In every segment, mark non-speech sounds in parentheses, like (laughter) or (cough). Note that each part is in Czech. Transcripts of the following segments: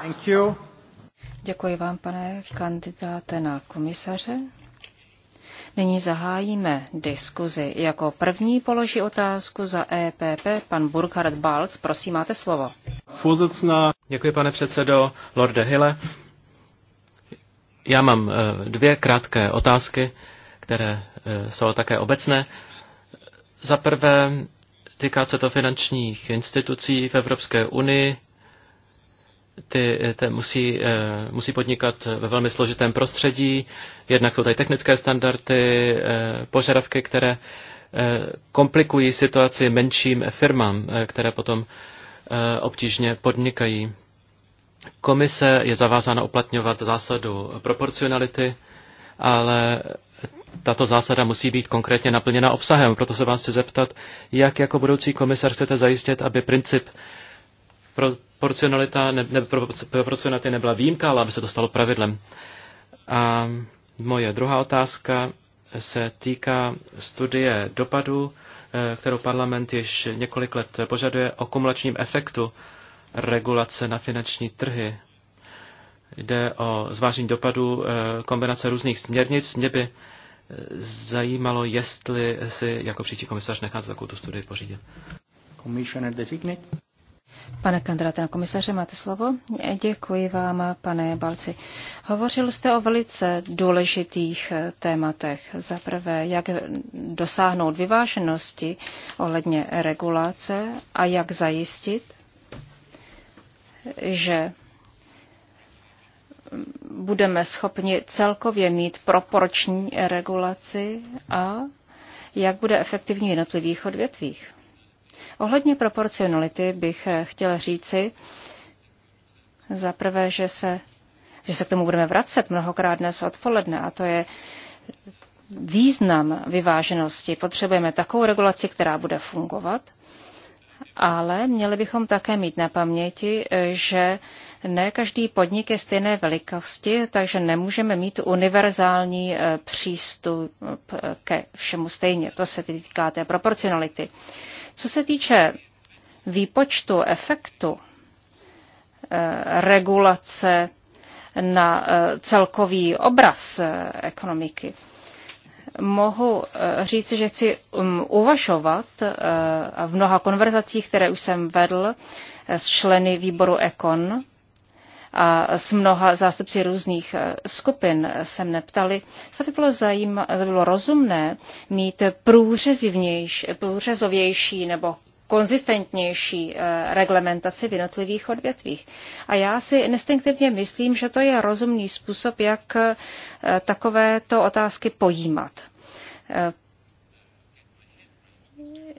Thank you. Děkuji vám, pane kandidáte na komisaře. Nyní zahájíme diskuzi. Jako první položí otázku za EPP pan Burkhard Balc. Prosím, máte slovo. Fuzicna. Děkuji, pane předsedo. Lorde Hille. Já mám eh, dvě krátké otázky, které eh, jsou také obecné. Za prvé, týká se to finančních institucí v Evropské unii ty, eh, ty musí, eh, musí podnikat ve velmi složitém prostředí. Jednak jsou tady technické standardy, eh, požadavky, které komplikují situaci menším firmám, které potom obtížně podnikají. Komise je zavázána uplatňovat zásadu proporcionality, ale tato zásada musí být konkrétně naplněna obsahem. Proto se vás chci zeptat, jak jako budoucí komisar chcete zajistit, aby princip pro proporcionalita, ne, ne, proporcionality nebyla výjimka, ale aby se to stalo pravidlem. A moje druhá otázka se týká studie dopadu, eh, kterou parlament již několik let požaduje o kumulačním efektu regulace na finanční trhy. Jde o zvážení dopadu eh, kombinace různých směrnic. Mě by eh, zajímalo, jestli si jako příští komisař necháte takovou tu studii pořídit. Commissioner designate. Pane kandidáte na komisaře, máte slovo. Děkuji vám, pane Balci. Hovořil jste o velice důležitých eh, tématech. Za prvé, jak dosáhnout vyváženosti ohledně regulace a jak zajistit, že budeme schopni celkově mít proporční regulaci a jak bude efektivní v jednotlivých odvětvích. Ohledně proporcionality bych eh, chtěla říci, za prvé, že se, že se k tomu budeme vracet mnohokrát dnes odpoledne, a to je význam vyváženosti. Potřebujeme takovou regulaci, která bude fungovat, ale měli bychom také mít na paměti, eh, že ne každý podnik je stejné velikosti, takže nemůžeme mít univerzální eh, přístup ke všemu stejně. To se týká té proporcionality. Co se týče výpočtu efektu eh, regulace na eh, celkový obraz eh, ekonomiky, mohu říct, že chci mm, uvažovat v mnoha konverzacích, které už jsem vedl s členy výboru Econ, a s mnoha zástupci různých eh, skupin se mne ptali, zda by bylo, zajíma, by bylo rozumné mít průřezovější nebo konzistentnější eh, reglementaci v jednotlivých odvětvích. A já si instinktivně myslím, že to je rozumný způsob, jak eh, takovéto otázky pojímat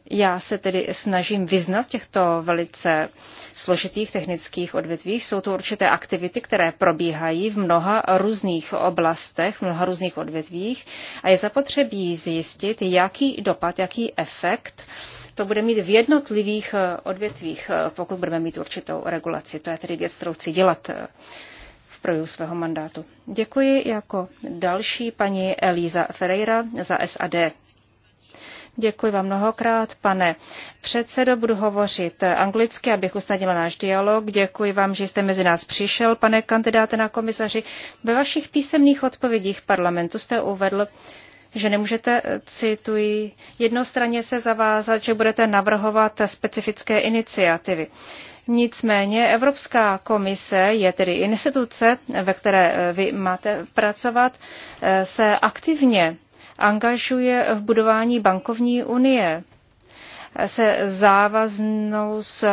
já se tedy snažím vyznat v těchto velice složitých technických odvětvích. Jsou to určité aktivity, které probíhají v mnoha různých oblastech, v mnoha různých odvětvích a je zapotřebí zjistit, jaký dopad, jaký efekt to bude mít v jednotlivých eh, odvětvích, eh, pokud budeme mít určitou regulaci. To je tedy věc, kterou chci dělat eh, v proju svého mandátu. Děkuji jako další paní Elíza Ferreira za SAD. Děkuji vám mnohokrát, pane předsedo. Budu hovořit anglicky, abych usnadnila náš dialog. Děkuji vám, že jste mezi nás přišel, pane kandidáte na komisaři. Ve vašich písemných odpovědích parlamentu jste uvedl, že nemůžete, eh, cituji, jednostranně se zavázat, že budete navrhovat specifické iniciativy. Nicméně Evropská komise je tedy instituce, ve které eh, vy máte pracovat, eh, se aktivně angažuje v budování bankovní unie se závaznou eh,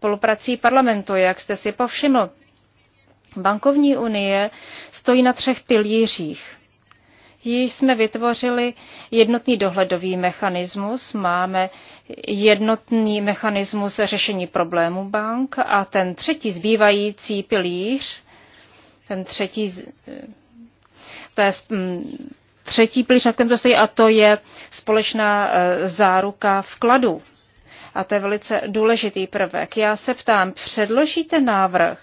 poloprací parlamentu, jak jste si povšiml. Bankovní unie stojí na třech pilířích. Již jsme vytvořili jednotný dohledový mechanismus, máme jednotný mechanismus řešení problémů bank a ten třetí zbývající pilíř, ten třetí, to je třetí pilíř, na kterém to stojí, a to je společná eh, záruka vkladů. A to je velice důležitý prvek. Já se ptám, předložíte návrh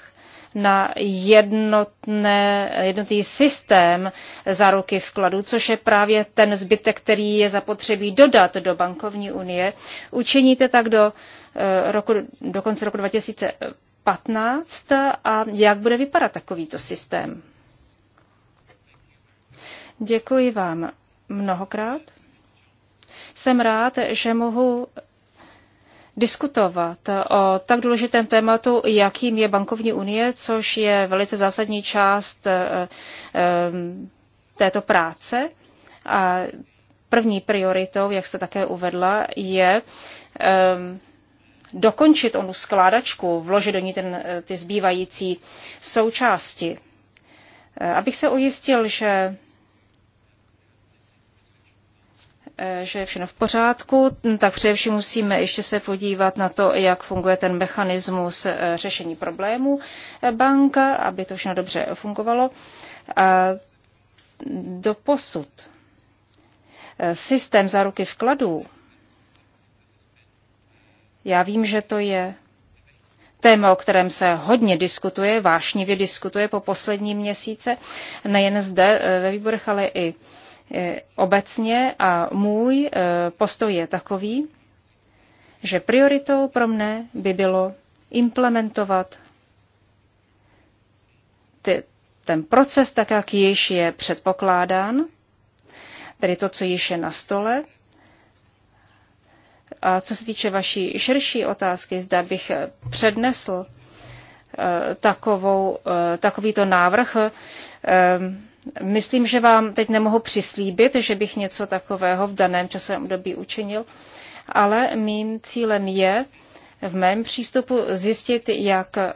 na jednotné, jednotný systém záruky vkladu, což je právě ten zbytek, který je zapotřebí dodat do bankovní unie. Učiníte tak do, eh, roku, do konce roku 2015 a jak bude vypadat takovýto systém? Děkuji vám mnohokrát. Jsem rád, že mohu diskutovat o tak důležitém tématu, jakým je bankovní unie, což je velice zásadní část eh, eh, této práce. A první prioritou, jak jste také uvedla, je eh, dokončit onu skládačku, vložit do ní ten, ty zbývající součásti. Abych se ujistil, že Eh, že je všechno v pořádku, hm, tak především musíme ještě se podívat na to, jak funguje ten mechanismus eh, řešení problémů eh, banka, aby to všechno dobře fungovalo. A do posud systém záruky vkladů, já vím, že to je téma, o kterém se hodně diskutuje, vášnivě diskutuje po posledním měsíce, nejen zde ve výborech, ale i E, obecně a můj e, postoj je takový, že prioritou pro mne by bylo implementovat ty, ten proces tak, jak již je předpokládán, tedy to, co již je na stole. A co se týče vaší širší otázky, zda bych přednesl e, takovou, takovýto návrh, Myslím, že vám teď nemohu přislíbit, že bych něco takového v daném časovém období učinil, ale mým cílem je v mém přístupu zjistit, jak eh,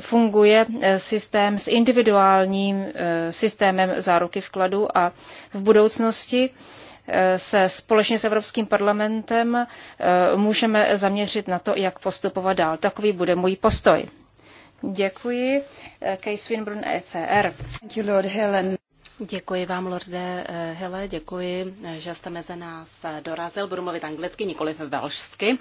funguje eh, systém s individuálním eh, systémem záruky vkladu a v budoucnosti se společně s Evropským parlamentem můžeme zaměřit na to, jak postupovat dál. Takový bude můj postoj. Děkuji. Eh, Kay Swinburne, ECR. Thank you, Lord Helen. Děkuji vám, Lorde eh, Hele, děkuji, eh, že jste mezi nás dorazil. Budu mluvit anglicky, nikoliv velšsky.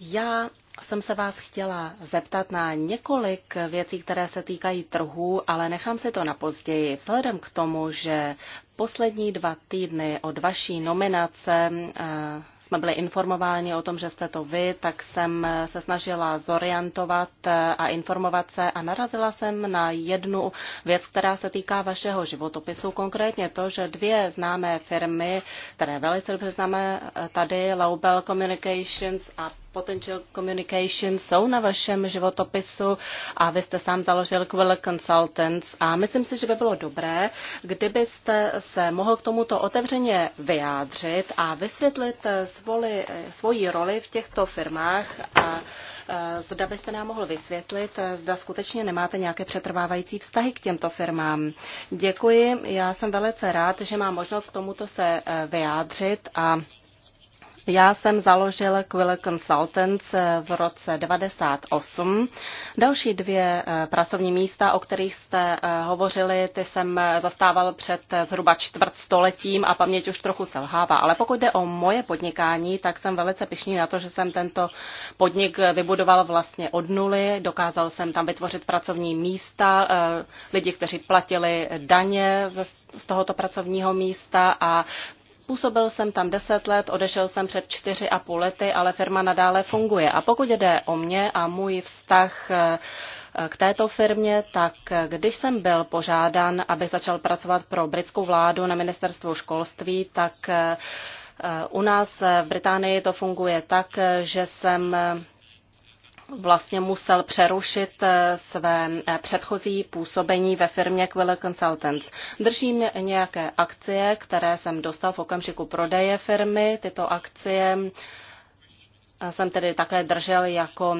Já jsem se vás chtěla zeptat na několik věcí, které se týkají trhu, ale nechám si to na později. Vzhledem k tomu, že poslední dva týdny od vaší nominace jsme byli informováni o tom, že jste to vy, tak jsem se snažila zorientovat eh, a informovat se a narazila jsem na jednu věc, která se týká vašeho životopisu, konkrétně to, že dvě známé firmy, které velice dobře známe eh, tady, Laubel Communications a Potential Communication jsou na vašem životopisu a vy jste sám založil Quill Consultants a myslím si, že by bylo dobré, kdybyste se mohl k tomuto otevřeně vyjádřit a vysvětlit svoli, svoji roli v těchto firmách a e, Zda byste nám mohl vysvětlit, zda skutečně nemáte nějaké přetrvávající vztahy k těmto firmám. Děkuji, já jsem velice rád, že mám možnost k tomuto se e, vyjádřit a já jsem založil Quill Consultants eh, v roce 98. Další dvě eh, pracovní místa, o kterých jste eh, hovořili, ty jsem zastával před zhruba čtvrtstoletím a paměť už trochu selhává. Ale pokud jde o moje podnikání, tak jsem velice pišný na to, že jsem tento podnik vybudoval vlastně od nuly. Dokázal jsem tam vytvořit pracovní místa, lidi, kteří platili daně z tohoto pracovního místa a Působil jsem tam deset let, odešel jsem před čtyři a půl lety, ale firma nadále funguje. A pokud jde o mě a můj vztah eh, k této firmě, tak eh, když jsem byl požádán, aby začal pracovat pro britskou vládu na ministerstvu školství, tak eh, u nás v Británii to funguje tak, že jsem vlastně musel přerušit eh, své eh, předchozí působení ve firmě Quiller Consultants. Držím nějaké akcie, které jsem dostal v okamžiku prodeje firmy. Tyto akcie eh, jsem tedy také držel jako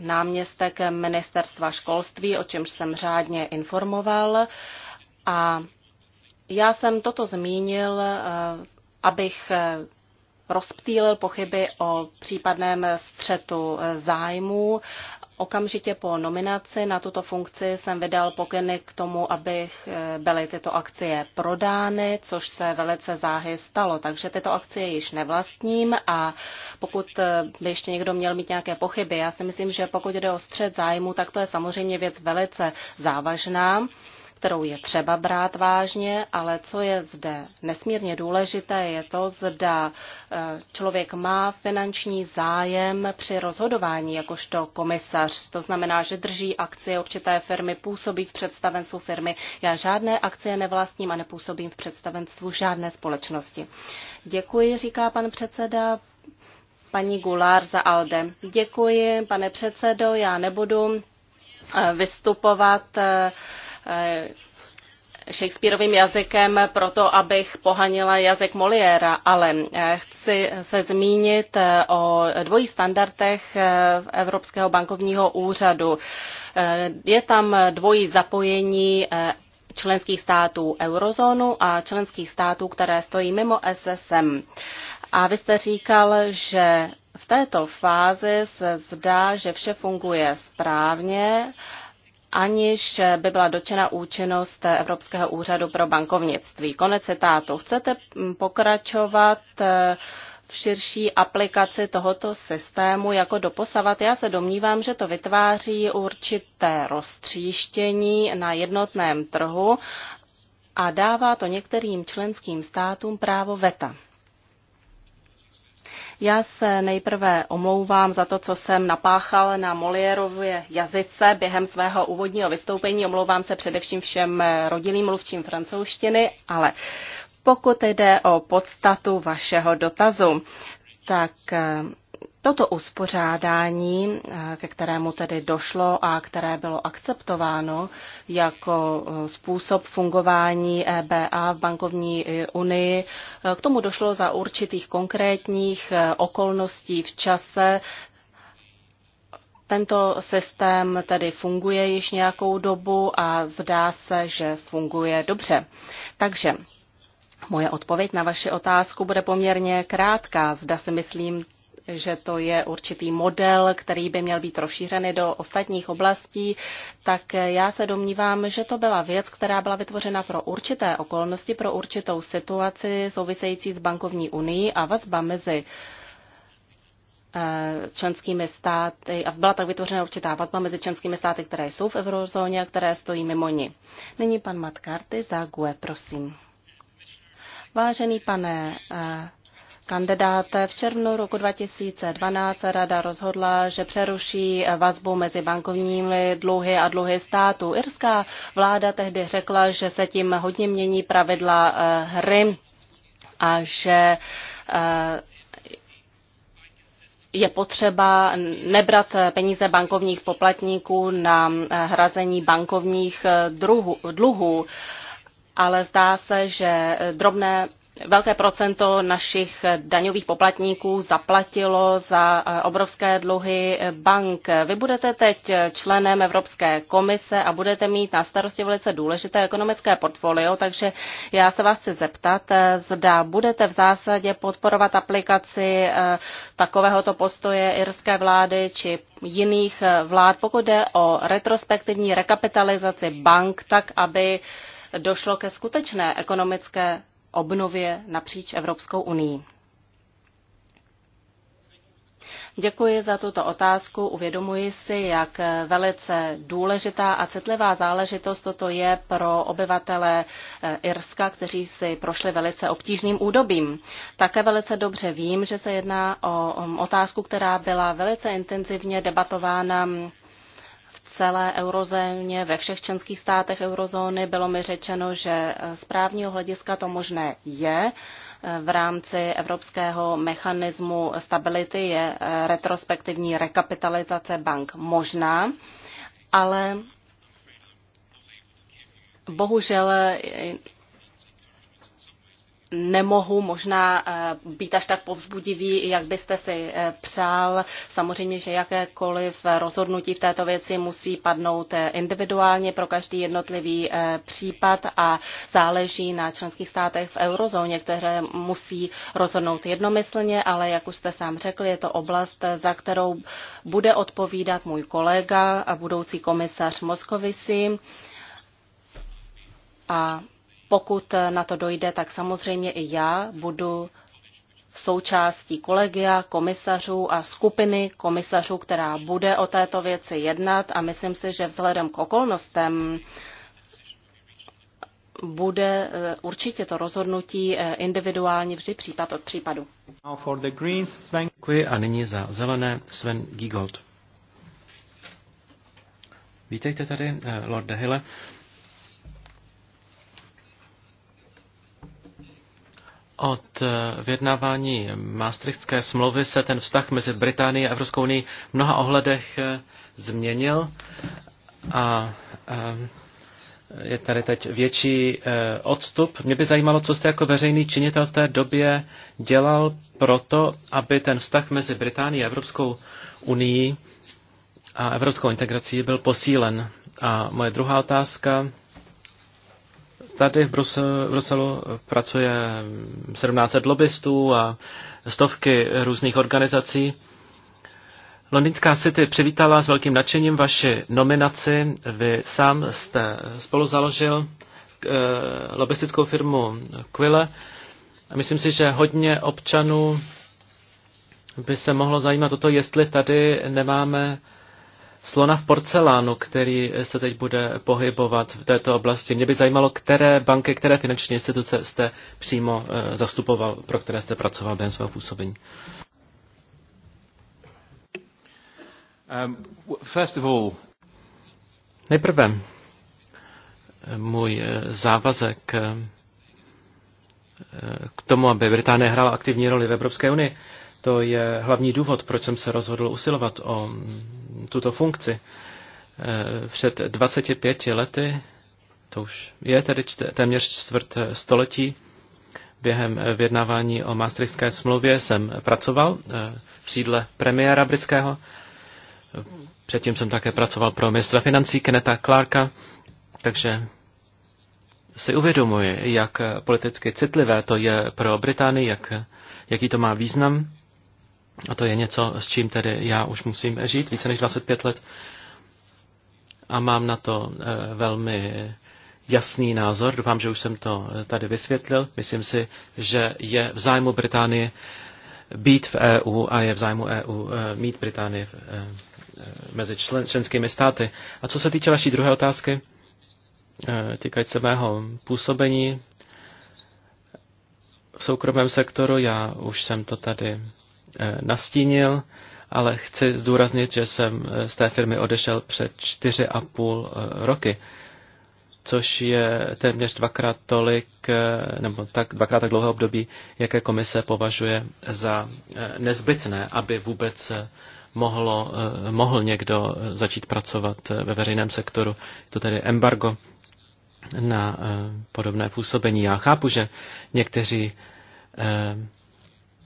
náměstek ministerstva školství, o čemž jsem řádně informoval. A já jsem toto zmínil, abych rozptýlil pochyby o případném střetu zájmů. Okamžitě po nominaci na tuto funkci jsem vydal pokyny k tomu, abych eh, byly tyto akcie prodány, což se velice záhy stalo. Takže tyto akcie již nevlastním a pokud eh, by ještě někdo měl mít nějaké pochyby, já si myslím, že pokud jde o střed zájmu, tak to je samozřejmě věc velice závažná kterou je třeba brát vážně, ale co je zde nesmírně důležité, je to, zda eh, člověk má finanční zájem při rozhodování jakožto komisař. To znamená, že drží akcie určité firmy, působí v představenstvu firmy. Já žádné akcie nevlastním a nepůsobím v představenstvu žádné společnosti. Děkuji, říká pan předseda paní Gulár za Alde. Děkuji, pane předsedo, já nebudu eh, vystupovat eh, Eh, Shakespeareovým jazykem proto, abych pohanila jazyk Moliéra, ale eh, chci se zmínit eh, o dvojí standardech Evropského bankovního úřadu. Je tam dvojí zapojení členských států eurozónu a členských států, které stojí mimo SSM. A vy jste říkal, že v této fázi se zdá, že vše funguje správně aniž by byla dočena účinnost Evropského úřadu pro bankovnictví. Konec citátu. Chcete pokračovat eh, v širší aplikaci tohoto systému jako doposavat. Já se domnívám, že to vytváří určité roztříštění na jednotném trhu a dává to některým členským státům právo veta. Já se nejprve omlouvám za to, co jsem napáchal na Moliérově jazyce během svého úvodního vystoupení. Omlouvám se především všem rodilým mluvčím francouzštiny, ale pokud jde o podstatu vašeho dotazu, tak eh, Toto uspořádání, eh, ke kterému tedy došlo a které bylo akceptováno jako eh, způsob fungování EBA v bankovní eh, unii, k tomu došlo za určitých konkrétních okolností v čase, tento systém tedy funguje již nějakou dobu a zdá se, že funguje dobře. Takže moje odpověď na vaši otázku bude poměrně krátká. Zda si myslím že to je určitý model, který by měl být rozšířený do ostatních oblastí, tak já se domnívám, že to byla věc, která byla vytvořena pro určité okolnosti, pro určitou situaci související s bankovní unii a vazba mezi eh, členskými státy a byla tak vytvořena určitá vazba mezi členskými státy, které jsou v eurozóně a které stojí mimo ní. Nyní pan Matkarty za GUE, prosím. Vážený pane eh, kandidáte. V červnu roku 2012 rada rozhodla, že přeruší vazbu mezi bankovními dluhy a dluhy státu. Irská vláda tehdy řekla, že se tím hodně mění pravidla eh, hry a že eh, je potřeba nebrat peníze bankovních poplatníků na eh, hrazení bankovních dluhů, ale zdá se, že drobné velké procento našich daňových poplatníků zaplatilo za eh, obrovské dluhy bank. Vy budete teď členem Evropské komise a budete mít na starosti velice důležité ekonomické portfolio, takže já se vás chci zeptat, eh, zda budete v zásadě podporovat aplikaci eh, takovéhoto postoje irské vlády či jiných vlád, pokud jde o retrospektivní rekapitalizaci bank, tak aby došlo ke skutečné ekonomické obnově napříč Evropskou unii. Děkuji za tuto otázku. Uvědomuji si, jak velice důležitá a citlivá záležitost toto je pro obyvatele eh, Irska, kteří si prošli velice obtížným údobím. Také velice dobře vím, že se jedná o otázku, která byla velice intenzivně debatována v celé eurozóně, ve všech členských státech eurozóny. Bylo mi řečeno, že eh, z právního hlediska to možné je. Eh, v rámci evropského mechanismu stability je eh, retrospektivní rekapitalizace bank možná, ale bohužel nemohu možná eh, být až tak povzbudivý, jak byste si eh, přál. Samozřejmě, že jakékoliv rozhodnutí v této věci musí padnout eh, individuálně pro každý jednotlivý případ a záleží na členských státech v eurozóně, které musí rozhodnout jednomyslně, ale jak už jste sám řekl, je to oblast, za kterou bude odpovídat můj kolega a budoucí komisař Moskovisi. A pokud na to dojde, tak samozřejmě i já budu součástí kolegia komisařů a skupiny komisařů, která bude o této věci jednat a myslím si, že vzhledem k okolnostem bude eh, určitě to rozhodnutí eh, individuálně vždy případ od případu. Děkuji a nyní za zelené Sven Giegold. Vítejte tady, eh, Lorde Hille. Od eh, vyjednávání Maastrichtské smlouvy se ten vztah mezi Británií a Evropskou unii v mnoha ohledech eh, změnil a eh, je tady teď větší odstup. Mě by zajímalo, co jste jako veřejný činitel v té době dělal proto, aby ten vztah mezi Británií a Evropskou unii a evropskou integrací byl posílen. A moje druhá otázka Tady v Bruselu, v Bruselu pracuje 17 lobbystů a stovky různých organizací. Londýnská City přivítala s velkým nadšením vaši nominaci. Vy sám jste spolu založil e, eh, lobbystickou firmu Quille. A myslím si, že hodně občanů by se mohlo zajímat o to, jestli tady nemáme slona v porcelánu, který se teď bude pohybovat v této oblasti. Mě by zajímalo, které banky, které finanční instituce jste přímo eh, zastupoval, pro které jste pracoval během svého působení. Um, first of all... Nejprve eh, můj eh, závazek k tomu, aby Británie hrála aktivní roli v Evropské unii. To je hlavní důvod, proč jsem se rozhodl usilovat o tuto funkci. E, před 25 lety, to už je tedy téměř čtvrt století, během vyjednávání o Maastrichtské smlouvě jsem pracoval e, v sídle premiéra britského. Předtím jsem také pracoval pro ministra financí Keneta Clarka, takže si uvědomuji, jak politicky citlivé to je pro Británii, jak, jaký to má význam. A to je něco, s čím tedy já už musím žít více než 25 let. A mám na to eh, velmi jasný názor. Doufám, že už jsem to eh, tady vysvětlil. Myslím si, že je v zájmu Británie být v EU a je v zájmu EU eh, mít Británii mezi členskými státy. A co se týče vaší druhé otázky, týkající se mého působení v soukromém sektoru, já už jsem to tady Eh, nastínil, ale chci zdůraznit, že jsem eh, z té firmy odešel před čtyři a půl eh, roky, což je téměř dvakrát tolik, nebo tak, dvakrát tak dlouhé období, jaké komise považuje za nezbytné, aby vůbec mohlo, mohl někdo začít pracovat ve veřejném sektoru. Je to tedy embargo na podobné působení. Já chápu, že někteří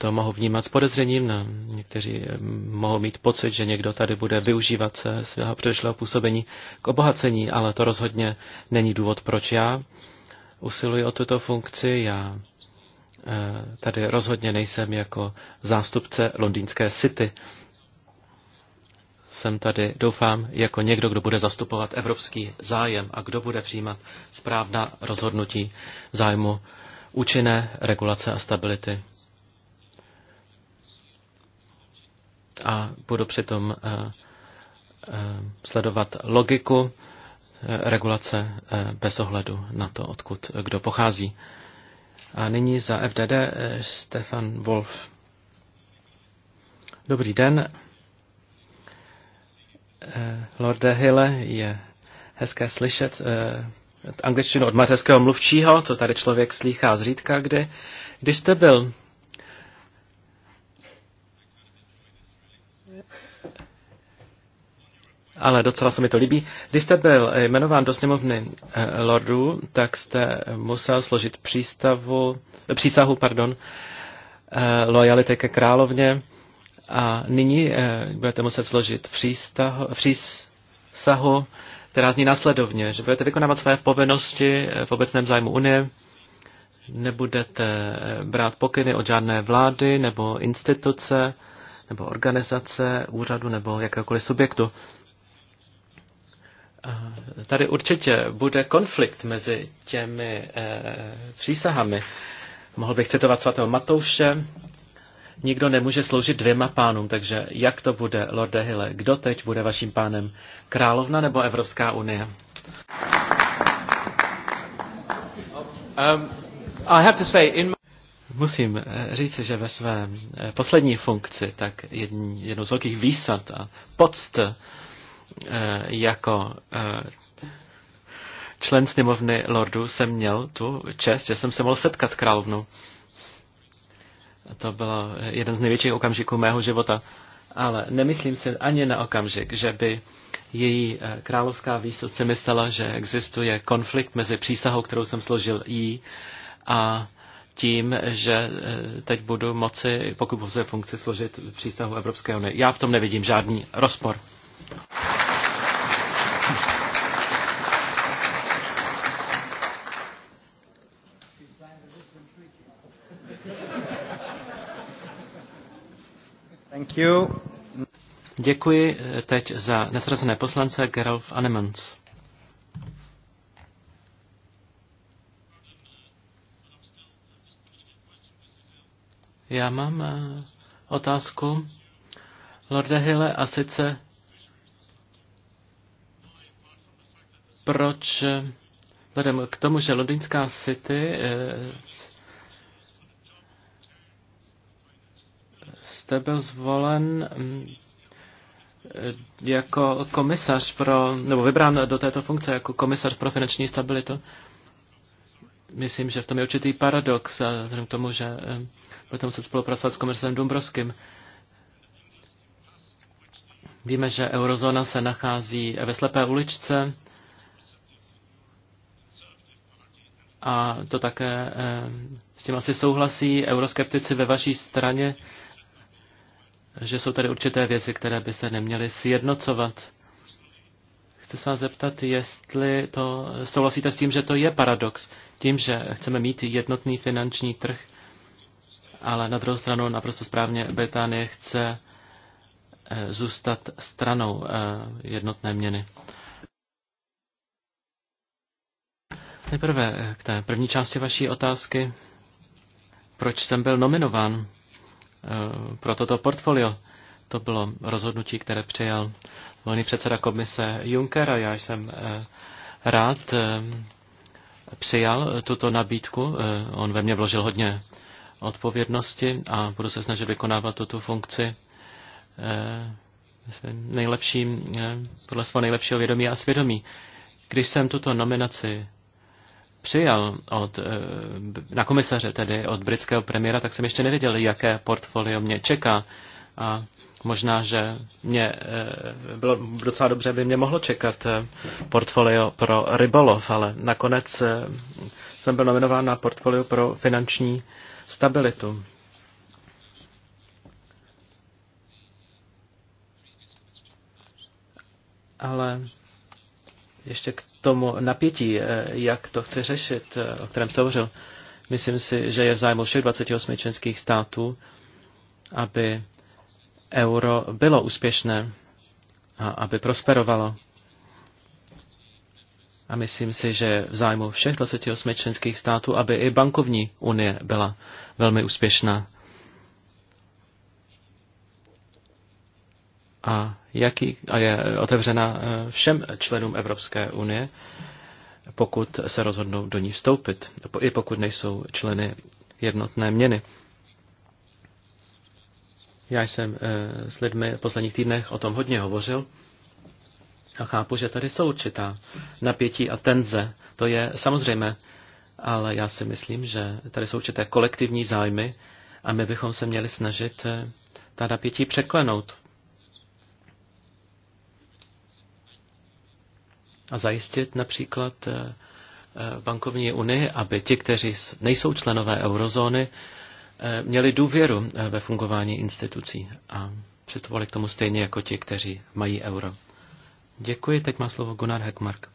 to mohou vnímat s podezřením, no, někteří eh, mohou mít pocit, že někdo tady bude využívat se svého předešlého působení k obohacení, ale to rozhodně není důvod, proč já usiluji o tuto funkci. Já eh, tady rozhodně nejsem jako zástupce londýnské city. Jsem tady, doufám, jako někdo, kdo bude zastupovat evropský zájem a kdo bude přijímat správná rozhodnutí zájmu účinné regulace a stability a budu přitom eh, eh, sledovat logiku eh, regulace bez ohledu na to, odkud kdo pochází. A nyní za FDD Stefan Wolf. Dobrý den. Lorde Hille, je hezké slyšet angličtinu od mateřského mluvčího, co tady člověk slýchá zřídka, kdy. Když jste byl ale docela se mi to líbí. Když jste byl eh, jmenován do sněmovny eh, lordů, tak jste musel složit přístavu, eh, přísahu pardon, lojality ke královně a nyní budete muset složit přístahu, přísahu, která zní následovně, že budete vykonávat své povinnosti v obecném zájmu Unie, nebudete brát pokyny od žádné vlády nebo instituce, nebo organizace, úřadu nebo jakéhokoliv subjektu. Tady určitě bude konflikt mezi těmi eh, přísahami. Mohl bych citovat svatého Matouše. Nikdo nemůže sloužit dvěma pánům, takže jak to bude, Lorde Hille? Kdo teď bude vaším pánem? Královna nebo Evropská unie? Um, I have to say, in Musím eh, říct, že ve své eh, poslední funkci, tak jednou z velkých výsad a poct Eh, jako eh, člen sněmovny lordů jsem měl tu čest, že jsem se mohl setkat s královnou. To byl jeden z největších okamžiků mého života. Ale nemyslím si ani na okamžik, že by její eh, královská výsledce myslela, že existuje konflikt mezi přísahou, kterou jsem složil jí, a tím, že teď budu moci, pokud budu funkci, složit přístavu Evropské unie. Já v tom nevidím žádný rozpor. Thank you. Děkuji eh, teď za nesrazené poslance Gerolf Anemans. Já mám eh, otázku, Lorde Hille, a sice proč vzhledem k tomu, že londýnská City eh, jste byl zvolen mm, jako komisař pro, nebo vybrán do této funkce jako komisař pro finanční stabilitu. Myslím, že v tom je určitý paradox, vzhledem k tomu, že eh, budete muset spolupracovat s komisarem Dombrovským. Víme, že eurozóna se nachází ve slepé uličce, a to také eh, s tím asi souhlasí euroskeptici ve vaší straně, že jsou tady určité věci, které by se neměly sjednocovat. Chci se vás zeptat, jestli to souhlasíte s tím, že to je paradox, tím, že chceme mít jednotný finanční trh, ale na druhou stranu naprosto správně Británie chce eh, zůstat stranou eh, jednotné měny. Nejprve eh, k té první části vaší otázky. Proč jsem byl nominován eh, pro toto portfolio? To bylo rozhodnutí, které přijal volný předseda komise Juncker a já jsem eh, rád přijal tuto nabídku. On ve mně vložil hodně odpovědnosti a budu se snažit vykonávat tuto funkci nejlepším, podle svého nejlepšího vědomí a svědomí. Když jsem tuto nominaci přijal od, eh, na komisaře, tedy od britského premiéra, tak jsem ještě nevěděl, jaké portfolio mě čeká. A možná, že mě eh, bylo docela dobře, by mě mohlo čekat eh, portfolio pro rybolov, ale nakonec jsem byl nominován na portfolio pro finanční stabilitu. Ale ještě k tomu napětí, eh, jak to chce řešit, eh, o kterém jste hovořil. Myslím si, že je v zájmu všech 28 členských států, aby euro bylo úspěšné a aby prosperovalo. A myslím si, že v zájmu všech 28 členských států, aby i bankovní unie byla velmi úspěšná. A jaký, a je otevřena eh, všem členům Evropské unie, pokud se rozhodnou do ní vstoupit, i pokud nejsou členy jednotné měny. Já jsem eh, s lidmi v posledních týdnech o tom hodně hovořil a chápu, že tady jsou určitá napětí a tenze. To je samozřejmé, ale já si myslím, že tady jsou určité kolektivní zájmy a my bychom se měli snažit eh, ta napětí překlenout. a zajistit například eh, eh, bankovní unii, aby ti, kteří nejsou členové eurozóny, eh, měli důvěru ve fungování institucí a přistupovali k tomu stejně jako ti, kteří mají euro. Děkuji, teď má slovo Gunnar Heckmark.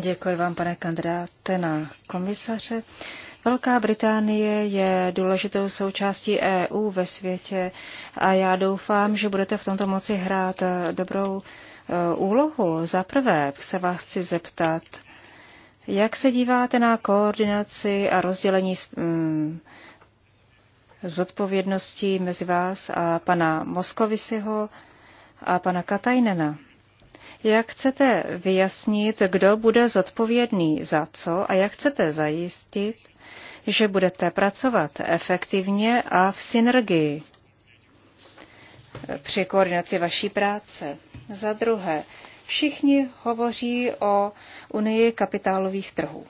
Děkuji vám, pane kandidáte na komisaře. Velká Británie je důležitou součástí EU ve světě a já doufám, že budete v tomto moci hrát dobrou Eh, úlohu. Za prvé se vás chci zeptat, jak se díváte na koordinaci a rozdělení mm, zodpovědností mezi vás a pana Moskovisiho a pana Katajnena? Jak chcete vyjasnit, kdo bude zodpovědný za co a jak chcete zajistit, že budete pracovat efektivně a v synergii při koordinaci vaší práce. Za druhé, všichni hovoří o unii kapitálových trhů.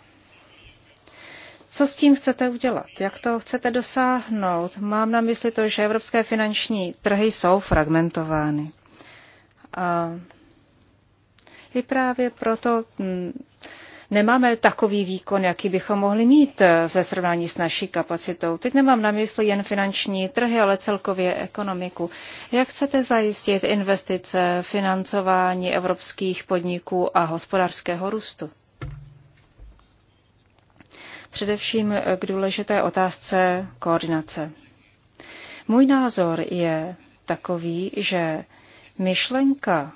Co s tím chcete udělat? Jak to chcete dosáhnout? Mám na mysli to, že evropské finanční trhy jsou fragmentovány. A i právě proto hm, nemáme takový výkon, jaký bychom mohli mít eh, ve srovnání s naší kapacitou. Teď nemám na mysli jen finanční trhy, ale celkově ekonomiku. Jak chcete zajistit investice, financování evropských podniků a hospodářského růstu? Především eh, k důležité otázce koordinace. Můj názor je takový, že myšlenka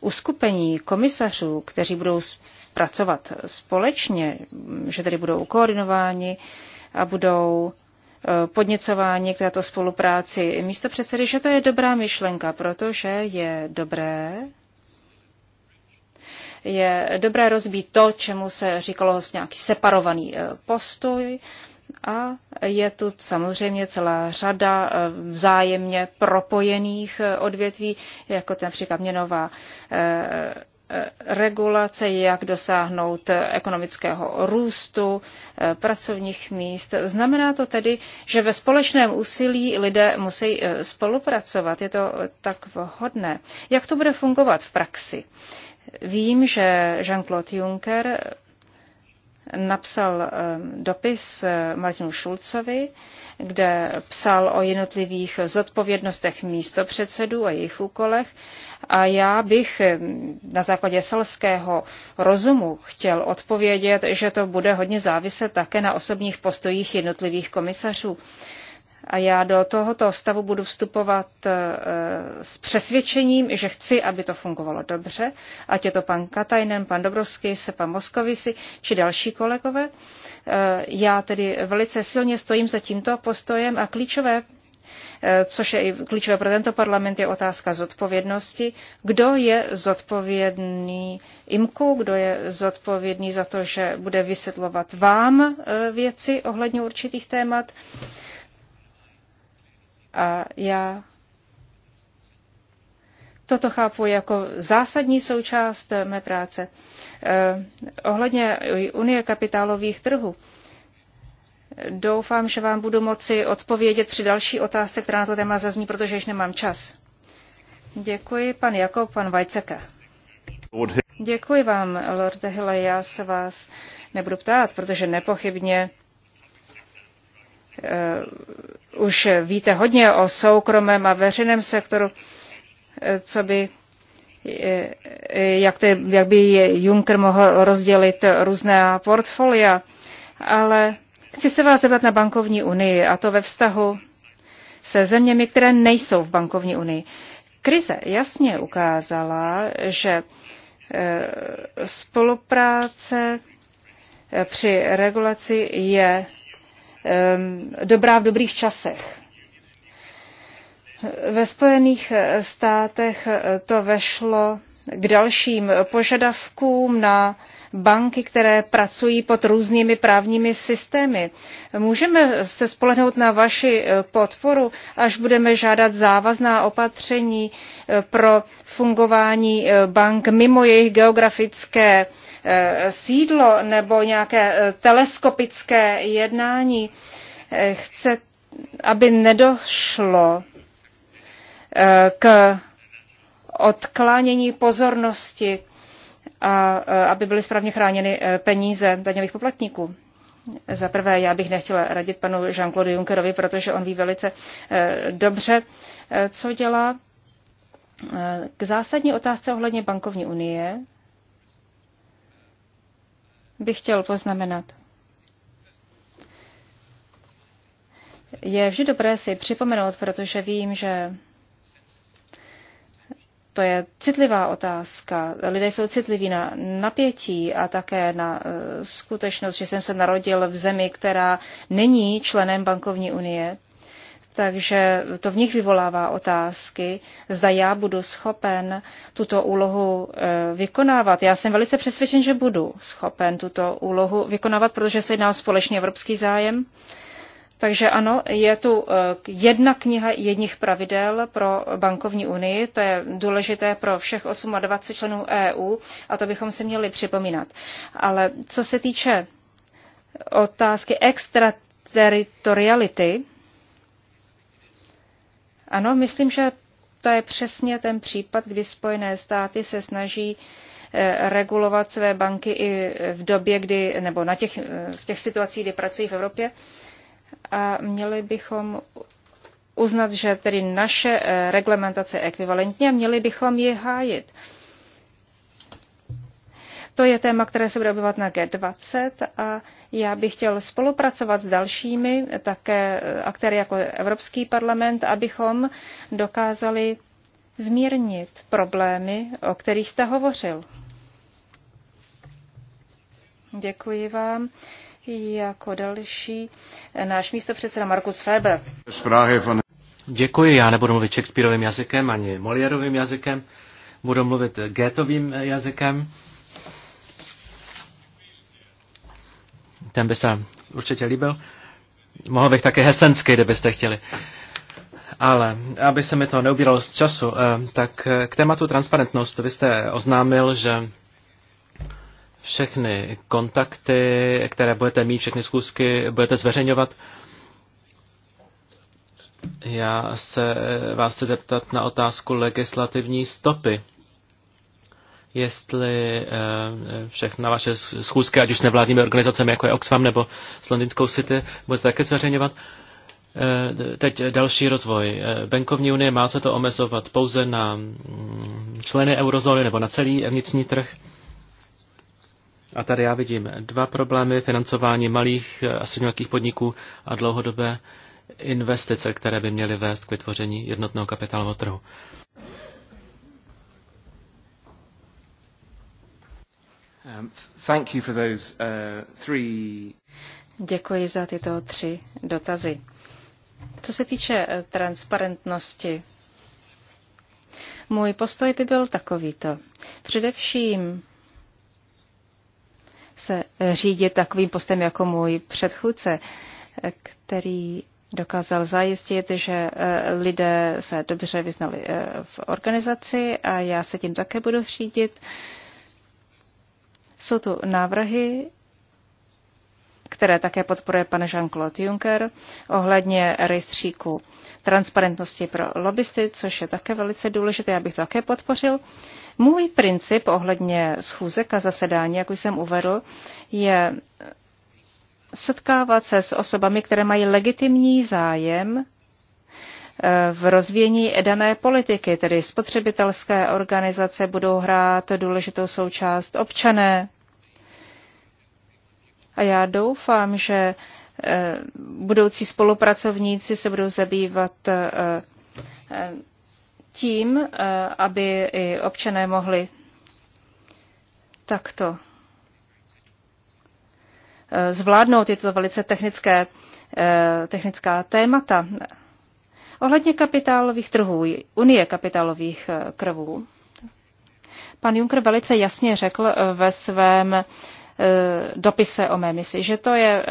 uskupení komisařů, kteří budou pracovat společně, že tedy budou koordinováni a budou eh, podněcování k této spolupráci místo předsedy, že to je dobrá myšlenka, protože je dobré je dobré rozbít to, čemu se říkalo vlastně nějaký separovaný eh, postoj a je tu samozřejmě celá řada eh, vzájemně propojených odvětví, jako například měnová Eh, regulace, jak dosáhnout ekonomického růstu, eh, pracovních míst. Znamená to tedy, že ve společném úsilí lidé musí eh, spolupracovat. Je to tak vhodné. Jak to bude fungovat v praxi? Vím, že Jean-Claude Juncker napsal dopis Martinu Šulcovi, kde psal o jednotlivých zodpovědnostech místopředsedů a jejich úkolech. A já bych na základě selského rozumu chtěl odpovědět, že to bude hodně záviset také na osobních postojích jednotlivých komisařů. A já do tohoto stavu budu vstupovat eh, s přesvědčením, že chci, aby to fungovalo dobře, ať je to pan Katajnen, pan Dobrovský, se pan Moskovisi či další kolegové. Eh, já tedy velice silně stojím za tímto postojem a klíčové eh, což je i klíčové pro tento parlament, je otázka zodpovědnosti. Kdo je zodpovědný IMKU, kdo je zodpovědný za to, že bude vysvětlovat vám věci ohledně určitých témat? A já toto chápu jako zásadní součást mé práce. Eh, ohledně Unie kapitálových trhů, doufám, že vám budu moci odpovědět při další otázce, která na to téma zazní, protože již nemám čas. Děkuji, pan Jakob, pan Vajceka. Děkuji vám, Lorde Hille, já se vás nebudu ptát, protože nepochybně Eh, už víte hodně o soukromém a veřejném sektoru, eh, co by, eh, jak, te, jak by Juncker mohl rozdělit různé portfolia, ale chci se vás zeptat na bankovní unii a to ve vztahu se zeměmi, které nejsou v bankovní unii. Krize jasně ukázala, že spolupráce při regulaci je Ehm, dobrá v dobrých časech. Ve Spojených státech to vešlo k dalším požadavkům na banky, které pracují pod různými právními systémy. Můžeme se spolehnout na vaši eh, podporu, až budeme žádat závazná opatření eh, pro fungování eh, bank mimo jejich geografické sídlo nebo nějaké teleskopické jednání. Chce, aby nedošlo k odklánění pozornosti a aby byly správně chráněny e, peníze daňových poplatníků. Za prvé, já bych nechtěla radit panu Jean-Claude Junckerovi, protože on ví velice e, dobře, e, co dělá. K zásadní otázce ohledně bankovní unie bych chtěl poznamenat. Je vždy dobré si připomenout, protože vím, že to je citlivá otázka. Lidé jsou citliví na napětí a také na e, skutečnost, že jsem se narodil v zemi, která není členem bankovní unie. Takže to v nich vyvolává otázky, zda já budu schopen tuto úlohu e, vykonávat. Já jsem velice přesvědčen, že budu schopen tuto úlohu vykonávat, protože se jedná o společný evropský zájem. Takže ano, je tu eh, jedna kniha jedních pravidel pro bankovní unii, to je důležité pro všech 28 členů EU a to bychom si měli připomínat. Ale co se týče otázky extrateritoriality, ano, myslím, že to je přesně ten případ, kdy Spojené státy se snaží eh, regulovat své banky i v době, kdy, nebo na těch, eh, v těch situacích, kdy pracují v Evropě a měli bychom uznat, že tedy naše eh, reglementace je ekvivalentní a měli bychom ji hájit. To je téma, které se bude objevovat na G20 a já bych chtěl spolupracovat s dalšími eh, také eh, aktéry jako Evropský parlament, abychom dokázali zmírnit problémy, o kterých jste hovořil. Děkuji vám. Jako další eh, náš místo předseda Markus Feber. Děkuji, já nebudu mluvit Shakespeareovým jazykem ani Moliérovým jazykem, budu mluvit getovým jazykem. Ten by se určitě líbil. Mohl bych také hesenský, kdybyste chtěli. Ale aby se mi to neubíralo z času, eh, tak k tématu transparentnost. Vy jste oznámil, že všechny kontakty, které budete mít, všechny zkusky budete zveřejňovat. Já se vás chci zeptat na otázku legislativní stopy. Jestli eh, všechna vaše schůzky, ať už s nevládními organizacemi, jako je Oxfam nebo s Londýnskou City, budete také zveřejňovat. Eh, teď další rozvoj. Eh, bankovní unie má se to omezovat pouze na mm, členy eurozóny nebo na celý vnitřní trh. A tady já vidím dva problémy. Financování malých a středních podniků a dlouhodobé investice, které by měly vést k vytvoření jednotného kapitálového trhu. Um, thank you for those, uh, three... Děkuji za tyto tři dotazy. Co se týče eh, transparentnosti, můj postoj by byl takovýto. Především se řídit takovým postem jako můj předchůdce, který dokázal zajistit, že eh, lidé se dobře vyznali eh, v organizaci a já se tím také budu řídit. Jsou tu návrhy, které také podporuje pan Jean-Claude Juncker ohledně rejstříku transparentnosti pro lobbysty, což je také velice důležité, já bych to také podpořil. Můj princip ohledně schůzek a zasedání, jak už jsem uvedl, je setkávat se s osobami, které mají legitimní zájem eh, v rozvíjení dané politiky, tedy spotřebitelské organizace budou hrát důležitou součást občané. A já doufám, že eh, budoucí spolupracovníci se budou zabývat eh, tím, eh, aby i občané mohli takto eh, zvládnout tyto velice technické, eh, technická témata. Ohledně kapitálových trhů, Unie kapitálových krvů, pan Juncker velice jasně řekl ve svém dopise o mé misi, že to je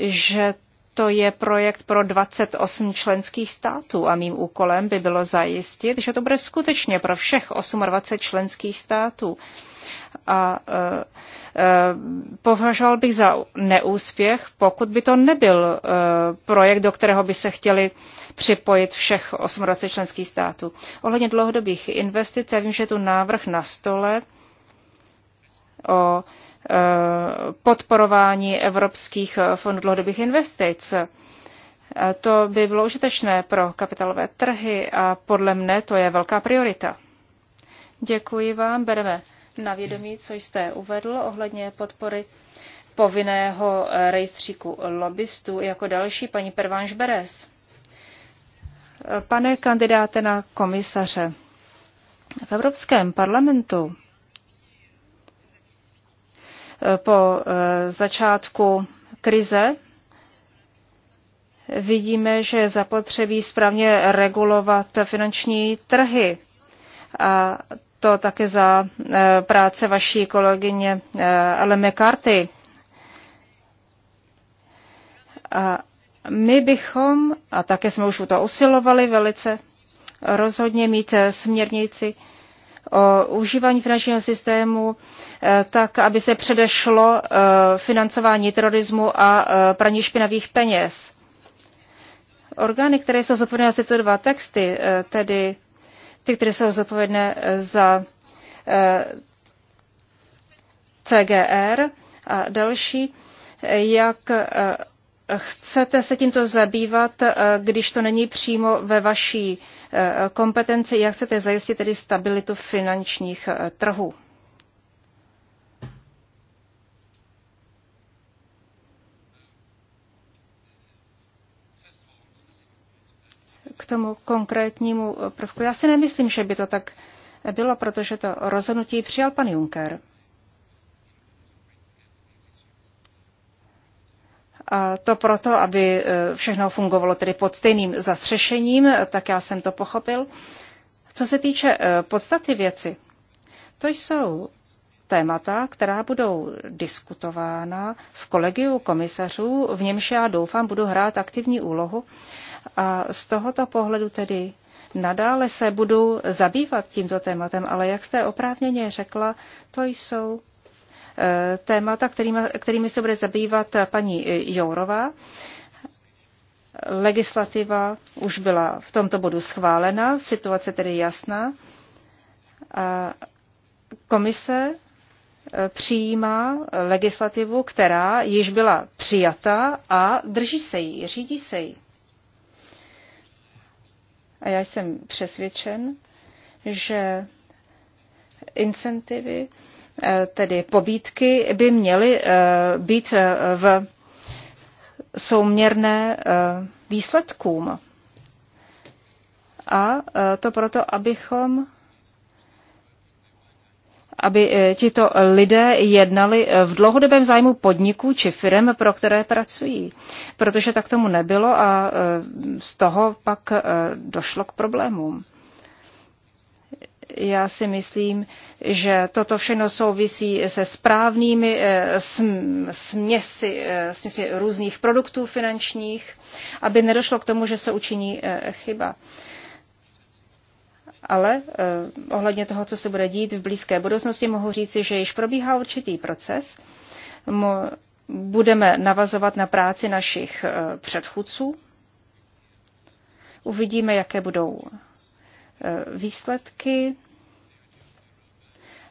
že to je projekt pro 28 členských států a mým úkolem by bylo zajistit, že to bude skutečně pro všech 28 členských států. A uh, uh, považoval bych za neúspěch, pokud by to nebyl uh, projekt, do kterého by se chtěli připojit všech 28 členských států. Ohledně dlouhodobých investic, já vím, že je tu návrh na stole o podporování evropských fondů dlouhodobých investic. To by bylo užitečné pro kapitalové trhy a podle mne to je velká priorita. Děkuji vám, bereme na vědomí, co jste uvedl ohledně podpory povinného rejstříku lobbystů jako další paní Pervanš Beres. Pane kandidáte na komisaře, v Evropském parlamentu po eh, začátku krize vidíme, že je zapotřebí správně regulovat finanční trhy. A to také za eh, práce vaší kolegyně Ale eh, Karty. A my bychom, a také jsme už u to usilovali velice, rozhodně mít směrnici o užívání finančního systému eh, tak, aby se předešlo eh, financování terorismu a eh, praní špinavých peněz. Orgány, které jsou zodpovědné za tyto dva texty, tedy ty, které jsou zodpovědné za CGR a další, jak chcete se tímto zabývat, eh, když to není přímo ve vaší eh, kompetenci? Jak chcete zajistit tedy stabilitu finančních eh, trhů? K tomu konkrétnímu prvku. Já si nemyslím, že by to tak bylo, protože to rozhodnutí přijal pan Juncker. A to proto, aby e, všechno fungovalo tedy pod stejným zastřešením, tak já jsem to pochopil. Co se týče e, podstaty věci, to jsou témata, která budou diskutována v kolegiu komisařů, v němž já doufám budu hrát aktivní úlohu. A z tohoto pohledu tedy nadále se budu zabývat tímto tématem, ale jak jste oprávněně řekla, to jsou témata, kterými, kterými se bude zabývat paní Jourová. Legislativa už byla v tomto bodu schválena, situace tedy jasná. A komise e, přijímá legislativu, která již byla přijata a drží se jí, řídí se jí. A já jsem přesvědčen, že incentivy Eh, tedy pobídky by měly eh, být eh, v souměrné výsledkům. A to proto, abychom aby tito lidé jednali v dlouhodobém zájmu podniků či firm, pro které pracují. Protože tak tomu nebylo a z toho pak došlo k problémům já si myslím, že toto všechno souvisí se správnými eh, směsi, eh, směsi různých produktů finančních, aby nedošlo k tomu, že se učiní eh, chyba. Ale ohledně toho, co se bude dít v blízké budoucnosti, mohu říci, že již probíhá určitý proces. Budeme navazovat na práci našich předchůdců. Uvidíme, jaké budou Eh, výsledky.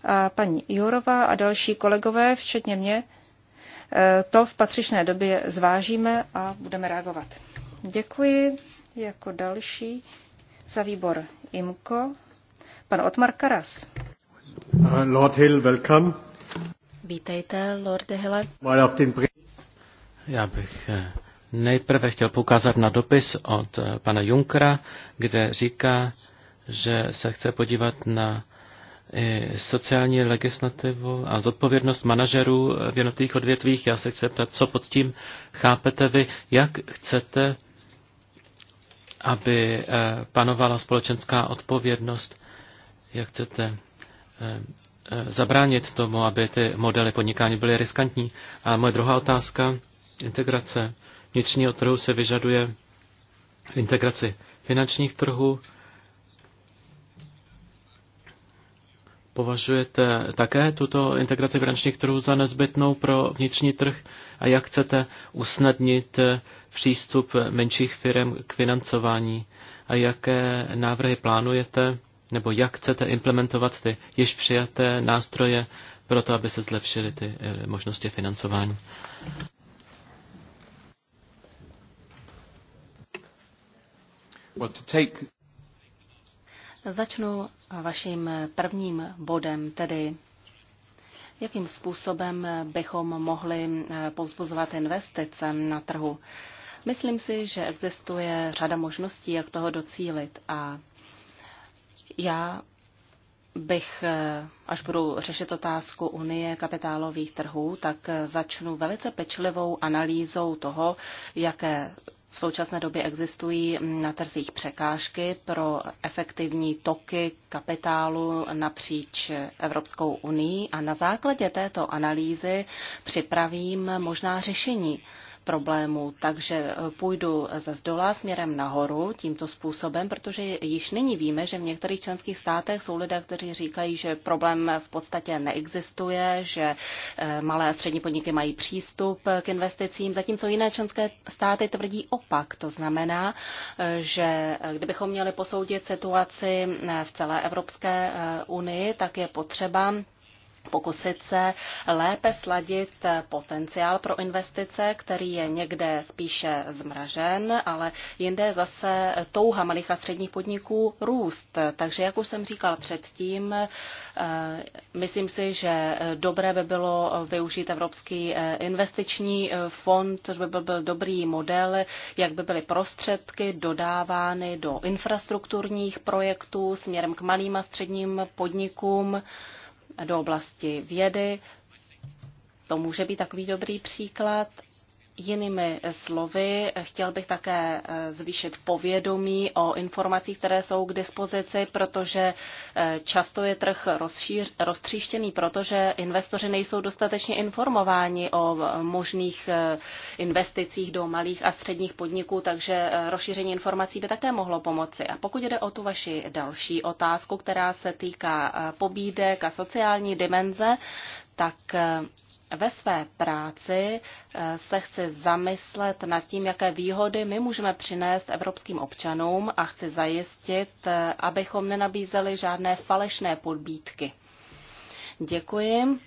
A paní Jurová a další kolegové, včetně mě, eh, to v patřičné době zvážíme a budeme reagovat. Děkuji jako další za výbor IMKO. Pan Otmar Karas. Uh, Lord Hill, welcome. Vítejte, Lord Hill. Já bych eh, nejprve chtěl poukázat na dopis od pana Junkra, kde říká, že se chce podívat na sociální legislativu a zodpovědnost manažerů v jednotlivých odvětvích. Já se chci ptat, co pod tím chápete vy, jak chcete, aby e, panovala společenská odpovědnost, jak chcete e, e, zabránit tomu, aby ty modely podnikání byly riskantní. A moje druhá otázka, integrace vnitřního trhu se vyžaduje integraci finančních trhů, Považujete také tuto integraci finančních trhů za nezbytnou pro vnitřní trh a jak chcete usnadnit přístup menších firm k financování a jaké návrhy plánujete nebo jak chcete implementovat ty již přijaté nástroje pro to, aby se zlepšily ty eh, možnosti financování? Well, to take Začnu vaším prvním bodem, tedy jakým způsobem bychom mohli eh, povzbuzovat investice na trhu. Myslím si, že existuje řada možností, jak toho docílit a já bych, eh, až budu řešit otázku Unie kapitálových trhů, tak eh, začnu velice pečlivou analýzou toho, jaké v současné době existují na trzích překážky pro efektivní toky kapitálu napříč Evropskou unii a na základě této analýzy připravím možná řešení problémů. Takže eh, půjdu ze dola směrem nahoru tímto způsobem, protože již nyní víme, že v některých členských státech jsou lidé, kteří říkají, že problém v podstatě neexistuje, že eh, malé a střední podniky mají přístup k investicím, zatímco jiné členské státy tvrdí opak. To znamená, eh, že kdybychom měli posoudit situaci v celé Evropské unii, tak je potřeba pokusit se lépe sladit potenciál pro investice, který je někde spíše zmražen, ale jinde zase touha malých a středních podniků růst. Takže, jak už jsem říkal předtím, eh, myslím si, že dobré by bylo využít Evropský eh, investiční eh, fond, což by byl dobrý model, jak by byly prostředky dodávány do infrastrukturních projektů směrem k malým a středním podnikům do oblasti vědy. To může být takový dobrý příklad Jinými eh, slovy, chtěl bych také eh, zvýšit povědomí o informacích, které jsou k dispozici, protože eh, často je trh rozšíř, roztříštěný, protože investoři nejsou dostatečně informováni o možných investicích do malých a středních podniků, takže rozšíření informací by také mohlo pomoci. A pokud jde o tu vaši další otázku, která se týká pobídek a sociální dimenze, tak ve své práci eh, se chci zamyslet nad tím, jaké výhody my můžeme přinést evropským občanům a chci zajistit, eh, abychom nenabízeli žádné falešné podbídky. Děkuji.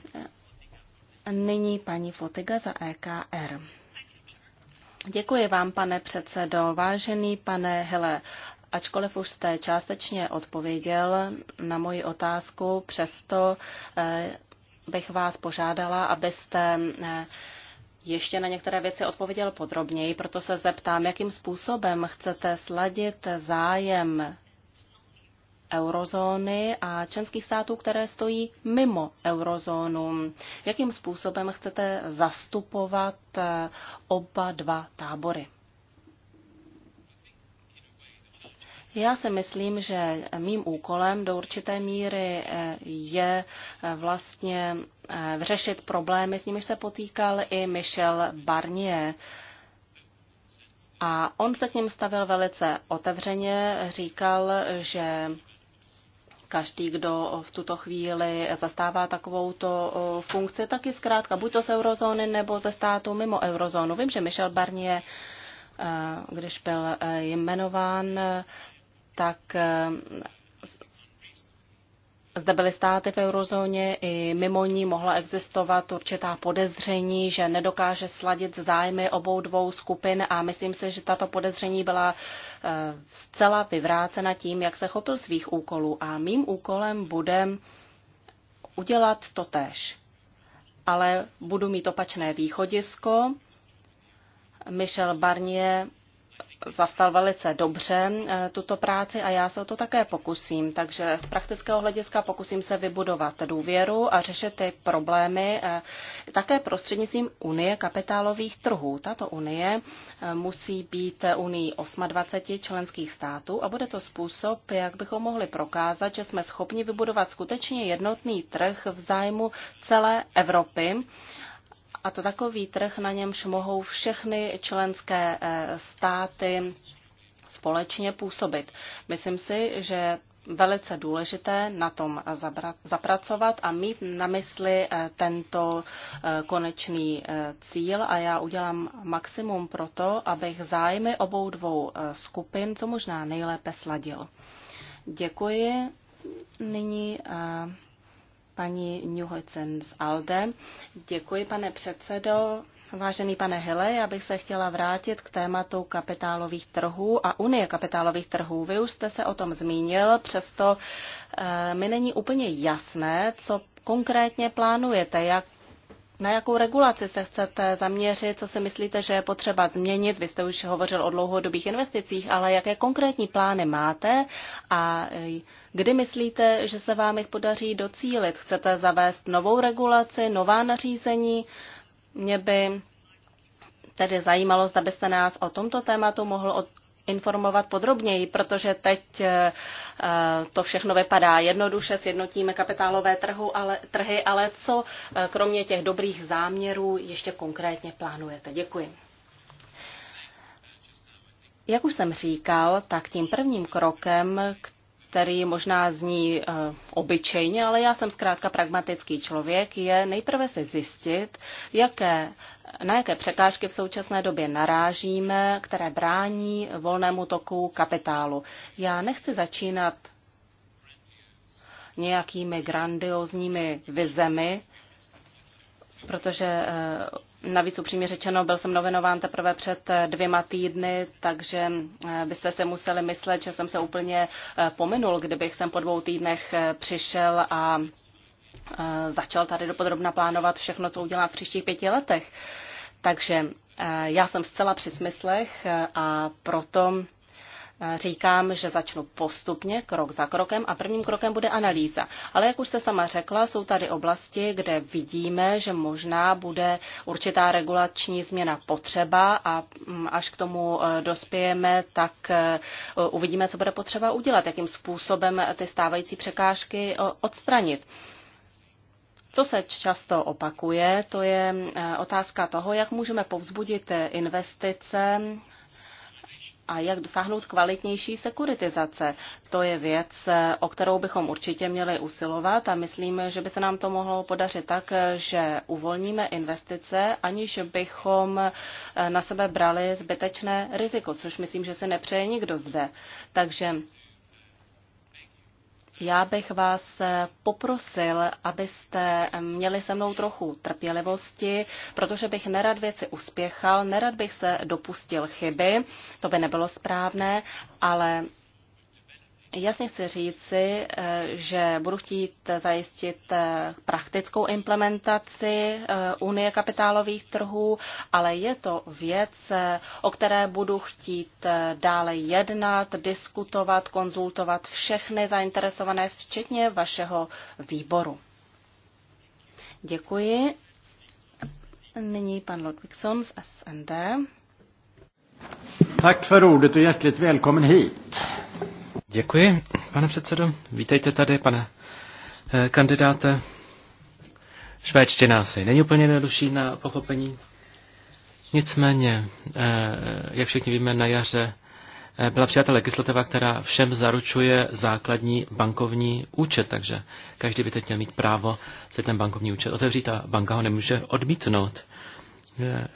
Nyní paní Fotiga za EKR. Děkuji vám, pane předsedo. Vážený pane Hele, ačkoliv už jste částečně odpověděl na moji otázku, přesto eh, bych vás požádala, abyste eh, ještě na některé věci odpověděl podrobněji, proto se zeptám, jakým způsobem chcete sladit zájem eurozóny a členských států, které stojí mimo eurozónu. Jakým způsobem chcete zastupovat eh, oba dva tábory? Já si myslím, že mým úkolem do určité míry eh, je eh, vlastně eh, řešit problémy, s nimiž se potýkal i Michel Barnier. A on se k ním stavil velice otevřeně, říkal, že každý, kdo v tuto chvíli zastává takovouto funkci, tak je zkrátka buď to z eurozóny nebo ze státu mimo eurozónu. Vím, že Michel Barnier když byl jmenován, tak eh, zde byly státy v eurozóně i mimo ní mohla existovat určitá podezření, že nedokáže sladit zájmy obou dvou skupin a myslím se, že tato podezření byla eh, zcela vyvrácena tím, jak se chopil svých úkolů a mým úkolem bude udělat to tež. Ale budu mít opačné východisko. Michel Barnier zastal velice dobře e, tuto práci a já se o to také pokusím. Takže z praktického hlediska pokusím se vybudovat důvěru a řešit ty problémy e, také prostřednictvím Unie kapitálových trhů. Tato Unie e, musí být Unii 28 členských států a bude to způsob, jak bychom mohli prokázat, že jsme schopni vybudovat skutečně jednotný trh v zájmu celé Evropy a to takový trh, na němž mohou všechny členské eh, státy společně působit. Myslím si, že velice důležité na tom zapracovat a mít na mysli eh, tento eh, konečný cíl a já udělám maximum pro to, abych zájmy obou dvou skupin co možná nejlépe sladil. Děkuji. Nyní paní Newhojcen z ALDE. Děkuji, pane předsedo. Vážený pane Hele, já bych se chtěla vrátit k tématu kapitálových trhů a Unie kapitálových trhů. Vy už jste se o tom zmínil, přesto eh, mi není úplně jasné, co konkrétně plánujete, jak na jakou regulaci se chcete zaměřit, co si myslíte, že je potřeba změnit? Vy jste už hovořil o dlouhodobých investicích, ale jaké konkrétní plány máte a kdy myslíte, že se vám jich podaří docílit? Chcete zavést novou regulaci, nová nařízení? Mě by tedy zajímalo, zda byste nás o tomto tématu mohl informovat podrobněji, protože teď eh, eh, to všechno vypadá jednoduše, sjednotíme kapitálové trhu, ale, trhy, ale co eh, kromě těch dobrých záměrů ještě konkrétně plánujete? Děkuji. Jak už jsem říkal, tak tím prvním krokem, který možná zní eh, obyčejně, ale já jsem zkrátka pragmatický člověk, je nejprve se zjistit, jaké, na jaké překážky v současné době narážíme, které brání volnému toku kapitálu. Já nechci začínat nějakými grandiozními vizemi, protože eh, Navíc upřímně řečeno, byl jsem novinován teprve před dvěma týdny, takže eh, byste se museli myslet, že jsem se úplně eh, pominul, kdybych sem po dvou týdnech eh, přišel a začal tady dopodrobna plánovat všechno, co udělám v příštích pěti letech. Takže já jsem zcela při smyslech a proto říkám, že začnu postupně, krok za krokem a prvním krokem bude analýza. Ale jak už jste sama řekla, jsou tady oblasti, kde vidíme, že možná bude určitá regulační změna potřeba a mm, až k tomu e, dospějeme, tak e, uvidíme, co bude potřeba udělat, jakým způsobem ty stávající překážky e, odstranit. Co se často opakuje, to je otázka toho, jak můžeme povzbudit investice a jak dosáhnout kvalitnější sekuritizace. To je věc, o kterou bychom určitě měli usilovat a myslím, že by se nám to mohlo podařit tak, že uvolníme investice, aniž bychom eh, na sebe brali zbytečné riziko, což myslím, že se nepřeje nikdo zde. Takže já bych vás eh, poprosil, abyste eh, měli se mnou trochu trpělivosti, protože bych nerad věci uspěchal, nerad bych se dopustil chyby, to by nebylo správné, ale Jasně chci říci, eh, že budu chtít zajistit eh, praktickou implementaci eh, Unie kapitálových trhů, ale je to věc, o které budu chtít dále jednat, diskutovat, konzultovat všechny zainteresované, včetně vašeho výboru. Děkuji. Nyní pan Ludvíkson z SND. Tak för ordet och hjärtligt velkommen hit. Děkuji, pane předsedo. Vítejte tady, pane eh, kandidáte. Švédština asi není úplně jednodušší na pochopení. Nicméně, eh, jak všichni víme, na jaře eh, byla přijata legislativa, která všem zaručuje základní bankovní účet, takže každý by teď měl mít právo si ten bankovní účet otevřít a banka ho nemůže odmítnout.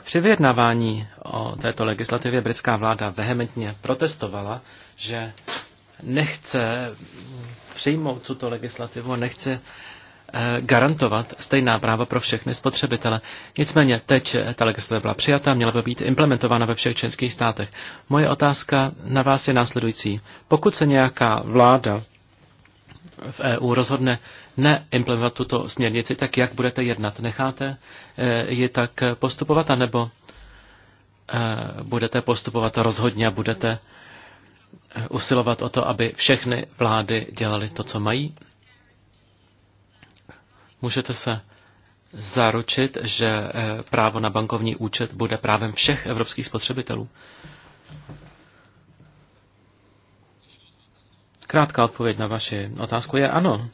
Při vyjednávání o této legislativě britská vláda vehementně protestovala, že nechce přijmout tuto legislativu, nechce eh, garantovat stejná práva pro všechny spotřebitele. Nicméně teď eh, ta legislativa byla přijata, měla by být implementována ve všech členských státech. Moje otázka na vás je následující. Pokud se nějaká vláda v EU rozhodne neimplementovat tuto směrnici, tak jak budete jednat? Necháte eh, ji tak postupovat, anebo budete postupovat rozhodně a budete usilovat o to, aby všechny vlády dělaly to, co mají? Můžete se zaručit, že eh, právo na bankovní účet bude právem všech evropských spotřebitelů? Krátká odpověď na vaši otázku je ano.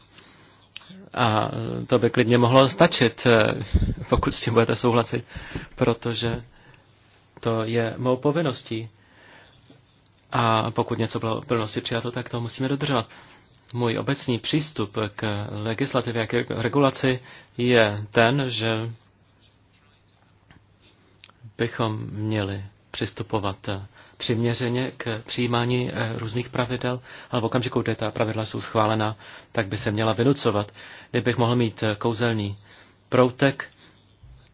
A to by klidně mohlo stačit, eh, pokud s tím budete souhlasit, protože to je mou povinností a pokud něco bylo v plnosti přijato, tak to musíme dodržovat. Můj obecný přístup k legislativě a k regulaci je ten, že bychom měli přistupovat přiměřeně k přijímání eh, různých pravidel, ale v okamžiku, kdy ta pravidla jsou schválena, tak by se měla vynucovat. Kdybych mohl mít kouzelný proutek,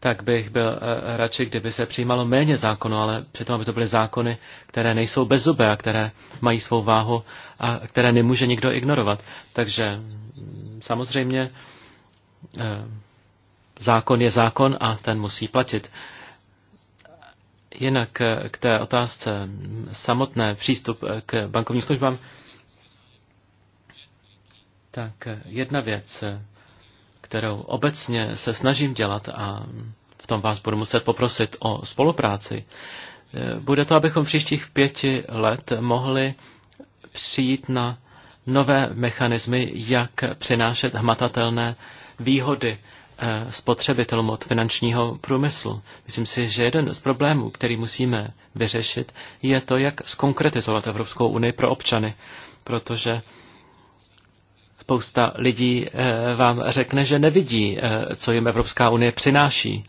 tak bych byl eh, radši, kdyby se přijímalo méně zákonů, ale přitom, aby to byly zákony, které nejsou bezzubé a které mají svou váhu a které nemůže nikdo ignorovat. Takže mm, samozřejmě eh, zákon je zákon a ten musí platit. Jinak eh, k té otázce mm, samotné přístup k bankovním službám, tak jedna věc kterou obecně se snažím dělat a v tom vás budu muset poprosit o spolupráci, eh, bude to, abychom v příštích pěti let mohli přijít na nové mechanismy, jak přinášet hmatatelné výhody eh, spotřebitelům od finančního průmyslu. Myslím si, že jeden z problémů, který musíme vyřešit, je to, jak skonkretizovat Evropskou unii pro občany, protože Spousta lidí eh, vám řekne, že nevidí, eh, co jim Evropská unie přináší.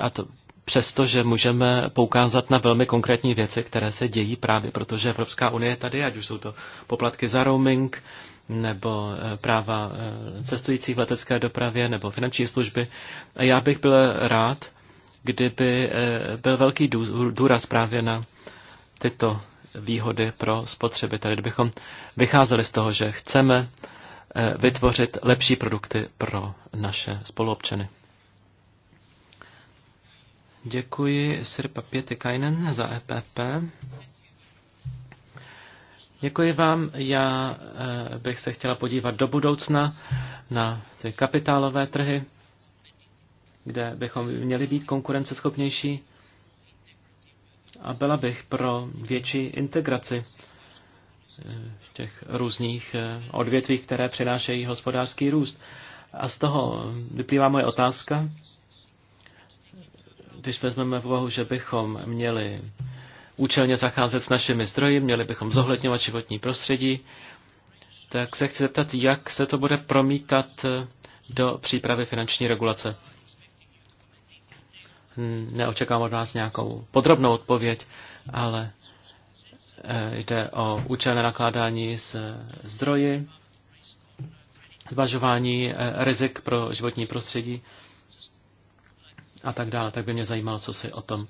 A to přesto, že můžeme poukázat na velmi konkrétní věci, které se dějí právě protože Evropská unie je tady, ať už jsou to poplatky za roaming, nebo eh, práva cestujících v letecké dopravě, nebo finanční služby. A já bych byl rád, kdyby byl velký důraz právě na tyto výhody pro spotřebitele. Kdybychom vycházeli z toho, že chceme eh, vytvořit lepší produkty pro naše spoluobčany. Děkuji Sirpa Pětikainen za EPP. Děkuji vám. Já eh, bych se chtěla podívat do budoucna na ty kapitálové trhy, kde bychom měli být konkurenceschopnější a byla bych pro větší integraci eh, v těch různých eh, odvětvích, které přinášejí hospodářský růst. A z toho vyplývá moje otázka, když vezmeme v úvahu, že bychom měli účelně zacházet s našimi zdroji, měli bychom zohledňovat životní prostředí, tak se chci zeptat, jak se to bude promítat eh, do přípravy finanční regulace. Hmm, neočekávám od vás nějakou podrobnou odpověď, ale eh, jde o účelné nakládání s eh, zdroji, zvažování eh, rizik pro životní prostředí a tak dále. Tak by mě zajímalo, co si o tom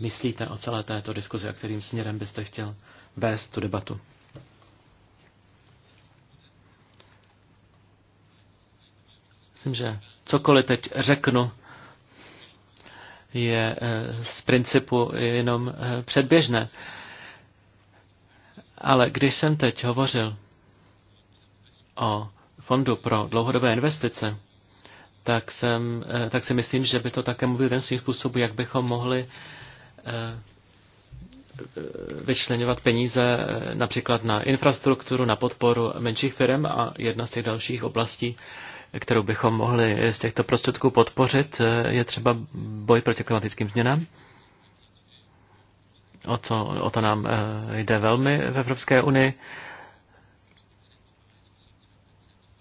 myslíte o celé této diskuzi a kterým směrem byste chtěl vést tu debatu. Myslím, že cokoliv teď řeknu, je eh, z principu jenom eh, předběžné. Ale když jsem teď hovořil o fondu pro dlouhodobé investice, tak, jsem, eh, tak si myslím, že by to také mohl jeden z těch způsobů, jak bychom mohli vyčleňovat peníze například na infrastrukturu, na podporu menších firm a jedna z těch dalších oblastí kterou bychom mohli z těchto prostředků podpořit, eh, je třeba boj proti klimatickým změnám. O to, o to nám eh, jde velmi v Evropské unii.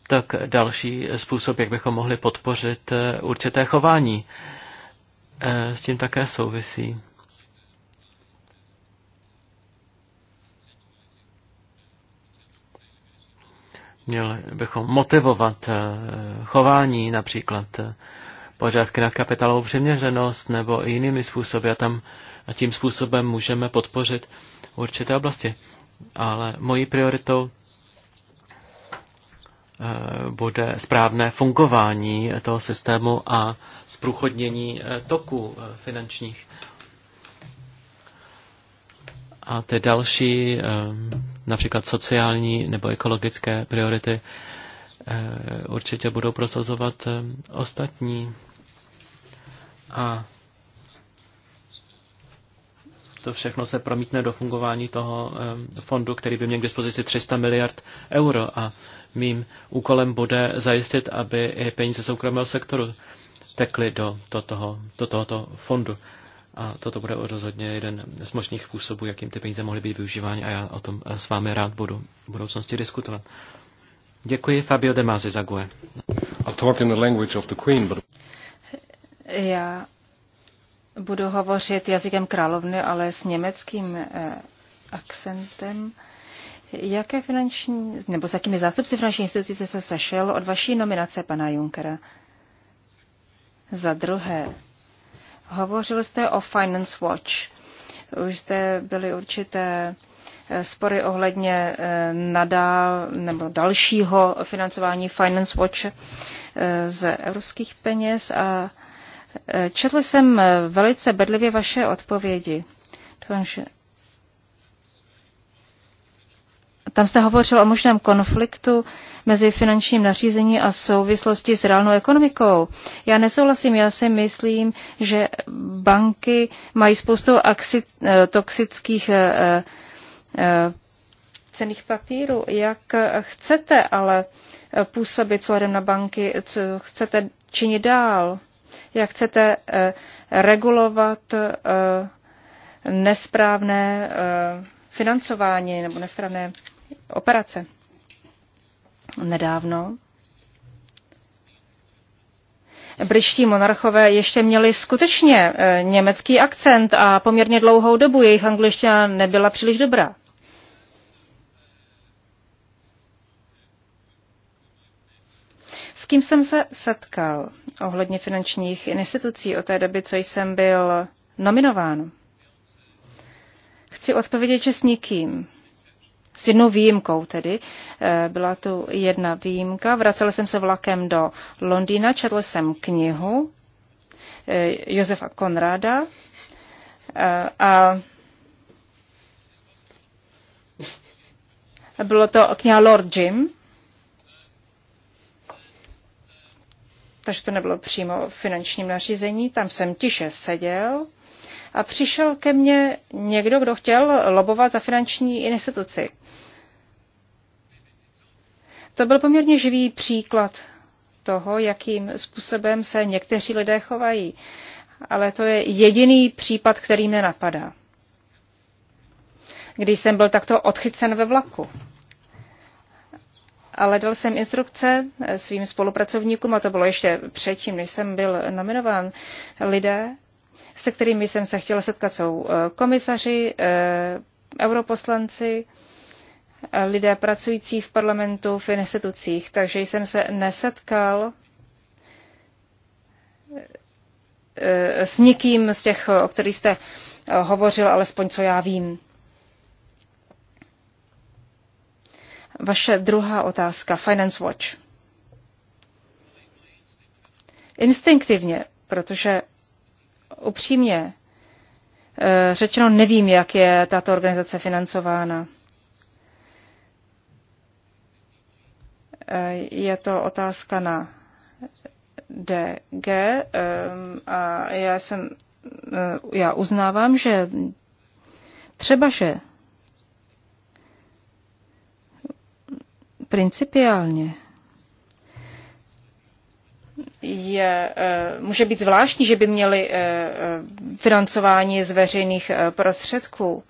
Tak další způsob, jak bychom mohli podpořit eh, určité chování, s tím také souvisí. Měli bychom motivovat eh, chování, například eh, požadavky na kapitálovou přiměřenost nebo i jinými způsoby a, tam, a tím způsobem můžeme podpořit určité oblasti. Ale mojí prioritou eh, bude správné fungování toho systému a zprůchodnění toku finančních. A ty další, ehm, například sociální nebo ekologické priority, eh, určitě budou prosazovat ehm, ostatní. A to všechno se promítne do fungování toho ehm, fondu, který by měl k dispozici 300 miliard euro. A mým úkolem bude zajistit, aby i peníze soukromého sektoru tekly do, to, toho, do tohoto fondu. A toto bude rozhodně jeden z možných způsobů, jakým ty peníze mohly být využívány a já o tom s vámi rád budu v budoucnosti diskutovat. Děkuji Fabio De Mazi za GUE. Já budu hovořit jazykem královny, ale s německým eh, akcentem. Jaké finanční, nebo s jakými zástupci finanční instituce jste se sešel od vaší nominace pana Junkera? Za druhé, Hovořil jste o Finance Watch. Už jste byly určité eh, spory ohledně eh, nadál nebo dalšího financování Finance Watch eh, z evropských peněz a četl jsem velice bedlivě vaše odpovědi. Takže Tam jste hovořil o možném konfliktu mezi finančním nařízení a souvislosti s reálnou ekonomikou. Já nesouhlasím, já si myslím, že banky mají spoustu axi- eh, toxických eh, eh, cených papírů. Jak chcete ale působit s na banky, co chcete činit dál? Jak chcete regulovat nesprávné financování nebo nesprávné operace. Nedávno Britští monarchové ještě měli skutečně eh, německý akcent a poměrně dlouhou dobu jejich angličtina nebyla příliš dobrá. S kým jsem se setkal ohledně finančních institucí od té doby, co jsem byl nominován? Chci odpovědět, že s nikým s jednou výjimkou tedy. Eh, byla tu jedna výjimka. Vracel jsem se vlakem do Londýna, četl jsem knihu eh, Josefa Konrada eh, a bylo to kniha Lord Jim, takže to nebylo přímo v finančním nařízení, tam jsem tiše seděl a přišel ke mně někdo, kdo chtěl lobovat za finanční instituci. To byl poměrně živý příklad toho, jakým způsobem se někteří lidé chovají. Ale to je jediný případ, který mě napadá. Když jsem byl takto odchycen ve vlaku. Ale dal jsem instrukce svým spolupracovníkům, a to bylo ještě předtím, než jsem byl nominován, lidé, se kterými jsem se chtěla setkat, jsou eh, komisaři, eh, europoslanci, lidé pracující v parlamentu, v institucích, takže jsem se nesetkal eh, s nikým z těch, o kterých jste eh, hovořil, alespoň co já vím. Vaše druhá otázka, Finance Watch. Instinktivně, protože upřímně eh, řečeno nevím, jak je tato organizace financována. Je to otázka na DG um, a já jsem, uh, já uznávám, že třeba, že principiálně je, uh, může být zvláštní, že by měli uh, financování z veřejných prostředků.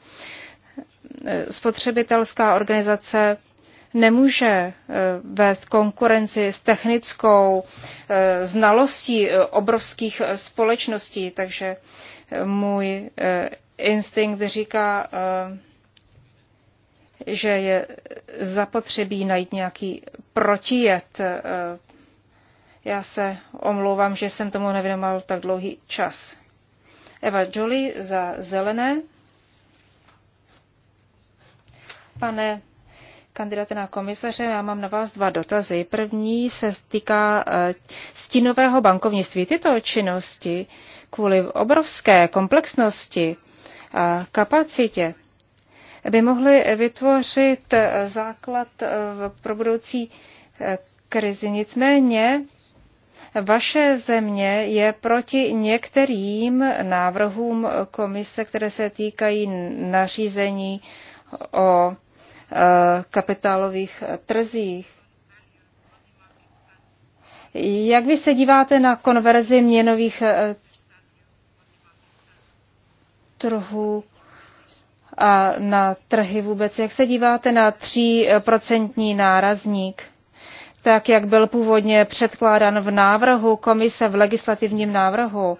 Spotřebitelská organizace nemůže eh, vést konkurenci s technickou eh, znalostí eh, obrovských společností, takže můj instinkt říká, že je zapotřebí najít nějaký protijet. Já se omlouvám, že jsem tomu nevěnoval tak dlouhý čas. Eva Jolie za zelené. Pane kandidáte na komisaře, já mám na vás dva dotazy. První se týká eh, stínového bankovnictví. Tyto činnosti kvůli obrovské komplexnosti a kapacitě by mohly vytvořit eh, základ eh, pro budoucí krizi. Nicméně vaše země je proti některým návrhům komise, které se týkají nařízení o Eh, kapitálových trzích. Jak vy se díváte na konverzi měnových eh, trhů a na trhy vůbec? Jak se díváte na 3% nárazník, tak jak byl původně předkládán v návrhu komise v legislativním návrhu?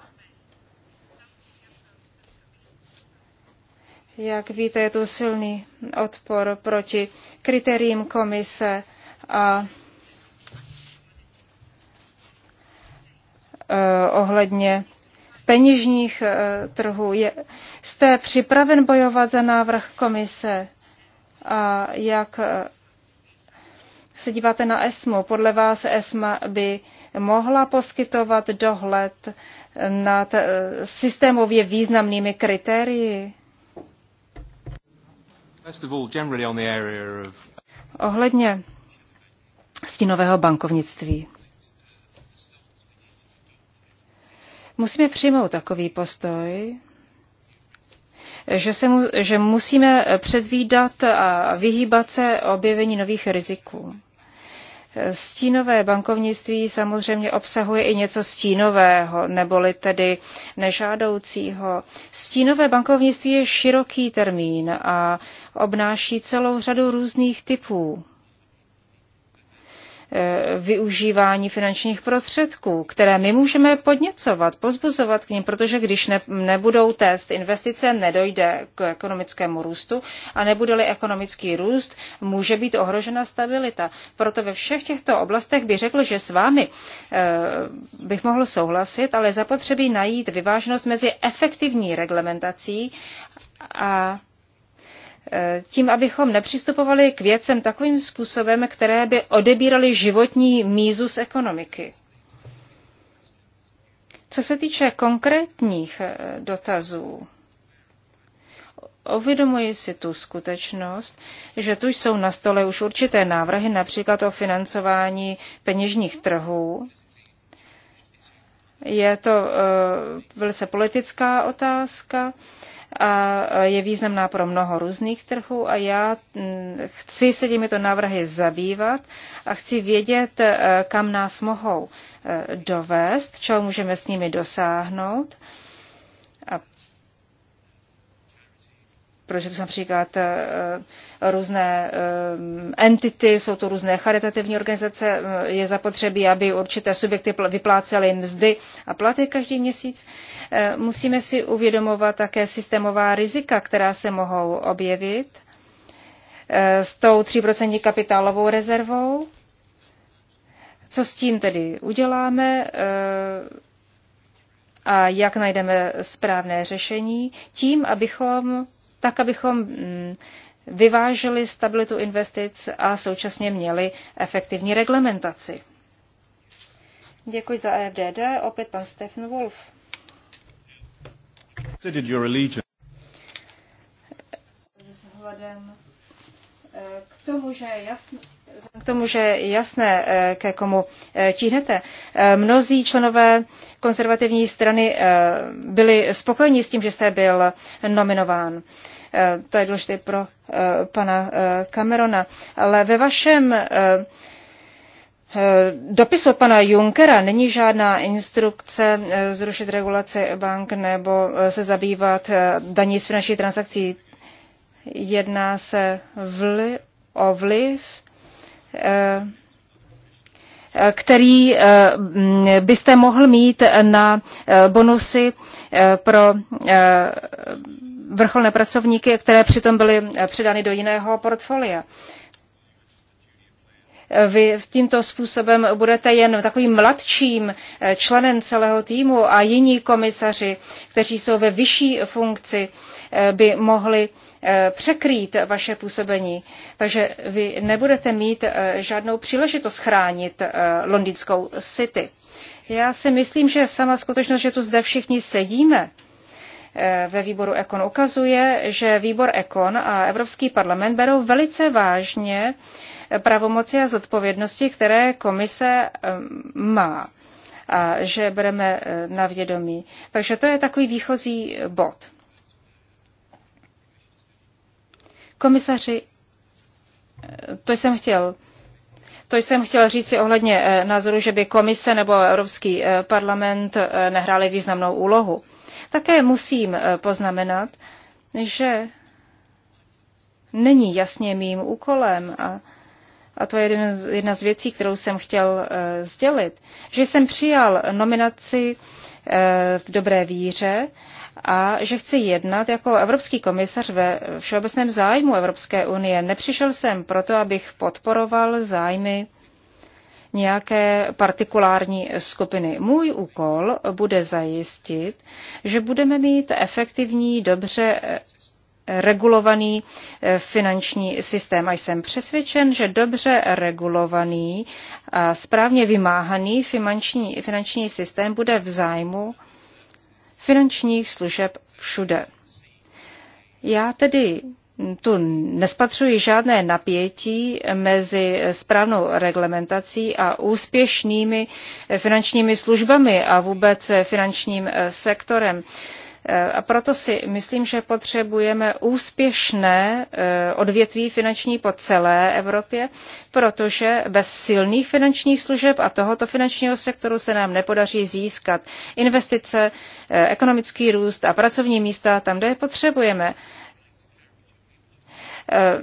Jak víte, je tu silný odpor proti kritériím komise a e, ohledně peněžních e, trhů. Je, jste připraven bojovat za návrh komise? A jak e, se díváte na ESMU? Podle vás ESMA by mohla poskytovat dohled nad systémově významnými kritérii? Ohledně stínového bankovnictví. Musíme přijmout takový postoj, že, se mu, že musíme předvídat a vyhýbat se objevení nových riziků. Stínové bankovnictví samozřejmě obsahuje i něco stínového, neboli tedy nežádoucího. Stínové bankovnictví je široký termín a obnáší celou řadu různých typů. Eh, využívání finančních prostředků, které my můžeme podněcovat, pozbuzovat k ním, protože když ne, nebudou test investice, nedojde k ekonomickému růstu a nebude-li ekonomický růst, může být ohrožena stabilita. Proto ve všech těchto oblastech bych řekl, že s vámi e, bych mohl souhlasit, ale zapotřebí najít vyvážnost mezi efektivní reglementací a Eh, tím, abychom nepřistupovali k věcem takovým způsobem, které by odebíraly životní mízu z ekonomiky. Co se týče konkrétních eh, dotazů, Ovědomuji si tu skutečnost, že tu jsou na stole už určité návrhy, například o financování peněžních trhů. Je to uh, velice politická otázka. Uh, a je významná pro mnoho různých trhů a já mm, chci se těmito návrhy zabývat a chci vědět, e, kam nás mohou e, dovést, čeho můžeme s nimi dosáhnout protože to jsou například eh, eh, různé eh, entity, jsou to různé charitativní organizace, je zapotřebí, aby určité subjekty vyplácely mzdy a platy každý měsíc. Musíme si uvědomovat také systémová rizika, která se mohou objevit s tou 3% kapitálovou rezervou. Co s tím tedy uděláme? a jak najdeme správné řešení, tím, abychom tak abychom mm, vyváželi stabilitu investic a současně měli efektivní reglementaci. Děkuji za EFDD. Opět pan Stefan Wolf. Vzhledem eh, k tomu, že jasně k tomu, že je jasné, eh, ke komu eh, tíhnete, eh, mnozí členové konzervativní strany byli spokojeni s tím, že jste byl nominován. To je důležité pro pana Camerona. Ale ve vašem dopisu od pana Junckera není žádná instrukce zrušit regulaci bank nebo se zabývat daní z finančních transakcí. Jedná se vli, o vliv Eh, který eh, byste mohl mít na eh, bonusy pro vrcholné pracovníky, které přitom byly předány do jiného portfolia vy tímto způsobem budete jen takovým mladším eh, členem celého týmu a jiní komisaři, kteří jsou ve vyšší funkci, eh, by mohli eh, překrýt vaše působení. Takže vy nebudete mít žádnou příležitost chránit londýnskou city. Já si myslím, že sama skutečnost, že tu zde všichni sedíme, ve výboru Ekon ukazuje, že výbor Ekon a Evropský parlament berou velice vážně pravomoci a zodpovědnosti, které komise má a že bereme eh, na vědomí. Takže to je takový výchozí bod. Komisaři, eh, to jsem chtěl to jsem chtěla říci ohledně eh, názoru, že by komise nebo Evropský parlament nehráli významnou úlohu. Také musím poznamenat, že není jasně mým úkolem a a to je jeden, jedna z věcí, kterou jsem chtěl uh, sdělit, že jsem přijal nominaci uh, v dobré víře a že chci jednat jako evropský komisař ve všeobecném zájmu Evropské unie. Nepřišel jsem proto, abych podporoval zájmy nějaké partikulární skupiny. Můj úkol bude zajistit, že budeme mít efektivní, dobře regulovaný eh, finanční systém. A jsem přesvědčen, že dobře regulovaný a správně vymáhaný finanční, finanční systém bude v zájmu finančních služeb všude. Já tedy tu nespatřuji žádné napětí mezi správnou reglementací a úspěšnými finančními službami a vůbec finančním eh, sektorem. A proto si myslím, že potřebujeme úspěšné eh, odvětví finanční po celé Evropě, protože bez silných finančních služeb a tohoto finančního sektoru se nám nepodaří získat investice, eh, ekonomický růst a pracovní místa tam, kde je potřebujeme. Eh,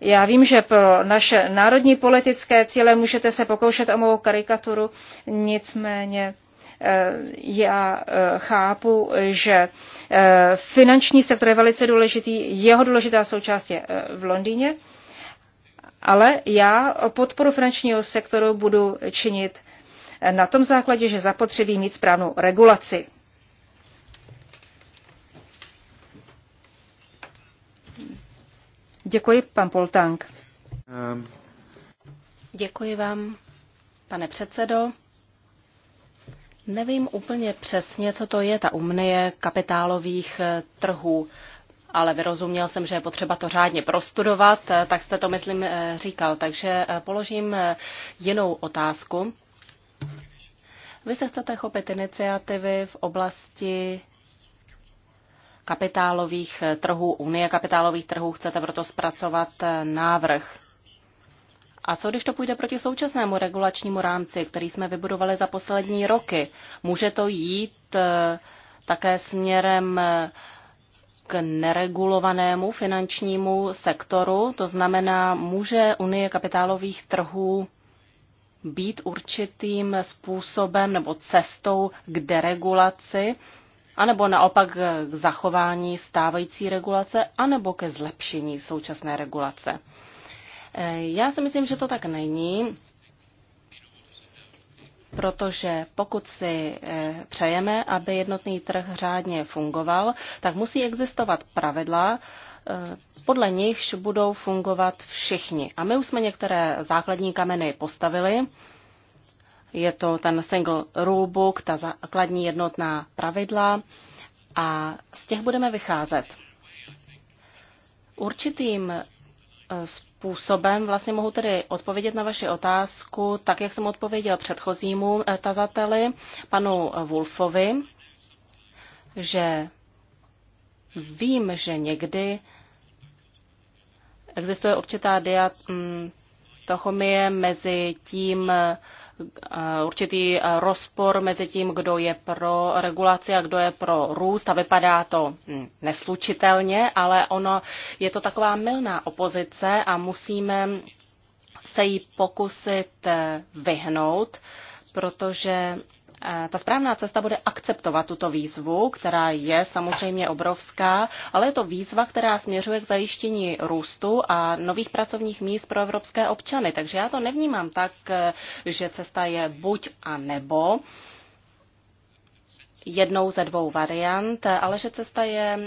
já vím, že pro naše národní politické cíle můžete se pokoušet o mou karikaturu, nicméně Eh, já eh, chápu, že eh, finanční sektor je velice důležitý, jeho důležitá součást je v Londýně, ale já podporu finančního sektoru budu činit na tom základě, že zapotřebí mít správnou regulaci. Děkuji, pan Poltank. Ehm. Děkuji vám, pane předsedo. Nevím úplně přesně, co to je ta umnie kapitálových eh, trhů, ale vyrozuměl jsem, že je potřeba to řádně prostudovat, eh, tak jste to, myslím, eh, říkal. Takže položím jinou otázku. Vy se chcete chopit iniciativy v oblasti kapitálových trhů, Unie kapitálových trhů, chcete proto zpracovat návrh. A co když to půjde proti současnému regulačnímu rámci, který jsme vybudovali za poslední roky? Může to jít eh, také směrem eh, k neregulovanému finančnímu sektoru, to znamená, může Unie kapitálových trhů být určitým způsobem nebo cestou k deregulaci, anebo naopak k zachování stávající regulace, anebo ke zlepšení současné regulace. Eh, já si myslím, že to tak není, protože pokud si eh, přejeme, aby jednotný trh řádně fungoval, tak musí existovat pravidla, eh, podle nichž budou fungovat všichni. A my už jsme některé základní kameny postavili. Je to ten single rulebook, ta základní jednotná pravidla a z těch budeme vycházet. Určitým způsobem vlastně mohu tedy odpovědět na vaši otázku, tak jak jsem odpověděl předchozímu eh, tazateli, panu Wolfovi, že vím, že někdy existuje určitá dia, mm, dichotomie mezi tím, eh, určitý rozpor mezi tím, kdo je pro regulaci a kdo je pro růst a vypadá to hm, neslučitelně, ale ono je to taková milná opozice a musíme se jí pokusit eh, vyhnout, protože Eh, ta správná cesta bude akceptovat tuto výzvu, která je samozřejmě obrovská, ale je to výzva, která směřuje k zajištění růstu a nových pracovních míst pro evropské občany. Takže já to nevnímám tak, eh, že cesta je buď a nebo jednou ze dvou variant, eh, ale že cesta je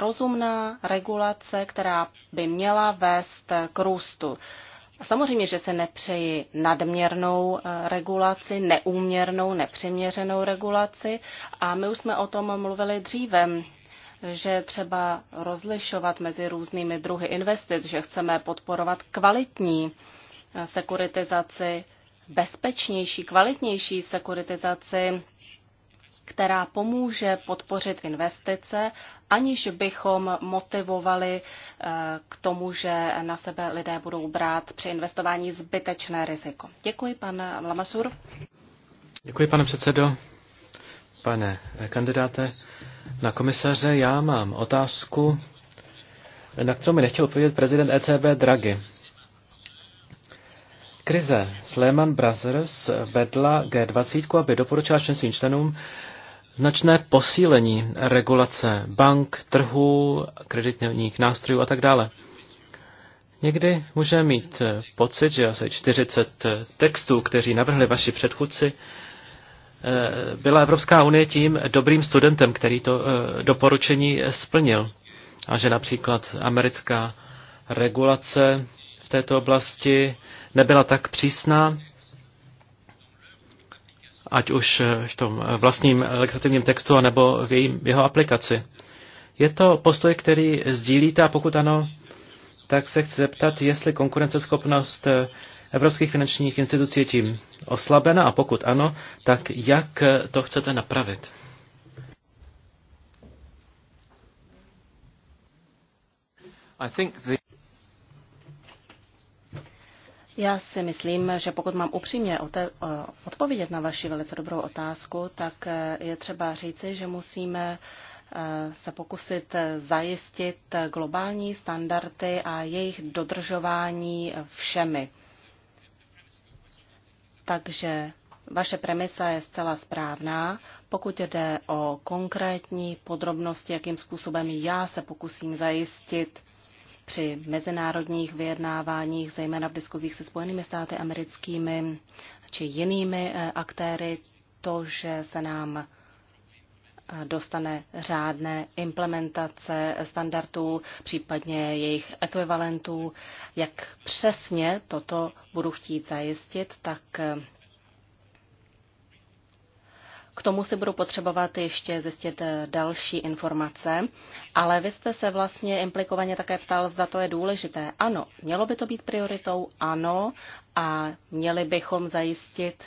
rozumná regulace, která by měla vést k růstu. Samozřejmě, že se nepřeji nadměrnou eh, regulaci, neúměrnou, nepřiměřenou regulaci a my už jsme o tom mluvili dříve že třeba rozlišovat mezi různými druhy investic, že chceme podporovat kvalitní eh, sekuritizaci, bezpečnější, kvalitnější sekuritizaci, která pomůže podpořit investice aniž bychom motivovali eh, k tomu, že na sebe lidé budou brát při investování zbytečné riziko. Děkuji, pan Lamasur. Děkuji, pane předsedo. Pane kandidáte na komisaře, já mám otázku, na kterou mi nechtěl odpovědět prezident ECB Draghi. Krize s Lehman Brothers vedla G20, aby doporučila členským členům značné posílení regulace bank, trhů, kreditních nástrojů a tak dále. Někdy může mít pocit, že asi 40 textů, kteří navrhli vaši předchůdci, eh, byla Evropská unie tím dobrým studentem, který to eh, doporučení splnil. A že například americká regulace v této oblasti nebyla tak přísná, ať už v tom vlastním legislativním textu, anebo v, jejím, v jeho aplikaci. Je to postoj, který sdílíte a pokud ano, tak se chci zeptat, jestli konkurenceschopnost evropských finančních institucí je tím oslabena a pokud ano, tak jak to chcete napravit? I think the... Já si myslím, že pokud mám upřímně odpovědět na vaši velice dobrou otázku, tak e, je třeba říci, že musíme e, se pokusit zajistit globální standardy a jejich dodržování všemi. Takže vaše premisa je zcela správná. Pokud jde o konkrétní podrobnosti, jakým způsobem já se pokusím zajistit při mezinárodních vyjednáváních, zejména v diskuzích se Spojenými státy americkými či jinými eh, aktéry, to, že se nám eh, dostane řádné implementace standardů, případně jejich ekvivalentů. Jak přesně toto budu chtít zajistit, tak eh, k tomu si budu potřebovat ještě zjistit eh, další informace, ale vy jste se vlastně implikovaně také ptal, zda to je důležité. Ano, mělo by to být prioritou, ano, a měli bychom zajistit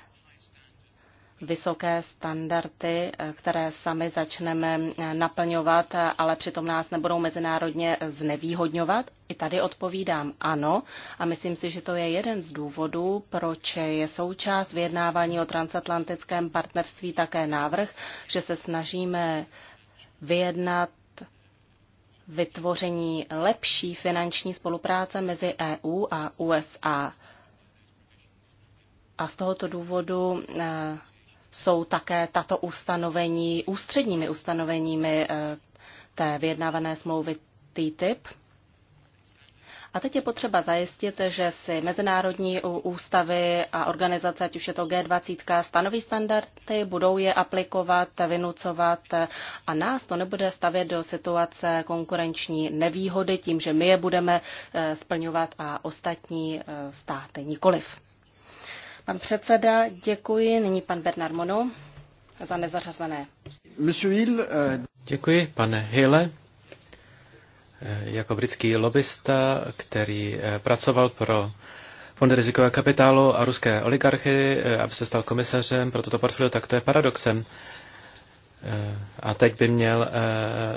vysoké standardy, eh, které sami začneme eh, naplňovat, eh, ale přitom nás nebudou mezinárodně znevýhodňovat? I tady odpovídám ano a myslím si, že to je jeden z důvodů, proč je součást vyjednávání o transatlantickém partnerství také návrh, že se snažíme vyjednat vytvoření lepší finanční spolupráce mezi EU a USA. A z tohoto důvodu jsou také tato ustanovení ústředními ustanoveními eh, té vyjednávané smlouvy TTIP. A teď je potřeba zajistit, že si mezinárodní ústavy a organizace, ať už je to G20, stanoví standardy, budou je aplikovat, vynucovat eh, a nás to nebude stavět do situace konkurenční nevýhody tím, že my je budeme eh, splňovat a ostatní státy nikoliv. Pan předseda, děkuji. Nyní pan Bernard Monu za nezařazené. Eh, děkuji, pane Hille. Eh, jako britský lobista, který eh, pracoval pro fond rizikového kapitálu a ruské oligarchy, aby se stal komisařem pro toto portfolio, tak to je paradoxem. A teď by měl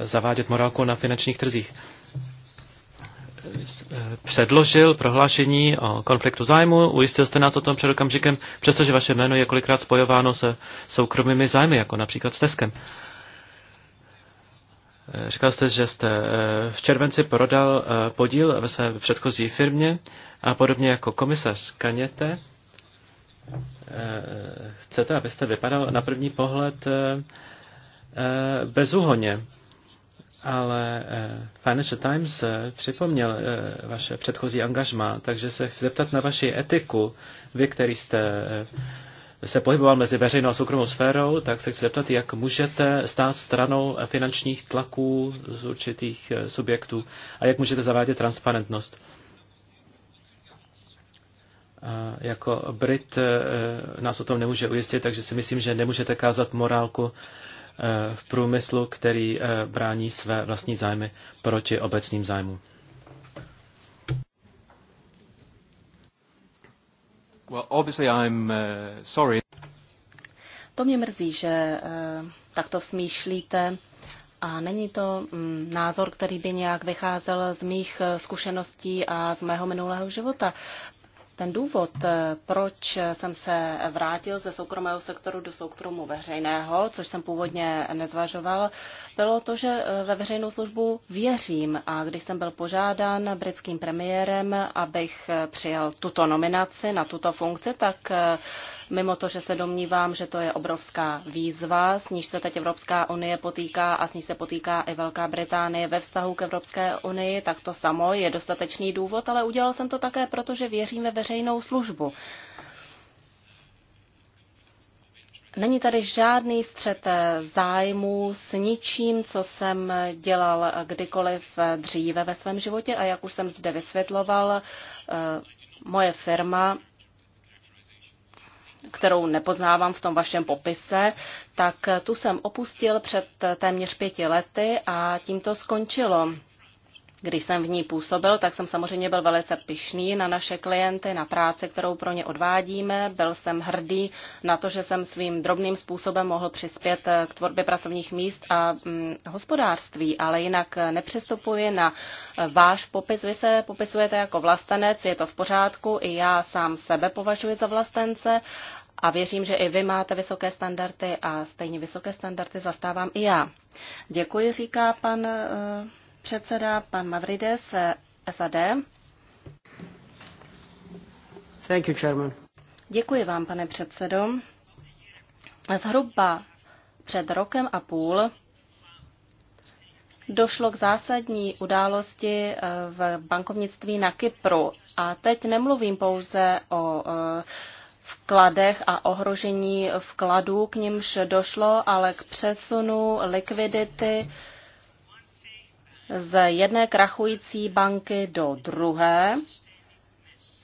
zavádět morálku na finančních trzích předložil prohlášení o konfliktu zájmu, ujistil jste nás o tom před okamžikem, přestože vaše jméno je kolikrát spojováno se soukromými zájmy, jako například s Teskem. Eh, říkal jste, že jste eh, v červenci prodal eh, podíl ve své předchozí firmě a podobně jako komisař Kaněte, chcete, abyste vypadal na první pohled bezúhoně ale eh, Financial Times eh, připomněl eh, vaše předchozí angažma, takže se chci zeptat na vaši etiku. Vy, který jste se pohyboval mezi veřejnou a soukromou sférou, tak se chci zeptat, jak můžete stát stranou finančních tlaků z určitých subjektů a jak můžete zavádět transparentnost. A jako Brit nás o tom nemůže ujistit, takže si myslím, že nemůžete kázat morálku v průmyslu, který eh, brání své vlastní zájmy proti obecným zájmům. Well, obviously I'm, uh, sorry. To mě mrzí, že uh, takto smýšlíte a není to mm, názor, který by nějak vycházel z mých zkušeností a z mého minulého života. Ten důvod, eh, proč jsem se vrátil ze soukromého sektoru do soukromu veřejného, což jsem původně nezvažoval, bylo to, že eh, ve veřejnou službu věřím a když jsem byl požádán britským premiérem, abych eh, přijal tuto nominaci na tuto funkci, tak mimo to, že se domnívám, že to je obrovská výzva, s níž se teď Evropská unie potýká a s níž se potýká i Velká Británie ve vztahu k Evropské unii, tak to samo je dostatečný důvod, ale udělal jsem to také, protože věřím ve veřejnou službu. Není tady žádný střet zájmů s ničím, co jsem dělal kdykoliv dříve ve svém životě a jak už jsem zde vysvětloval, eh, moje firma kterou nepoznávám v tom vašem popise, tak tu jsem opustil před téměř pěti lety a tím to skončilo. Když jsem v ní působil, tak jsem samozřejmě byl velice pišný na naše klienty, na práci, kterou pro ně odvádíme. Byl jsem hrdý na to, že jsem svým drobným způsobem mohl přispět eh, k tvorbě pracovních míst a hm, hospodářství, ale jinak eh, nepřistupuji na eh, váš popis. Vy se popisujete jako vlastenec, je to v pořádku, i já sám sebe považuji za vlastence a věřím, že i vy máte vysoké standardy a stejně vysoké standardy zastávám i já. Děkuji, říká pan. Uh předseda pan Mavrides SAD. Thank you, Chairman. Děkuji vám, pane předsedo. Zhruba před rokem a půl došlo k zásadní události eh, v bankovnictví na Kypru. A teď nemluvím pouze o eh, vkladech a ohrožení vkladů, k nimž došlo, ale k přesunu likvidity z jedné krachující banky do druhé,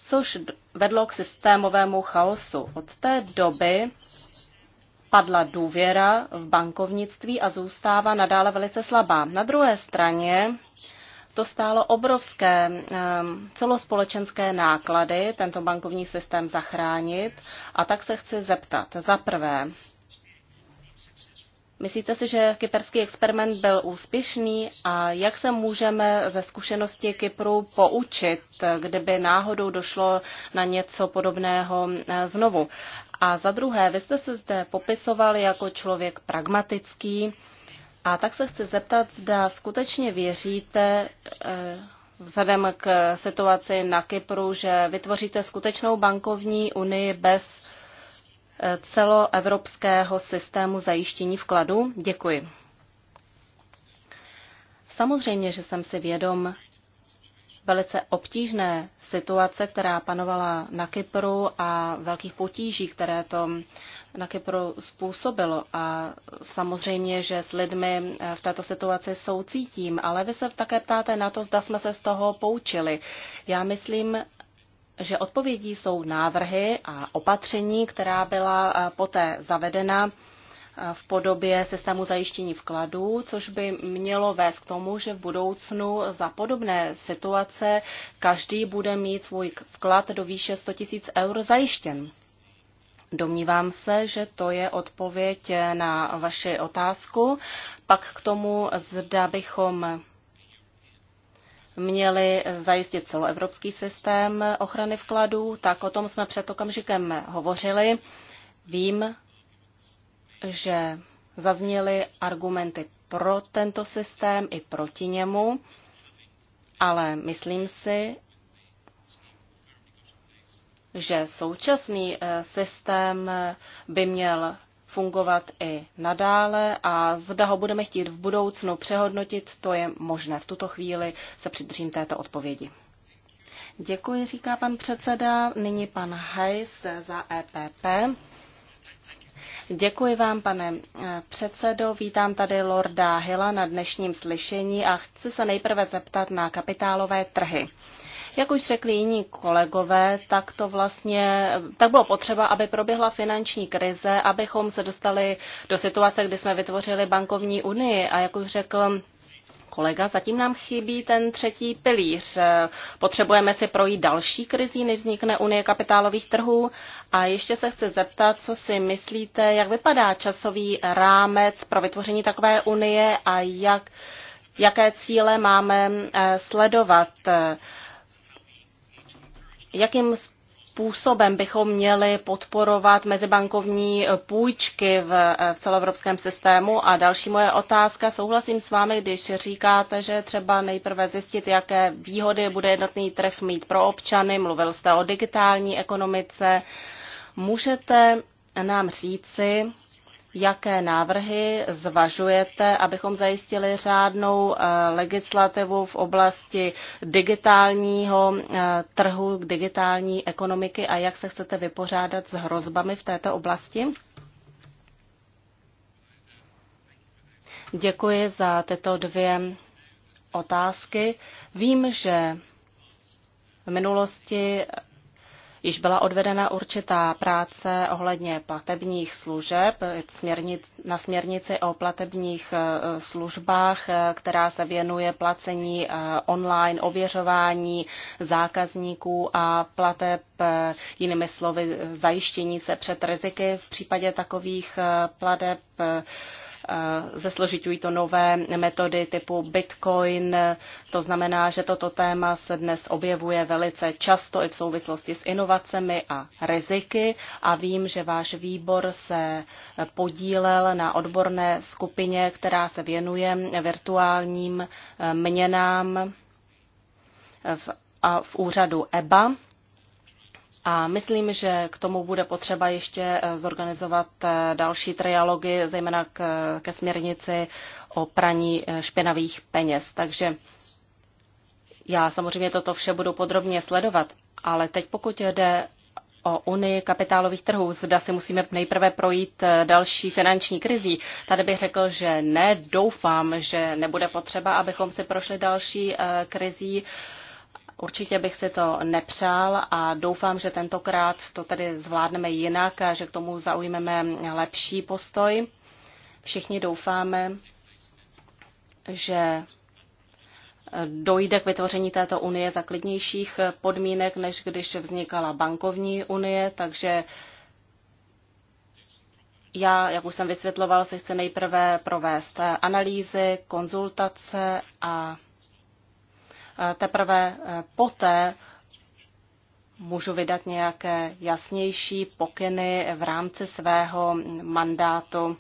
což vedlo k systémovému chaosu. Od té doby padla důvěra v bankovnictví a zůstává nadále velice slabá. Na druhé straně to stálo obrovské ehm, celospolečenské náklady tento bankovní systém zachránit a tak se chci zeptat. Za prvé, Myslíte si, že kyperský experiment byl úspěšný a jak se můžeme ze zkušenosti Kypru poučit, kdyby náhodou došlo na něco podobného eh, znovu? A za druhé, vy jste se zde popisoval jako člověk pragmatický a tak se chci zeptat, zda skutečně věříte, eh, vzhledem k situaci na Kypru, že vytvoříte skutečnou bankovní unii bez celoevropského systému zajištění vkladu? Děkuji. Samozřejmě, že jsem si vědom velice obtížné situace, která panovala na Kypru a velkých potíží, které to na Kypru způsobilo. A samozřejmě, že s lidmi eh, v této situaci soucítím, ale vy se také ptáte na to, zda jsme se z toho poučili. Já myslím, že odpovědí jsou návrhy a opatření, která byla eh, poté zavedena eh, v podobě systému zajištění vkladů, což by mělo vést k tomu, že v budoucnu za podobné situace každý bude mít svůj vklad do výše 100 000 eur zajištěn. Domnívám se, že to je odpověď na vaši otázku. Pak k tomu, zda bychom měli zajistit celoevropský systém ochrany vkladů, tak o tom jsme před okamžikem hovořili. Vím, že zazněly argumenty pro tento systém i proti němu, ale myslím si, že současný eh, systém by měl fungovat i nadále a zda ho budeme chtít v budoucnu přehodnotit, to je možné. V tuto chvíli se přidržím této odpovědi. Děkuji, říká pan předseda. Nyní pan Hajs za EPP. Děkuji vám, pane eh, předsedo. Vítám tady Lorda Hilla na dnešním slyšení a chci se nejprve zeptat na kapitálové trhy. Jak už řekli jiní kolegové, tak to vlastně, tak bylo potřeba, aby proběhla finanční krize, abychom se dostali do situace, kdy jsme vytvořili bankovní unii a jak už řekl kolega, zatím nám chybí ten třetí pilíř. Potřebujeme si projít další krizí, než vznikne Unie kapitálových trhů. A ještě se chci zeptat, co si myslíte, jak vypadá časový rámec pro vytvoření takové unie a jak, jaké cíle máme eh, sledovat jakým způsobem bychom měli podporovat mezibankovní půjčky v, v celoevropském systému. A další moje otázka, souhlasím s vámi, když říkáte, že třeba nejprve zjistit, jaké výhody bude jednotný trh mít pro občany. Mluvil jste o digitální ekonomice. Můžete nám říci, jaké návrhy zvažujete, abychom zajistili řádnou eh, legislativu v oblasti digitálního eh, trhu, digitální ekonomiky a jak se chcete vypořádat s hrozbami v této oblasti? Děkuji za tyto dvě otázky. Vím, že v minulosti Již byla odvedena určitá práce ohledně platebních služeb na směrnici o platebních e, službách, e, která se věnuje placení e, online, ověřování zákazníků a plateb, jinými slovy zajištění se před riziky v případě takových plateb Eh, zesložitují to nové metody typu Bitcoin. To znamená, že toto téma se dnes objevuje velice často i v souvislosti s inovacemi a riziky a vím, že váš výbor se podílel na odborné skupině, která se věnuje virtuálním eh, měnám v, a v úřadu EBA. A myslím, že k tomu bude potřeba ještě eh, zorganizovat eh, další trialogy, zejména k, eh, ke směrnici o praní špinavých peněz. Takže já samozřejmě toto vše budu podrobně sledovat, ale teď pokud jde o Unii kapitálových trhů. Zda si musíme nejprve projít další finanční krizí. Tady bych řekl, že ne, doufám, že nebude potřeba, abychom si prošli další krizí. Určitě bych si to nepřál a doufám, že tentokrát to tedy zvládneme jinak a že k tomu zaujmeme lepší postoj. Všichni doufáme, že dojde k vytvoření této unie za klidnějších podmínek, než když vznikala bankovní unie, takže já, jak už jsem vysvětloval, si chci nejprve provést analýzy, konzultace a teprve e, poté můžu vydat nějaké jasnější pokyny v rámci svého mandátu.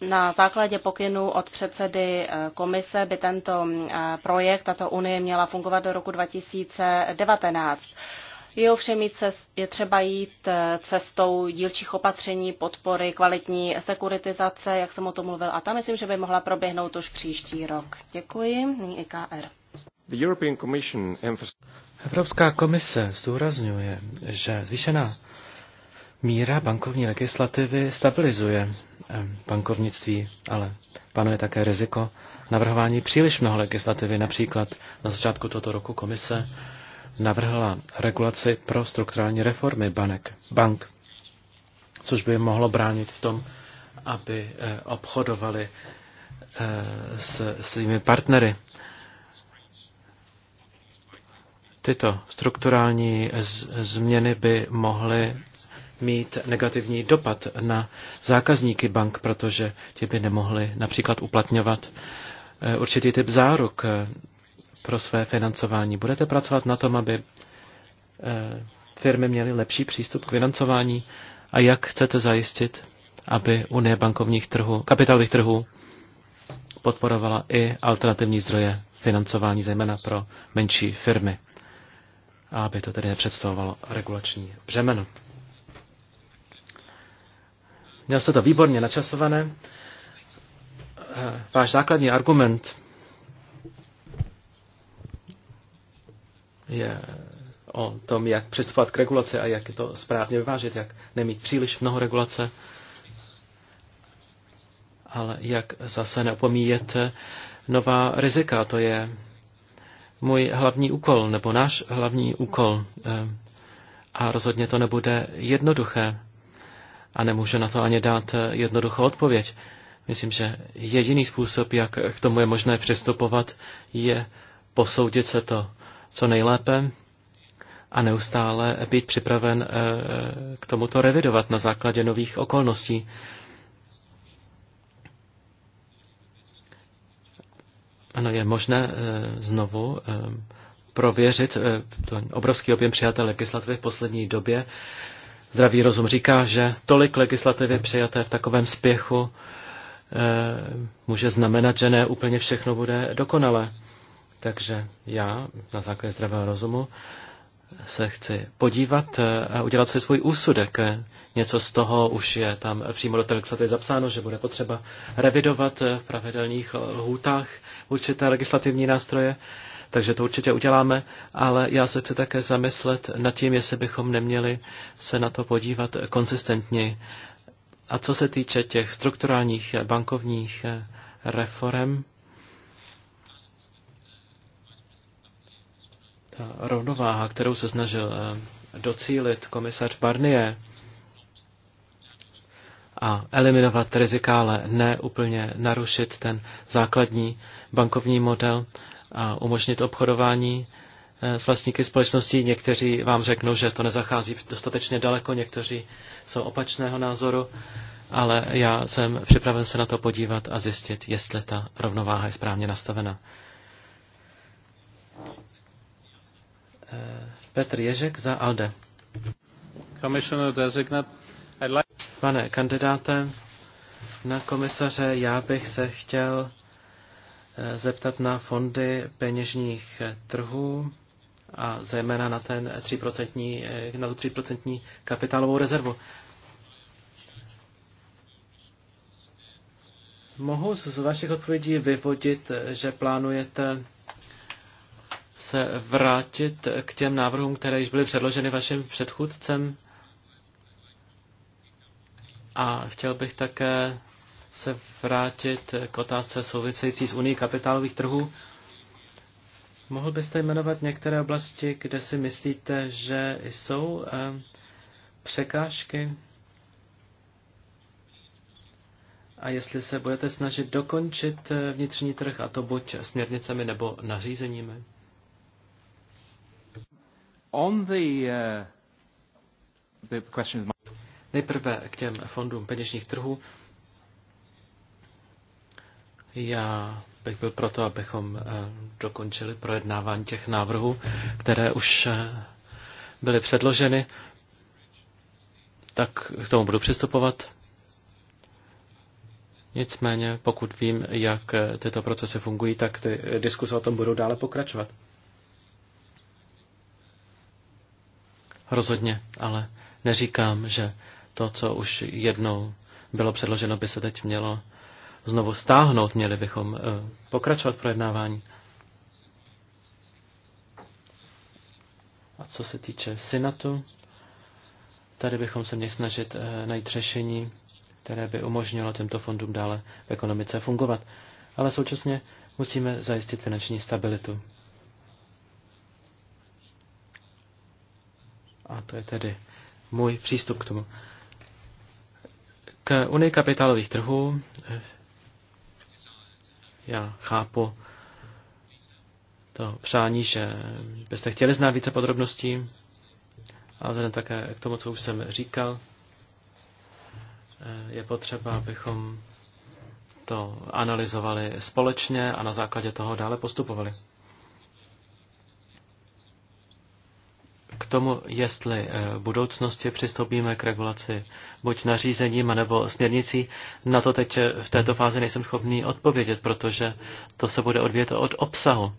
Na základě pokynů od předsedy e, komise by tento e, projekt, tato unie měla fungovat do roku 2019. Je ovšem je třeba jít eh, cestou dílčích opatření, podpory, kvalitní sekuritizace, jak jsem o tom mluvil, a tam myslím, že by mohla proběhnout už příští rok. Děkuji. Nyní IKR. Evropská komise zdůrazňuje, že zvýšená míra bankovní legislativy stabilizuje eh, bankovnictví, ale panuje také riziko navrhování příliš mnoho legislativy. Například na začátku tohoto roku komise navrhla regulaci pro strukturální reformy banek, bank, což by mohlo bránit v tom, aby eh, obchodovali eh, s svými partnery. Tyto strukturální změny by mohly mít negativní dopad na zákazníky bank, protože ti by nemohli například uplatňovat eh, určitý typ záruk pro své financování. Budete pracovat na tom, aby eh, firmy měly lepší přístup k financování a jak chcete zajistit, aby Unie bankovních trhů, kapitálových trhů podporovala i alternativní zdroje financování, zejména pro menší firmy, a aby to tedy nepředstavovalo regulační břemeno. Měl jste to výborně načasované. Eh, váš základní argument je o tom, jak přistupovat k regulaci a jak to správně vyvážit, jak nemít příliš mnoho regulace, ale jak zase neopomíjet nová rizika. To je můj hlavní úkol, nebo náš hlavní úkol. A rozhodně to nebude jednoduché. A nemůžu na to ani dát jednoduchou odpověď. Myslím, že jediný způsob, jak k tomu je možné přistupovat, je posoudit se to co nejlépe a neustále být připraven eh, k tomuto revidovat na základě nových okolností. Ano, je možné eh, znovu eh, prověřit ten obrovský objem přijaté legislativy v poslední době. Zdravý rozum říká, že tolik legislativy přijaté v takovém spěchu může znamenat, že ne úplně všechno bude dokonalé. Takže já na základě zdravého rozumu se chci podívat eh, a udělat si svůj úsudek. Eh, Něco z toho už je tam přímo do té legislativy zapsáno, že bude potřeba revidovat eh, v pravidelných lhůtách určité legislativní nástroje, takže to určitě uděláme, ale já se chci také zamyslet nad tím, jestli bychom neměli se na to podívat konsistentně. A co se týče těch strukturálních bankovních reform, Ta rovnováha, kterou se snažil eh, docílit komisař Barnier a eliminovat rizika, ale ne úplně narušit ten základní bankovní model a umožnit obchodování eh, s vlastníky společností. Někteří vám řeknou, že to nezachází dostatečně daleko, někteří jsou opačného názoru, ale já jsem připraven se na to podívat a zjistit, jestli ta rovnováha je správně nastavena. Eh, Petr Ježek za ALDE. Pane kandidáte na komisaře, já bych se chtěl eh, zeptat na fondy peněžních eh, trhů a zejména na, ten 3%, na tu 3% kapitálovou rezervu. Mohu z vašich odpovědí vyvodit, že plánujete se vrátit k těm návrhům, které již byly předloženy vašim předchůdcem. A chtěl bych také se vrátit k otázce související s Unii kapitálových trhů. Mohl byste jmenovat některé oblasti, kde si myslíte, že jsou eh, překážky? A jestli se budete snažit dokončit eh, vnitřní trh, a to buď směrnicemi nebo nařízeními? On the, uh, the question... Nejprve k těm fondům peněžních trhů. Já bych byl proto, abychom uh, dokončili projednávání těch návrhů, které už uh, byly předloženy. Tak k tomu budu přistupovat. Nicméně, pokud vím, jak uh, tyto procesy fungují, tak ty diskuse o tom budou dále pokračovat. Rozhodně, ale neříkám, že to, co už jednou bylo předloženo, by se teď mělo znovu stáhnout. Měli bychom eh, pokračovat v projednávání. A co se týče synatu, tady bychom se měli snažit eh, najít řešení, které by umožnilo těmto fondům dále v ekonomice fungovat. Ale současně musíme zajistit finanční stabilitu. A to je tedy můj přístup k tomu. K Unii kapitálových trhů eh, já chápu to přání, že byste chtěli znát více podrobností, ale vzhledem také k tomu, co už jsem říkal, eh, je potřeba, abychom to analyzovali společně a na základě toho dále postupovali. k tomu, jestli eh, v budoucnosti přistoupíme k regulaci buď nařízením nebo směrnicí, na to teď eh, v této fázi nejsem schopný odpovědět, protože to se bude odvíjet od obsahu.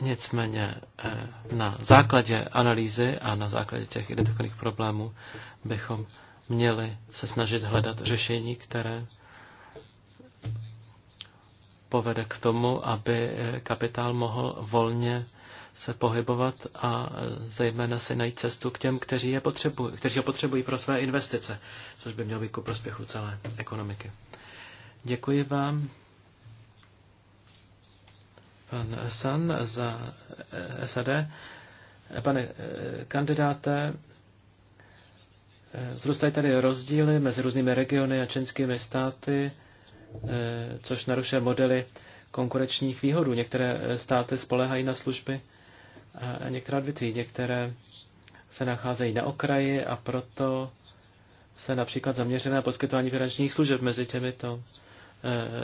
Nicméně eh, na základě analýzy a na základě těch identifikovaných problémů bychom měli se snažit hledat řešení, které povede k tomu, aby kapitál mohl volně se pohybovat a zejména si najít cestu k těm, kteří, je potřebují, kteří ho potřebují pro své investice, což by mělo být ku prospěchu celé ekonomiky. Děkuji vám, pan San za eh, SAD. Pane eh, kandidáte, eh, zrůstají tady rozdíly mezi různými regiony a členskými státy, což narušuje modely konkurenčních výhodů. Některé státy spolehají na služby některá odvětví, některé se nacházejí na okraji a proto se například zaměřené na poskytování finančních služeb mezi těmito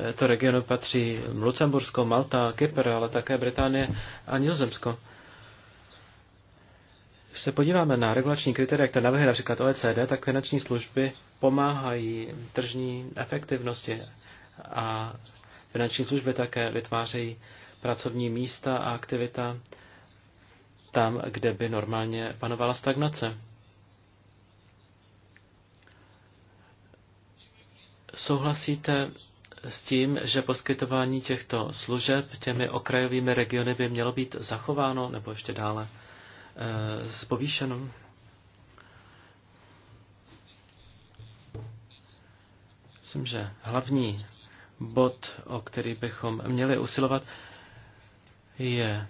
eh, to regionu patří Lucembursko, Malta, Kypr, ale také Británie a Nizozemsko. Když se podíváme na regulační kritéria, které navrhuje například OECD, tak finanční služby pomáhají tržní efektivnosti a finanční služby také vytvářejí pracovní místa a aktivita tam, kde by normálně panovala stagnace. Souhlasíte s tím, že poskytování těchto služeb těmi okrajovými regiony by mělo být zachováno nebo ještě dále e, zpovýšeno? Myslím, že hlavní bod, o který bychom měli usilovat, je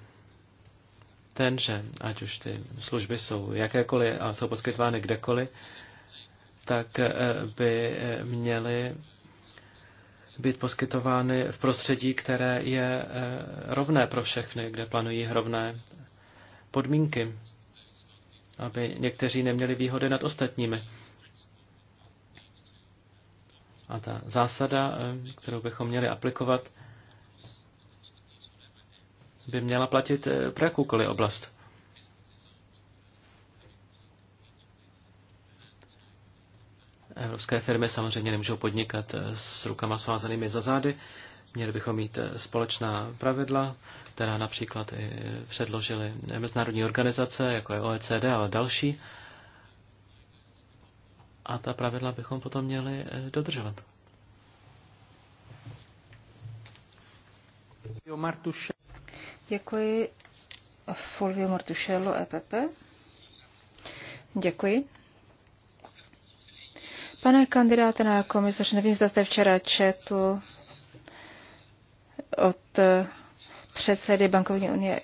ten, že ať už ty služby jsou jakékoliv a jsou poskytovány kdekoliv, tak eh, by eh, měly být poskytovány v prostředí, které je eh, rovné pro všechny, kde planují rovné podmínky, aby někteří neměli výhody nad ostatními. A ta zásada, kterou bychom měli aplikovat, by měla platit eh, pro jakoukoliv oblast. Evropské firmy samozřejmě nemůžou podnikat eh, s rukama svázanými za zády. Měli bychom mít eh, společná pravidla, která například i předložily mezinárodní organizace, jako je OECD, ale další. A ta pravidla bychom potom měli dodržovat. Martuše. Děkuji Fulvio Mortušello, EPP. Děkuji. Pane kandidáte na komisař, nevím, zda jste včera četl od předsedy bankovní unie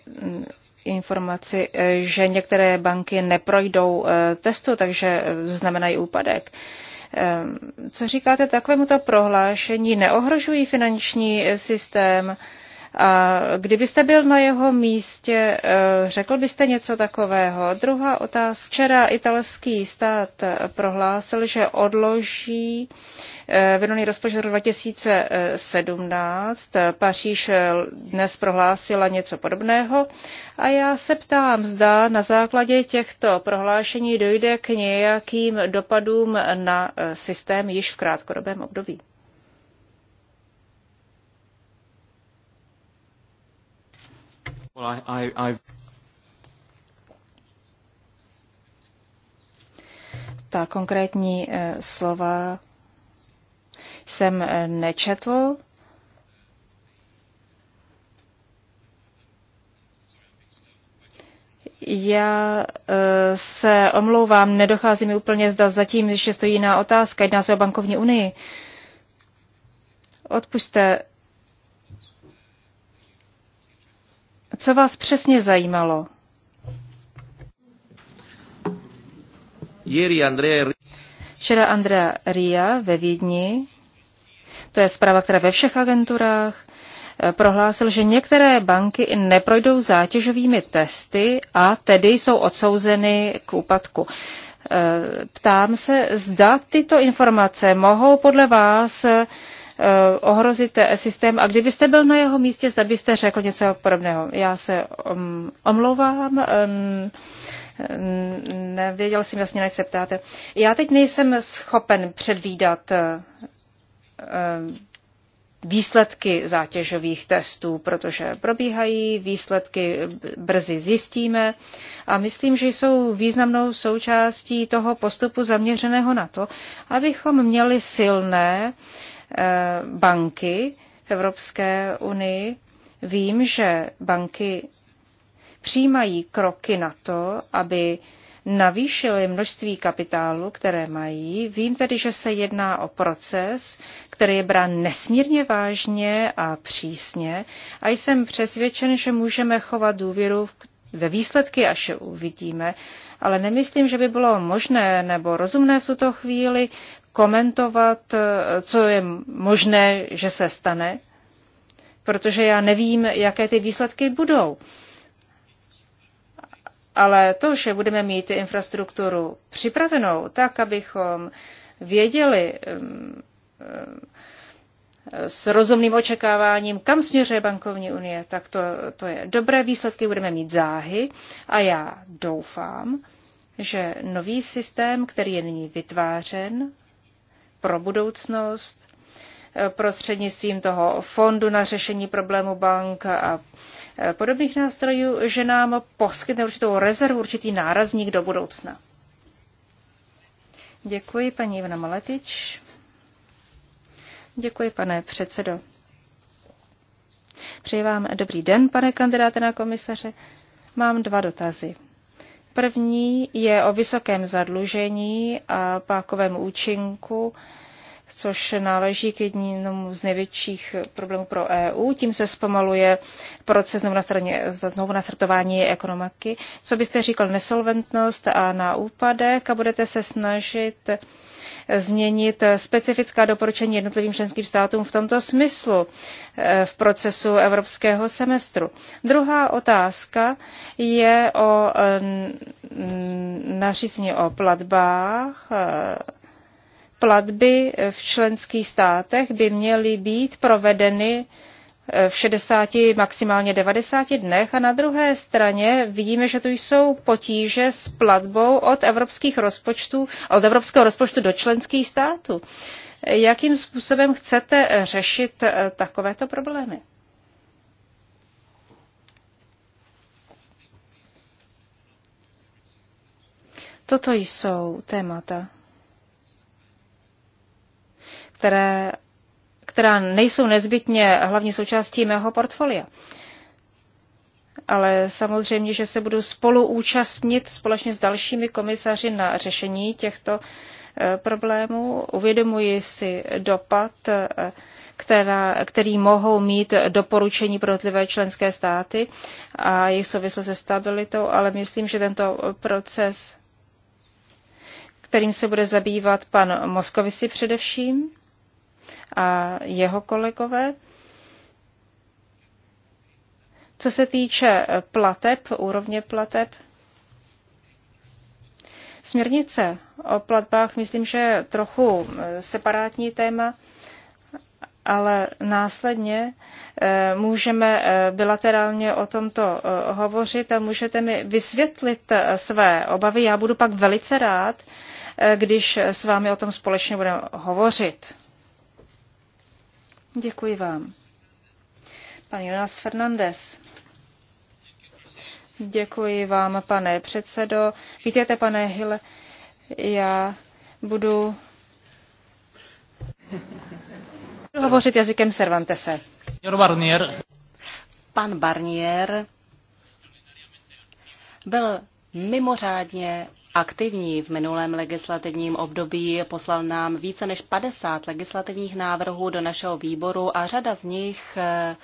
informaci, že některé banky neprojdou eh, testu, takže eh, znamenají úpadek. Eh, co říkáte takovému to prohlášení? Neohrožují finanční systém? A kdybyste byl na jeho místě, eh, řekl byste něco takového? Druhá otázka. Včera italský stát prohlásil, že odloží eh, vydaný rozpočet roku 2017. Paříž eh, dnes prohlásila něco podobného. A já se ptám, zda na základě těchto prohlášení dojde k nějakým dopadům na systém již v krátkodobém období. Well, I, I, I've... Ta konkrétní eh, slova jsem eh, nečetl. Já eh, se omlouvám, nedochází mi úplně zda zatím, ještě stojí jiná otázka, jedná se o bankovní unii. Odpuste, Co vás přesně zajímalo? Šera Andrea Ria ve Vídni, to je zpráva, která ve všech agenturách, eh, prohlásil, že některé banky neprojdou zátěžovými testy a tedy jsou odsouzeny k úpadku. Eh, ptám se, zda tyto informace mohou podle vás eh, Eh, ohrozit eh, systém a kdybyste byl na jeho místě, zda byste řekl něco podobného. Já se mm, omlouvám, mm, mm, nevěděl jsem jasně, než se ptáte. Já teď nejsem schopen předvídat eh, výsledky zátěžových testů, protože probíhají, výsledky brzy zjistíme a myslím, že jsou významnou součástí toho postupu zaměřeného na to, abychom měli silné Eh, banky v Evropské unii. Vím, že banky přijímají kroky na to, aby navýšily množství kapitálu, které mají. Vím tedy, že se jedná o proces, který je brán nesmírně vážně a přísně a jsem přesvědčen, že můžeme chovat důvěru v ve výsledky až uvidíme, ale nemyslím, že by bylo možné nebo rozumné v tuto chvíli komentovat, eh, co je možné, že se stane, protože já nevím, jaké ty výsledky budou. Ale to, že budeme mít infrastrukturu připravenou tak, abychom věděli, s rozumným očekáváním, kam směřuje bankovní unie, tak to, to je dobré výsledky, budeme mít záhy a já doufám, že nový systém, který je nyní vytvářen pro budoucnost, eh, prostřednictvím toho fondu na řešení problému bank a eh, podobných nástrojů, že nám poskytne určitou rezervu, určitý nárazník do budoucna. Děkuji, paní Ivana Maletič. Děkuji, pane předsedo. Přeji vám dobrý den, pane kandidáte na komisaře. Mám dva dotazy. První je o vysokém zadlužení a pákovém účinku, což náleží k jednomu z největších problémů pro EU. Tím se zpomaluje proces znovu, na znovu nastartování ekonomiky. Co byste říkal nesolventnost a na úpadek a budete se snažit změnit specifická doporučení jednotlivým členským státům v tomto smyslu eh, v procesu evropského semestru. Druhá otázka je o eh, nařízení o platbách. Eh, platby v členských státech by měly být provedeny v 60, maximálně 90 dnech a na druhé straně vidíme, že tu jsou potíže s platbou od evropských rozpočtů, od evropského rozpočtu do členských států. Jakým způsobem chcete řešit eh, takovéto problémy? Toto jsou témata, které která nejsou nezbytně hlavní součástí mého portfolia. Ale samozřejmě, že se budu spolu účastnit společně s dalšími komisaři na řešení těchto eh, problémů. Uvědomuji si dopad, eh, která, který mohou mít doporučení pro jednotlivé členské státy a jejich souvislost se stabilitou, ale myslím, že tento proces kterým se bude zabývat pan Moskovici především a jeho kolegové. Co se týče plateb, úrovně plateb, směrnice o platbách, myslím, že je trochu separátní téma, ale následně eh, můžeme eh, bilaterálně o tomto eh, hovořit a můžete mi vysvětlit své obavy. Já budu pak velice rád, když s vámi o tom společně budeme hovořit. Děkuji vám. Pan Jonas Fernandez. Děkuji vám, pane předsedo. Vítejte, pane Hill, já budu hovořit jazykem Cervantese. Barnier. Pan Barnier byl mimořádně aktivní v minulém legislativním období. Poslal nám více než 50 legislativních návrhů do našeho výboru a řada z nich eh,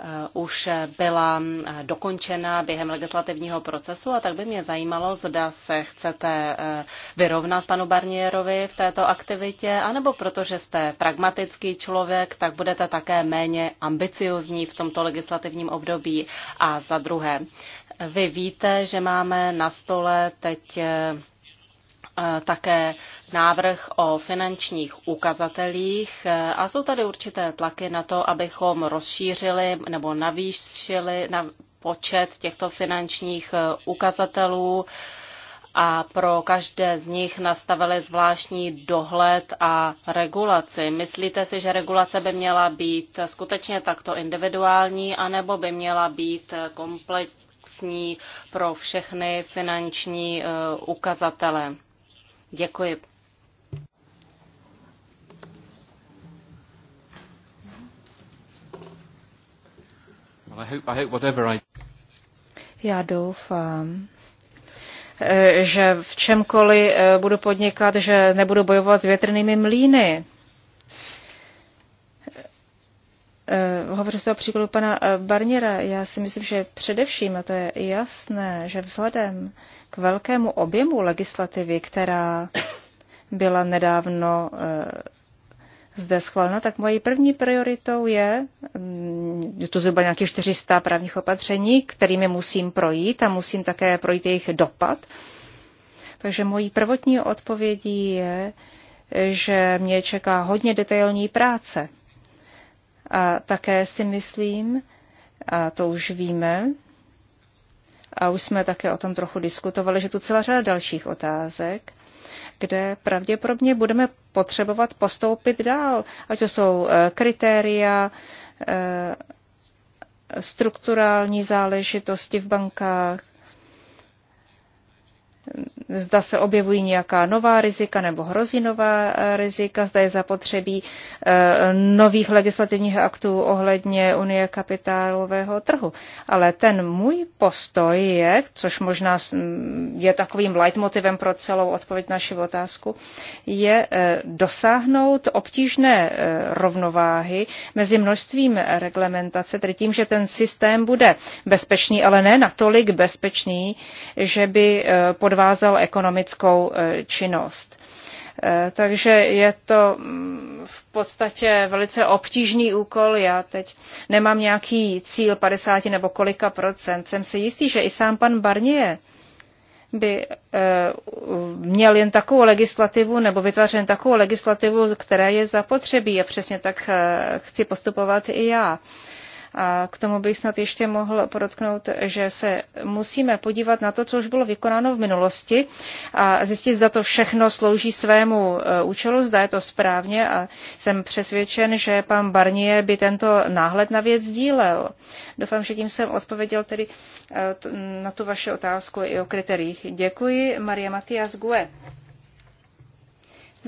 eh, už byla eh, dokončena během legislativního procesu a tak by mě zajímalo, zda se chcete vyrovnat panu Barnierovi v této aktivitě, anebo protože jste pragmatický člověk, tak budete také méně ambiciozní v tomto legislativním období. A za druhé, vy víte, že máme na stole teď eh, také návrh o finančních ukazatelích eh, a jsou tady určité tlaky na to, abychom rozšířili nebo navýšili na počet těchto finančních eh, ukazatelů a pro každé z nich nastavili zvláštní dohled a regulaci. Myslíte si, že regulace by měla být skutečně takto individuální, anebo by měla být komplet, komplexní pro všechny finanční eh, ukazatele. Děkuji. Já doufám, eh, že v čemkoliv eh, budu podnikat, že nebudu bojovat s větrnými mlýny. Eh, Hovořil se o příkladu pana eh, Barniera. Já si myslím, že především, a to je jasné, že vzhledem k velkému objemu legislativy, která byla nedávno eh, zde schválena, tak mojí první prioritou je, mm, je to zhruba nějakých 400 právních opatření, kterými musím projít a musím také projít jejich dopad. Takže mojí prvotní odpovědí je, že mě čeká hodně detailní práce a také si myslím, a to už víme, a už jsme také o tom trochu diskutovali, že tu celá řada dalších otázek, kde pravděpodobně budeme potřebovat postoupit dál. Ať to jsou e, kritéria, e, strukturální záležitosti v bankách, zda se objevují nějaká nová rizika nebo hrozí nová rizika, zda je zapotřebí eh, nových legislativních aktů ohledně Unie kapitálového trhu. Ale ten můj postoj je, což možná je takovým leitmotivem pro celou odpověď na naši otázku, je eh, dosáhnout obtížné eh, rovnováhy mezi množstvím reglementace, tedy tím, že ten systém bude bezpečný, ale ne natolik bezpečný, že by pod podvázal ekonomickou e, činnost. E, takže je to mm, v podstatě velice obtížný úkol. Já teď nemám nějaký cíl 50 nebo kolika procent. Jsem si jistý, že i sám pan Barnier by e, měl jen takovou legislativu nebo vytvářen takovou legislativu, která je zapotřebí. A přesně tak chci postupovat i já. A k tomu bych snad ještě mohl podotknout, že se musíme podívat na to, co už bylo vykonáno v minulosti a zjistit, zda to všechno slouží svému e, účelu, zda je to správně a jsem přesvědčen, že pan Barnier by tento náhled na věc dílel. Doufám, že tím jsem odpověděl tedy e, na tu vaši otázku i o kritériích. Děkuji, Maria Matias Gue.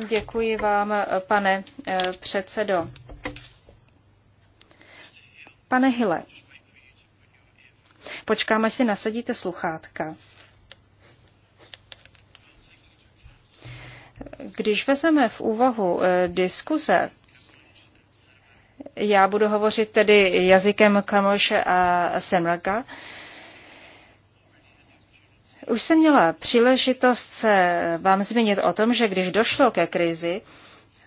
Děkuji vám, e, pane předsedo. Pane Hile, počkáme až si nasadíte sluchátka. Když vezmeme v úvahu eh, diskuze, já budu hovořit tedy jazykem Kamoše a Semraka, už jsem měla příležitost se vám zmínit o tom, že když došlo ke krizi,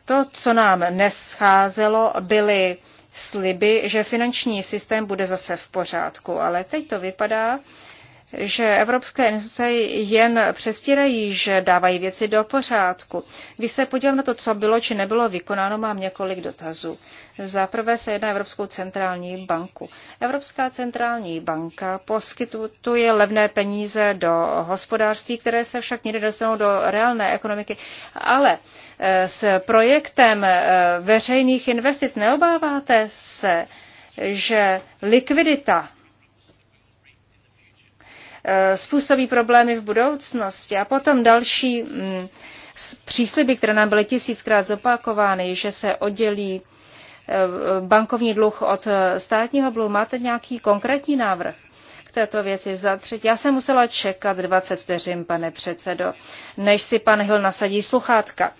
to, co nám nescházelo, byly sliby, že finanční systém bude zase v pořádku. Ale teď to vypadá, že evropské instituce jen přestírají, že dávají věci do pořádku. Když se podívám na to, co bylo či nebylo vykonáno, mám několik dotazů. Za prvé se jedná Evropskou centrální banku. Evropská centrální banka poskytuje levné peníze do hospodářství, které se však nikdy dostanou do reálné ekonomiky. Ale eh, s projektem eh, veřejných investic neobáváte se, že likvidita eh, způsobí problémy v budoucnosti. A potom další mm, přísliby, které nám byly tisíckrát zopakovány, že se oddělí bankovní dluh od státního dluhu. Máte nějaký konkrétní návrh? této věci za třetí. Já jsem musela čekat 20 vteřin, pane předsedo, než si pan Hill nasadí sluchátka.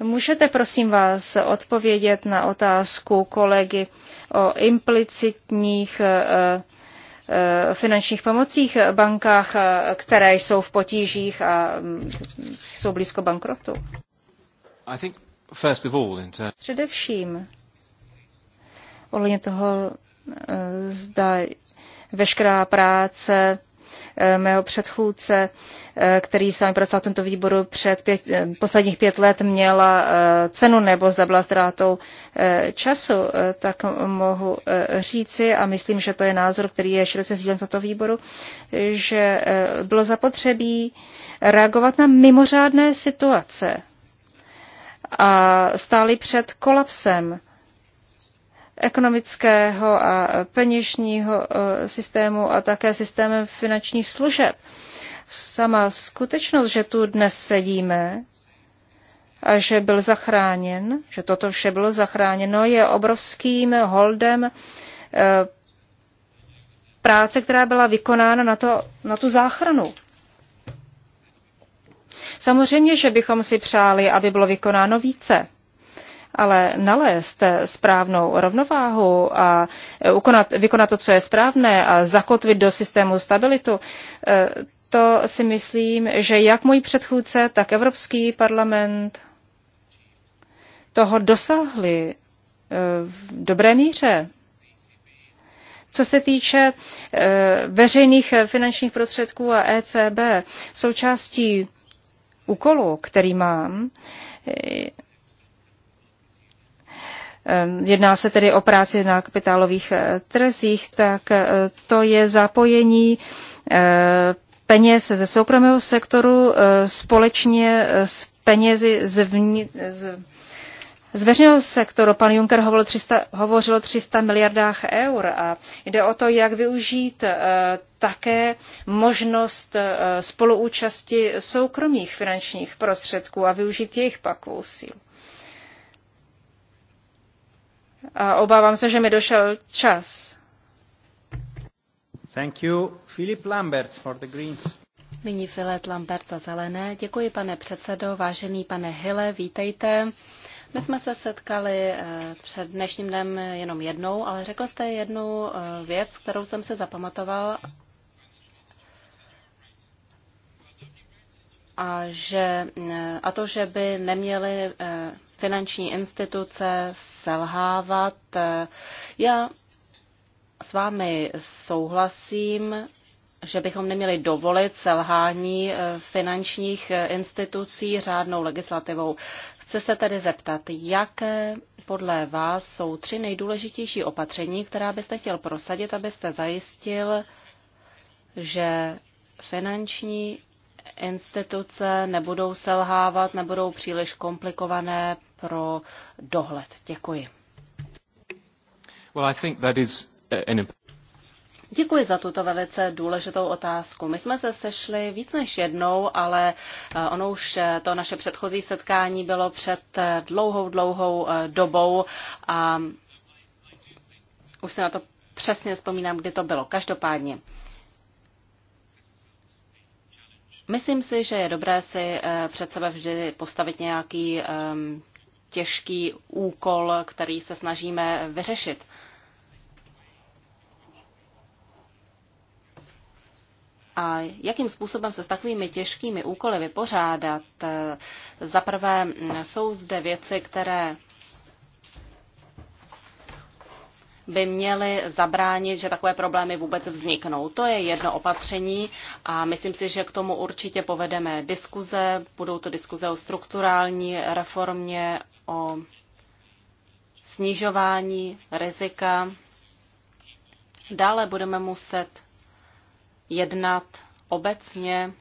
Můžete prosím vás odpovědět na otázku kolegy o implicitních eh, eh, finančních pomocích bankách, eh, které jsou v potížích a mm, jsou blízko bankrotu? Především ohledně toho, eh, zda veškerá práce eh, mého předchůdce, eh, který sám pracoval v tomto výboru před pět, posledních pět let, měla cenu nebo zda byla ztrátou času, tak mohu říci, a myslím, že to je názor, který je široce sdílen toto výboru, že bylo zapotřebí reagovat na mimořádné situace a stáli před kolapsem ekonomického a peněžního eh, systému a také systémem finančních služeb. Sama skutečnost, že tu dnes sedíme a že byl zachráněn, že toto vše bylo zachráněno, je obrovským holdem eh, práce, která byla vykonána na, to, na tu záchranu. Samozřejmě, že bychom si přáli, aby bylo vykonáno více ale nalézt správnou rovnováhu a ukonat, vykonat to, co je správné a zakotvit do systému stabilitu, eh, to si myslím, že jak můj předchůdce, tak Evropský parlament toho dosáhli eh, v dobré míře. Co se týče eh, veřejných finančních prostředků a ECB, součástí úkolu, který mám, Ehm, jedná se tedy o práci na kapitálových eh, trzích, tak eh, to je zapojení eh, peněz ze soukromého sektoru společně s penězi z, vní, z, z veřejného sektoru. Pan Juncker hovoril 300, hovořil o 300 miliardách eur a jde o to, jak využít také možnost spoluúčasti soukromých finančních prostředků a využít jejich pakovou sílu. A obávám se, že mi došel čas. Thank you, Philip Lamberts for the Greens. Nyní Filet Lambert za zelené. Děkuji, pane předsedo. Vážený pane Hille, vítejte. My jsme se setkali eh, před dnešním dnem jenom jednou, ale řekl jste jednu eh, věc, kterou jsem se zapamatoval, a, že, eh, a to, že by neměli finanční instituce selhávat. Já s vámi souhlasím, že bychom neměli dovolit selhání eh, finančních eh, institucí řádnou legislativou. Chci se tedy zeptat, jaké podle vás jsou tři nejdůležitější opatření, která byste chtěl prosadit, abyste zajistil, že finanční instituce nebudou selhávat, nebudou příliš komplikované pro dohled. Děkuji. Well, I think that is uh, an... Děkuji za tuto velice důležitou otázku. My jsme se sešli víc než jednou, ale eh, ono už eh, to naše předchozí setkání bylo před eh, dlouhou, dlouhou dobou a už se na to přesně vzpomínám, kdy to bylo. Každopádně. Myslím si, že je dobré si před sebe vždy postavit nějaký ehm, těžký úkol, který se snažíme vyřešit. A jakým způsobem se s takovými těžkými úkoly vypořádat? Zaprvé jsou zde věci, které by měly zabránit, že takové problémy vůbec vzniknou. To je jedno opatření a myslím si, že k tomu určitě povedeme diskuze. Budou to diskuze o strukturální reformě, o snižování rizika. Dále budeme muset jednat obecně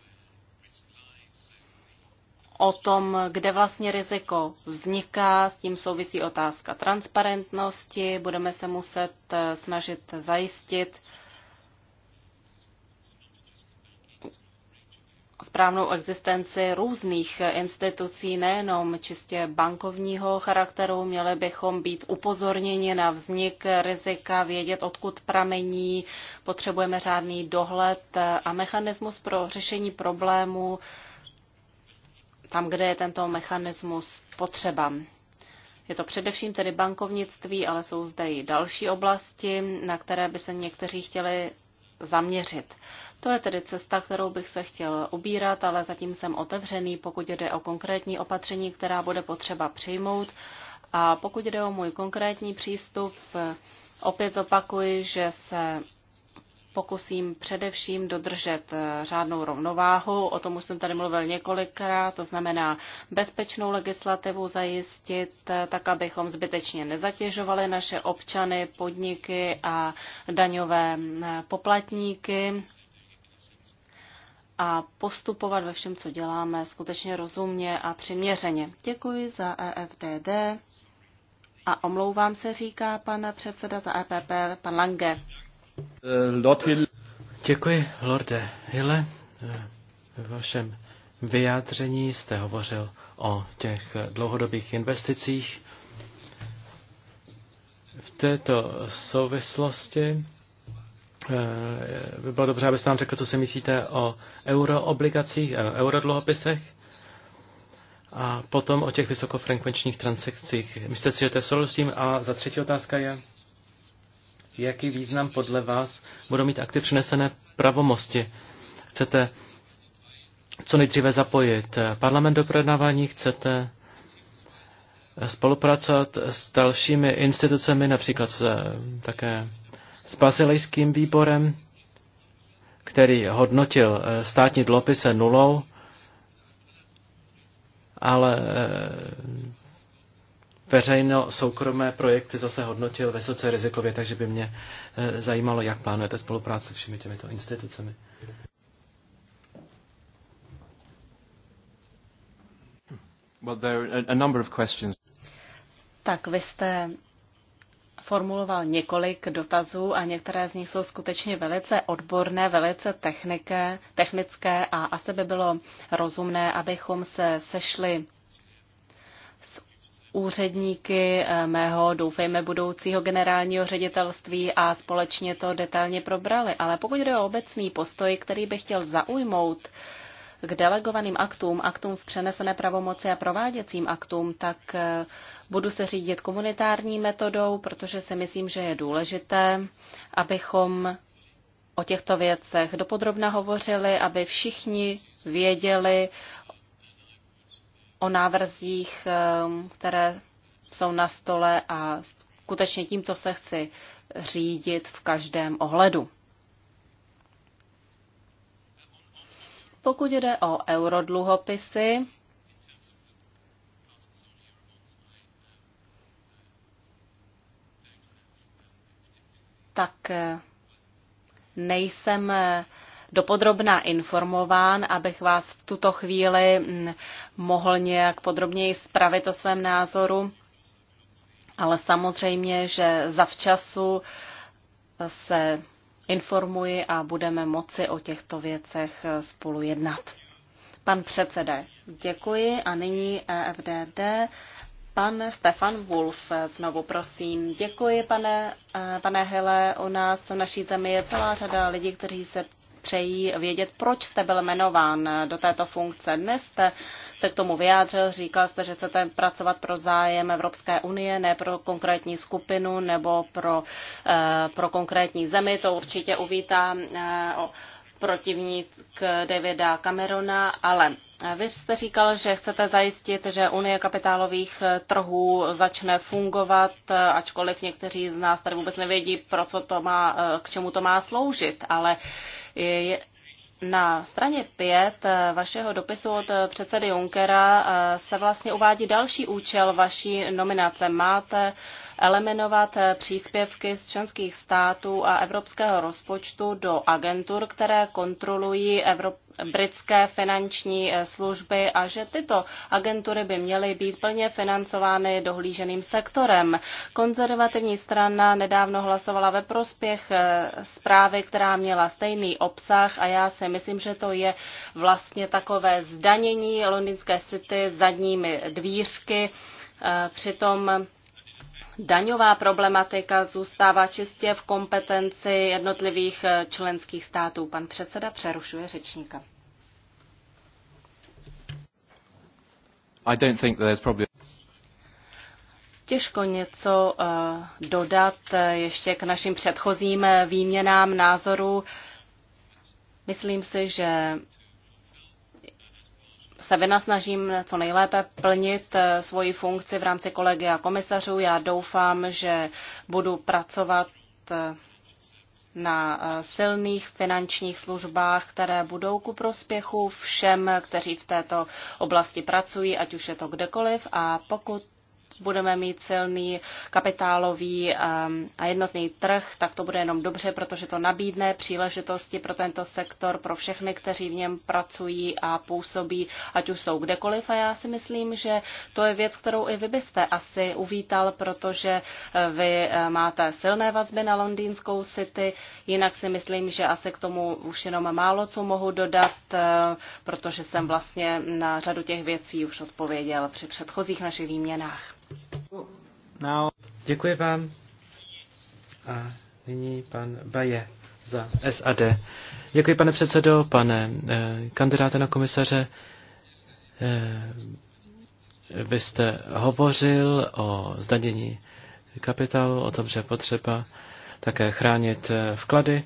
o tom, kde vlastně riziko vzniká. S tím souvisí otázka transparentnosti. Budeme se muset eh, snažit zajistit správnou existenci různých institucí, nejenom čistě bankovního charakteru. Měli bychom být upozorněni na vznik rizika, vědět, odkud pramení. Potřebujeme řádný dohled a mechanismus pro řešení problémů tam, kde je tento mechanismus potřeba. Je to především tedy bankovnictví, ale jsou zde i další oblasti, na které by se někteří chtěli zaměřit. To je tedy cesta, kterou bych se chtěl ubírat, ale zatím jsem otevřený, pokud jde o konkrétní opatření, která bude potřeba přijmout. A pokud jde o můj konkrétní přístup, opět zopakuji, že se pokusím především dodržet eh, řádnou rovnováhu. O tom už jsem tady mluvil několikrát, to znamená bezpečnou legislativu zajistit, eh, tak abychom zbytečně nezatěžovali naše občany, podniky a daňové mm, poplatníky a postupovat ve všem, co děláme, skutečně rozumně a přiměřeně. Děkuji za EFTD a omlouvám se, říká pan předseda za EPP, pan Lange. Děkuji, Lorde Hille. Ve vašem vyjádření jste hovořil o těch dlouhodobých investicích. V této souvislosti eh, by bylo dobře, abyste nám řekl, co si myslíte o euroobligacích, eh, eurodluhopisech a potom o těch vysokofrekvenčních transakcích. Myslíte si, že to je s tím? A za třetí otázka je, jaký význam podle vás budou mít akty přinesené pravomosti. Chcete co nejdříve zapojit parlament do projednávání, chcete spolupracovat s dalšími institucemi, například s, také s Basilejským výborem, který hodnotil eh, státní dlopise nulou, ale eh, veřejno-soukromé projekty zase hodnotil vysoce rizikově, takže by mě eh, zajímalo, jak plánujete spolupráci s všemi těmito institucemi. Well, there are a number of questions. Tak vy jste formuloval několik dotazů a některé z nich jsou skutečně velice odborné, velice technické, technické a asi by bylo rozumné, abychom se sešli s úředníky eh, mého, doufejme, budoucího generálního ředitelství a společně to detailně probrali. Ale pokud jde o obecný postoj, který bych chtěl zaujmout k delegovaným aktům, aktům v přenesené pravomoci a prováděcím aktům, tak eh, budu se řídit komunitární metodou, protože si myslím, že je důležité, abychom o těchto věcech dopodrobna hovořili, aby všichni věděli, o návrzích, ehm, které jsou na stole a skutečně tímto se chci řídit v každém ohledu. Pokud jde o eurodluhopisy, tak eh, nejsem eh, dopodrobná informován, abych vás v tuto chvíli mm, mohl nějak podrobněji spravit o svém názoru. Ale samozřejmě, že zavčasu se informuji a budeme moci o těchto věcech spolu jednat. Pan předsede, děkuji a nyní EFDD. Pan Stefan Wolf, znovu prosím. Děkuji, pane, eh, pane Hele. U nás v naší zemi je celá řada lidí, kteří se přejí vědět, proč jste byl jmenován do této funkce. Dnes jste se k tomu vyjádřil, říkal jste, že chcete pracovat pro zájem Evropské unie, ne pro konkrétní skupinu nebo pro, eh, pro konkrétní zemi. To určitě uvítá eh, protivník Davida Camerona, ale eh, vy jste říkal, že chcete zajistit, že Unie kapitálových trhů začne fungovat, ačkoliv někteří z nás tady vůbec nevědí, pro co to má, k čemu to má sloužit, ale je, na straně 5 eh, vašeho dopisu od eh, předsedy Junckera eh, se vlastně uvádí další účel vaší nominace. Máte eliminovat eh, příspěvky z členských států a evropského rozpočtu do agentur, které kontrolují Evrop- britské finanční eh, služby a že tyto agentury by měly být plně financovány dohlíženým sektorem. Konzervativní strana nedávno hlasovala ve prospěch eh, zprávy, která měla stejný obsah a já si myslím, že to je vlastně takové zdanění londýnské city zadními dvířky. Přitom daňová problematika zůstává čistě v kompetenci jednotlivých eh, členských států. Pan předseda přerušuje řečníka. I don't think there's probably... Těžko něco uh, dodat eh, ještě k našim předchozím výměnám názoru, Myslím si, že se vynasnažím co nejlépe plnit eh, svoji funkci v rámci kolegia komisařů. Já doufám, že budu pracovat eh, na eh, silných finančních službách, které budou ku prospěchu všem, kteří v této oblasti pracují, ať už je to kdekoliv. A pokud budeme mít silný kapitálový um, a jednotný trh, tak to bude jenom dobře, protože to nabídne příležitosti pro tento sektor, pro všechny, kteří v něm pracují a působí, ať už jsou kdekoliv. A já si myslím, že to je věc, kterou i vy byste asi uvítal, protože eh, vy eh, máte silné vazby na londýnskou city. Jinak si myslím, že asi k tomu už jenom málo co mohu dodat, eh, protože jsem vlastně na řadu těch věcí už odpověděl při předchozích našich výměnách. Now... Děkuji vám. A nyní pan Baje za SAD. Děkuji, pane předsedo, pane eh, kandidáte na komisaře. Eh, vy jste hovořil o zdanění kapitálu, o tom, že je potřeba také chránit eh, vklady.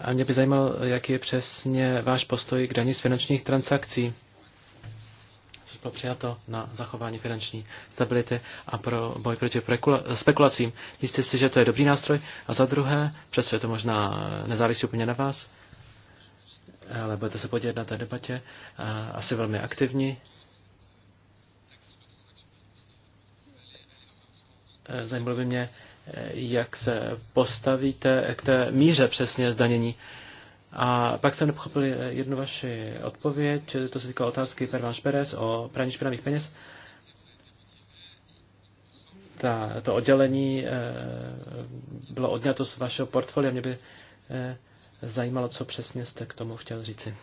A mě by zajímalo, jaký je přesně váš postoj k daní z finančních transakcí což bylo přijato na zachování finanční stability a pro boj proti spekulacím. Jistě si, že to je dobrý nástroj. A za druhé, přesto je to možná eh, nezávisí úplně na vás, ale budete se podívat na té debatě, eh, asi velmi aktivní. Eh, zajímalo by mě, jak se postavíte k té míře přesně zdanění a pak jsem nepochopil eh, jednu vaši odpověď, čili eh, to se týká otázky Pervan Šperes o praní špinavých peněz. Ta, to oddělení e, bylo odňato z vašeho portfolia. Mě by e, zajímalo, co přesně jste k tomu chtěl říci.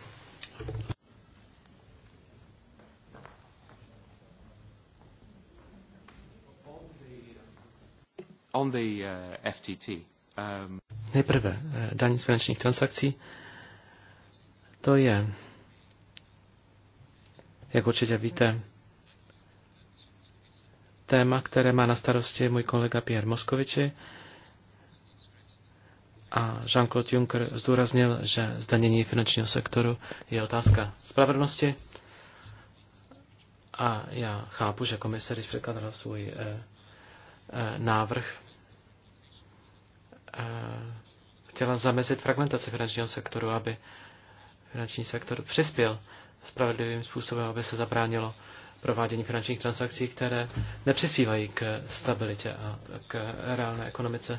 On the uh, FTT. Ehm, Nejprve eh, daň z finančních transakcí. To je, jak určitě víte, téma, které má na starosti můj kolega Pierre Moskoviči. A Jean-Claude Juncker zdůraznil, že zdanění finančního sektoru je otázka spravedlnosti. A já chápu, že komise, když překladala svůj eh, eh, návrh, chtěla zamezit fragmentaci finančního sektoru, aby finanční sektor přispěl spravedlivým způsobem, aby se zabránilo provádění finančních transakcí, které nepřispívají k stabilitě a k reálné ekonomice.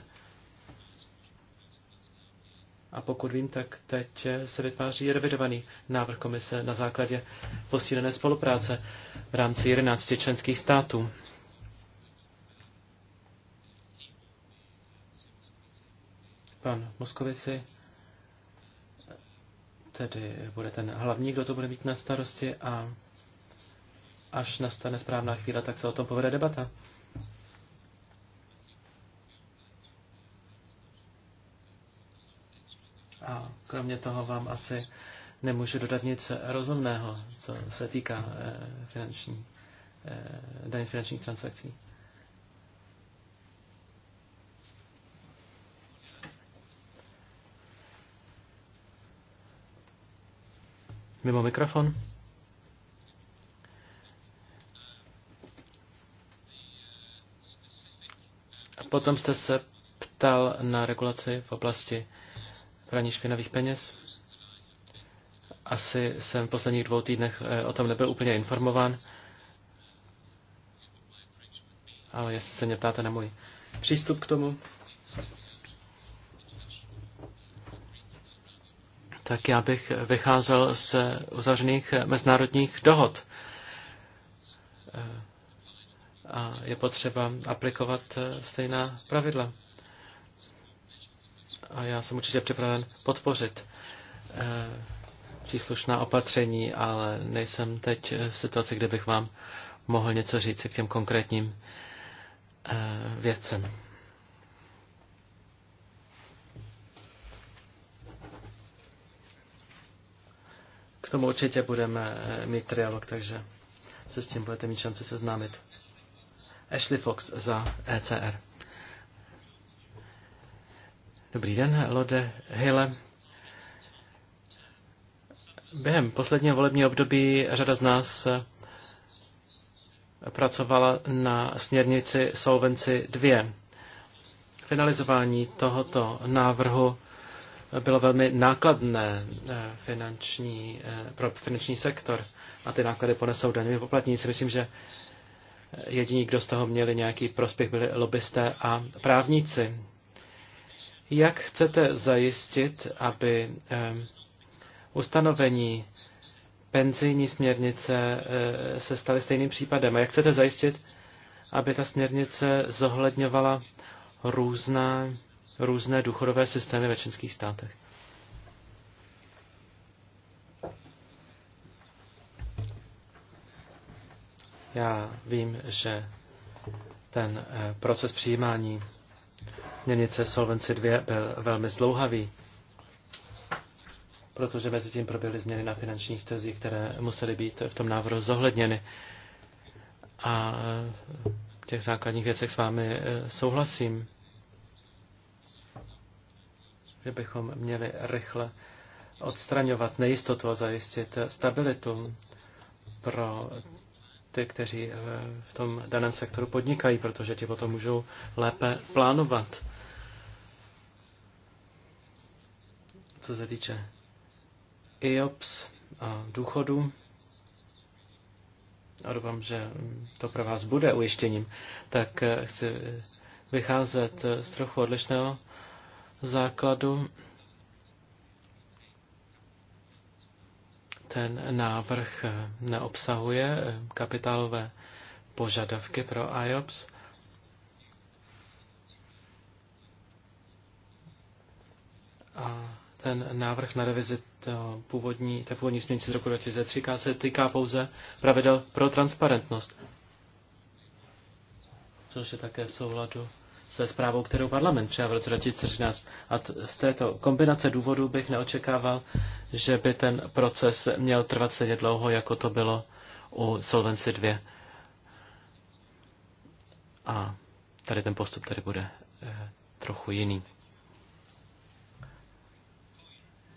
A pokud vím, tak teď se vytváří revidovaný návrh komise na základě posílené spolupráce v rámci 11 členských států. pan Moskovici tedy bude ten hlavní, kdo to bude mít na starosti a až nastane správná chvíle, tak se o tom povede debata. A kromě toho vám asi nemůžu dodat nic rozumného, co se týká eh, finanční, eh, daní z finančních transakcí. Mimo mikrofon. A potom jste se ptal na regulaci v oblasti praní špinavých peněz. Asi jsem v posledních dvou týdnech eh, o tom nebyl úplně informován, ale jestli se mě ptáte na můj přístup k tomu, tak já bych vycházel z uzavřených mezinárodních dohod. A je potřeba aplikovat stejná pravidla. A já jsem určitě připraven podpořit eh, příslušná opatření, ale nejsem teď v situaci, kde bych vám mohl něco říct k těm konkrétním eh, věcem. tomu určitě budeme eh, mít trialog, takže se s tím budete mít šanci seznámit. Ashley Fox za ECR. Dobrý den, Lode Hille. Během posledního volebního období řada z nás eh, pracovala na směrnici Solvenci 2. Finalizování tohoto návrhu bylo velmi nákladné eh, finanční, eh, pro finanční sektor a ty náklady ponesou daňoví poplatníci. Myslím, že jediní, kdo z toho měli nějaký prospěch, byli lobbysté a právníci. Jak chcete zajistit, aby eh, ustanovení penzijní směrnice se staly stejným případem? A jak chcete zajistit, aby ta směrnice zohledňovala různá různé důchodové systémy ve členských státech. Já vím, že ten eh, proces přijímání měnice Solvency 2 byl velmi zdlouhavý, protože mezi tím proběhly změny na finančních trzích, které musely být v tom návrhu zohledněny. A v těch základních věcech s vámi eh, souhlasím že bychom měli rychle odstraňovat nejistotu a zajistit stabilitu pro ty, kteří eh, v tom daném sektoru podnikají, protože ti potom můžou lépe plánovat. Co se týče IOPS a důchodu, a doufám, že to pro vás bude ujištěním, tak eh, chci vycházet z trochu odlišného základu ten návrh neobsahuje kapitálové požadavky pro IOPS. A ten návrh na revizi původní, té původní směrnice z roku 2003 se týká pouze pravidel pro transparentnost, což je také v souladu se zprávou, kterou parlament přijal v roce 2013. A z této kombinace důvodů bych neočekával, že by ten proces měl trvat stejně dlouho, jako to bylo u Solvency 2. A tady ten postup tady bude eh, trochu jiný.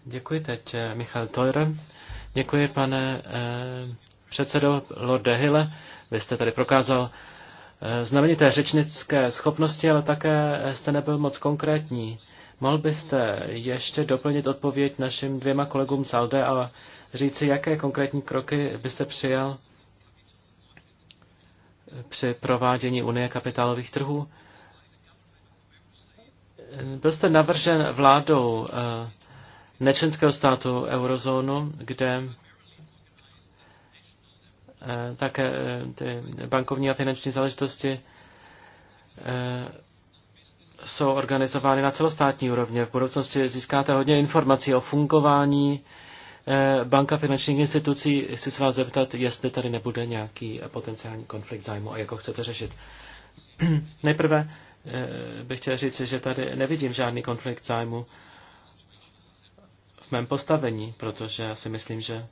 Děkuji teď, eh, Michal Tojr. Děkuji, pane eh, předsedo Lorde Hille. Vy jste tady prokázal eh, Eh, znamenité řečnické schopnosti, ale také eh, jste nebyl moc konkrétní. Mohl byste ještě doplnit odpověď našim dvěma kolegům z Alde a říci, jaké konkrétní kroky byste přijal eh, při provádění Unie kapitálových trhů? Byl jste navržen vládou nečenského státu eurozónu, kde Eh, také eh, ty bankovní a finanční záležitosti eh, jsou organizovány na celostátní úrovně. V budoucnosti získáte hodně informací o fungování banka finančních institucí. Chci se vás zeptat, jestli tady nebude nějaký potenciální konflikt zájmu a jak ho chcete řešit. (clears throat) Nejprve bych chtěl říct, že tady nevidím žádný konflikt zájmu v mém postavení, protože já si myslím, že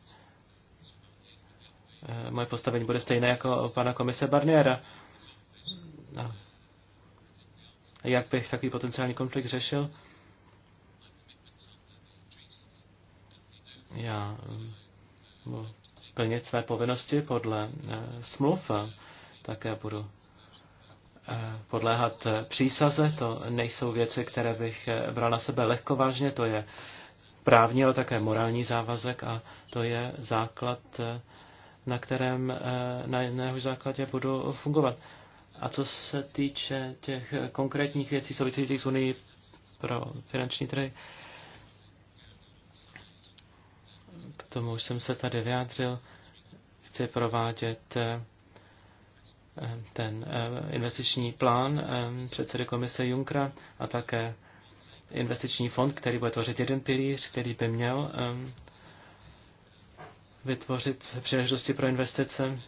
Eh, moje postavení bude stejné jako pana komise Barniera. A jak bych takový potenciální konflikt řešil? Já eh, plnit své povinnosti podle eh, smluv, také budu podléhat přísaze. To nejsou věci, které bych bral na sebe lehko vážně, to je právní, ale také morální závazek a to je základ na kterém, eh, na jeho základě budou fungovat. A co se týče těch konkrétních věcí souvisejících s Unii pro finanční trhy, k tomu už jsem se tady vyjádřil, chci provádět eh, ten eh, investiční plán předsedy komise Junkra a také investiční fond, který bude tvořit jeden pilíř, který by měl vytvořit příležitosti pro investice.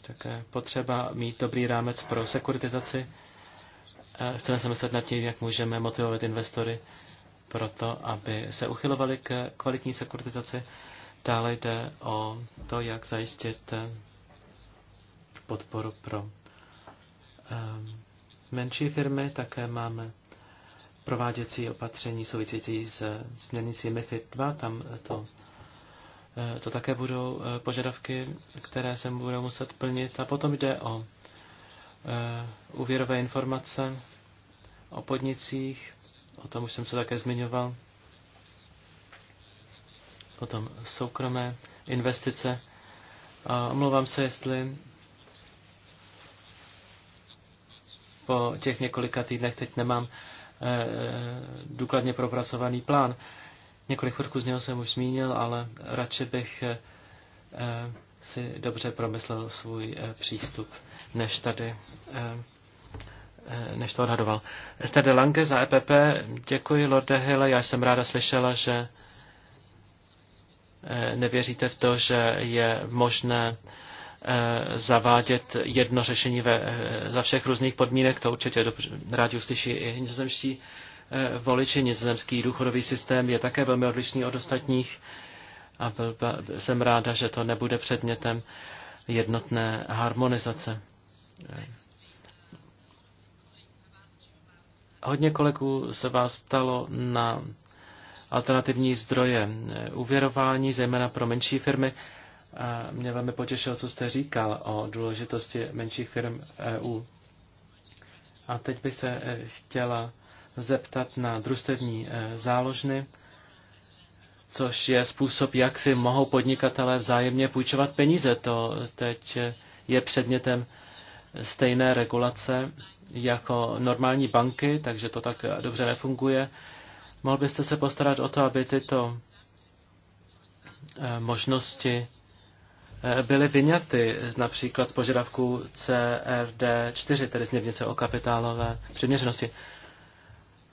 Tak potřeba mít dobrý rámec pro sekuritizaci. Chceme se myslet nad tím, jak můžeme motivovat investory pro to, aby se uchylovali k kvalitní sekuritizaci. Dále jde o to, jak zajistit eh, podporu pro eh, menší firmy. Také máme prováděcí opatření související s směrnicí MIFID 2. Tam to Eh, to také budou eh, požadavky, které se budou muset plnit. A potom jde o eh, úvěrové informace, o podnicích, o tom už jsem se také zmiňoval. Potom soukromé investice. A omlouvám se, jestli po těch několika týdnech teď nemám důkladně propracovaný plán. Několik chvilků z něho jsem už zmínil, ale radši bych eh, si dobře promyslel svůj eh, přístup, než tady eh, než to odhadoval. Esther de Lange za EPP, děkuji Lorde Hille, já jsem ráda slyšela, že nevěříte v to, že je možné zavádět jedno řešení ve, za všech různých podmínek, to určitě dobře, rádi uslyší i nizozemští Eh, voliči. Nizozemský důchodový systém je také velmi odlišný od ostatních a byl, jsem ráda, že to nebude předmětem jednotné harmonizace. Eh, hodně kolegů se vás ptalo na alternativní zdroje uvěrování, eh, zejména pro menší firmy. A mě velmi potěšilo, co jste říkal o důležitosti menších firm v EU. A teď bych se chtěla zeptat na družstevní eh, záložny, což je způsob, jak si mohou podnikatelé vzájemně půjčovat peníze. To teď eh, je předmětem stejné regulace jako normální banky, takže to tak eh, dobře nefunguje. Mohl byste se postarat o to, aby tyto možnosti byly vyňaty například z požadavků CRD 4, tedy změvnice o kapitálové přiměřenosti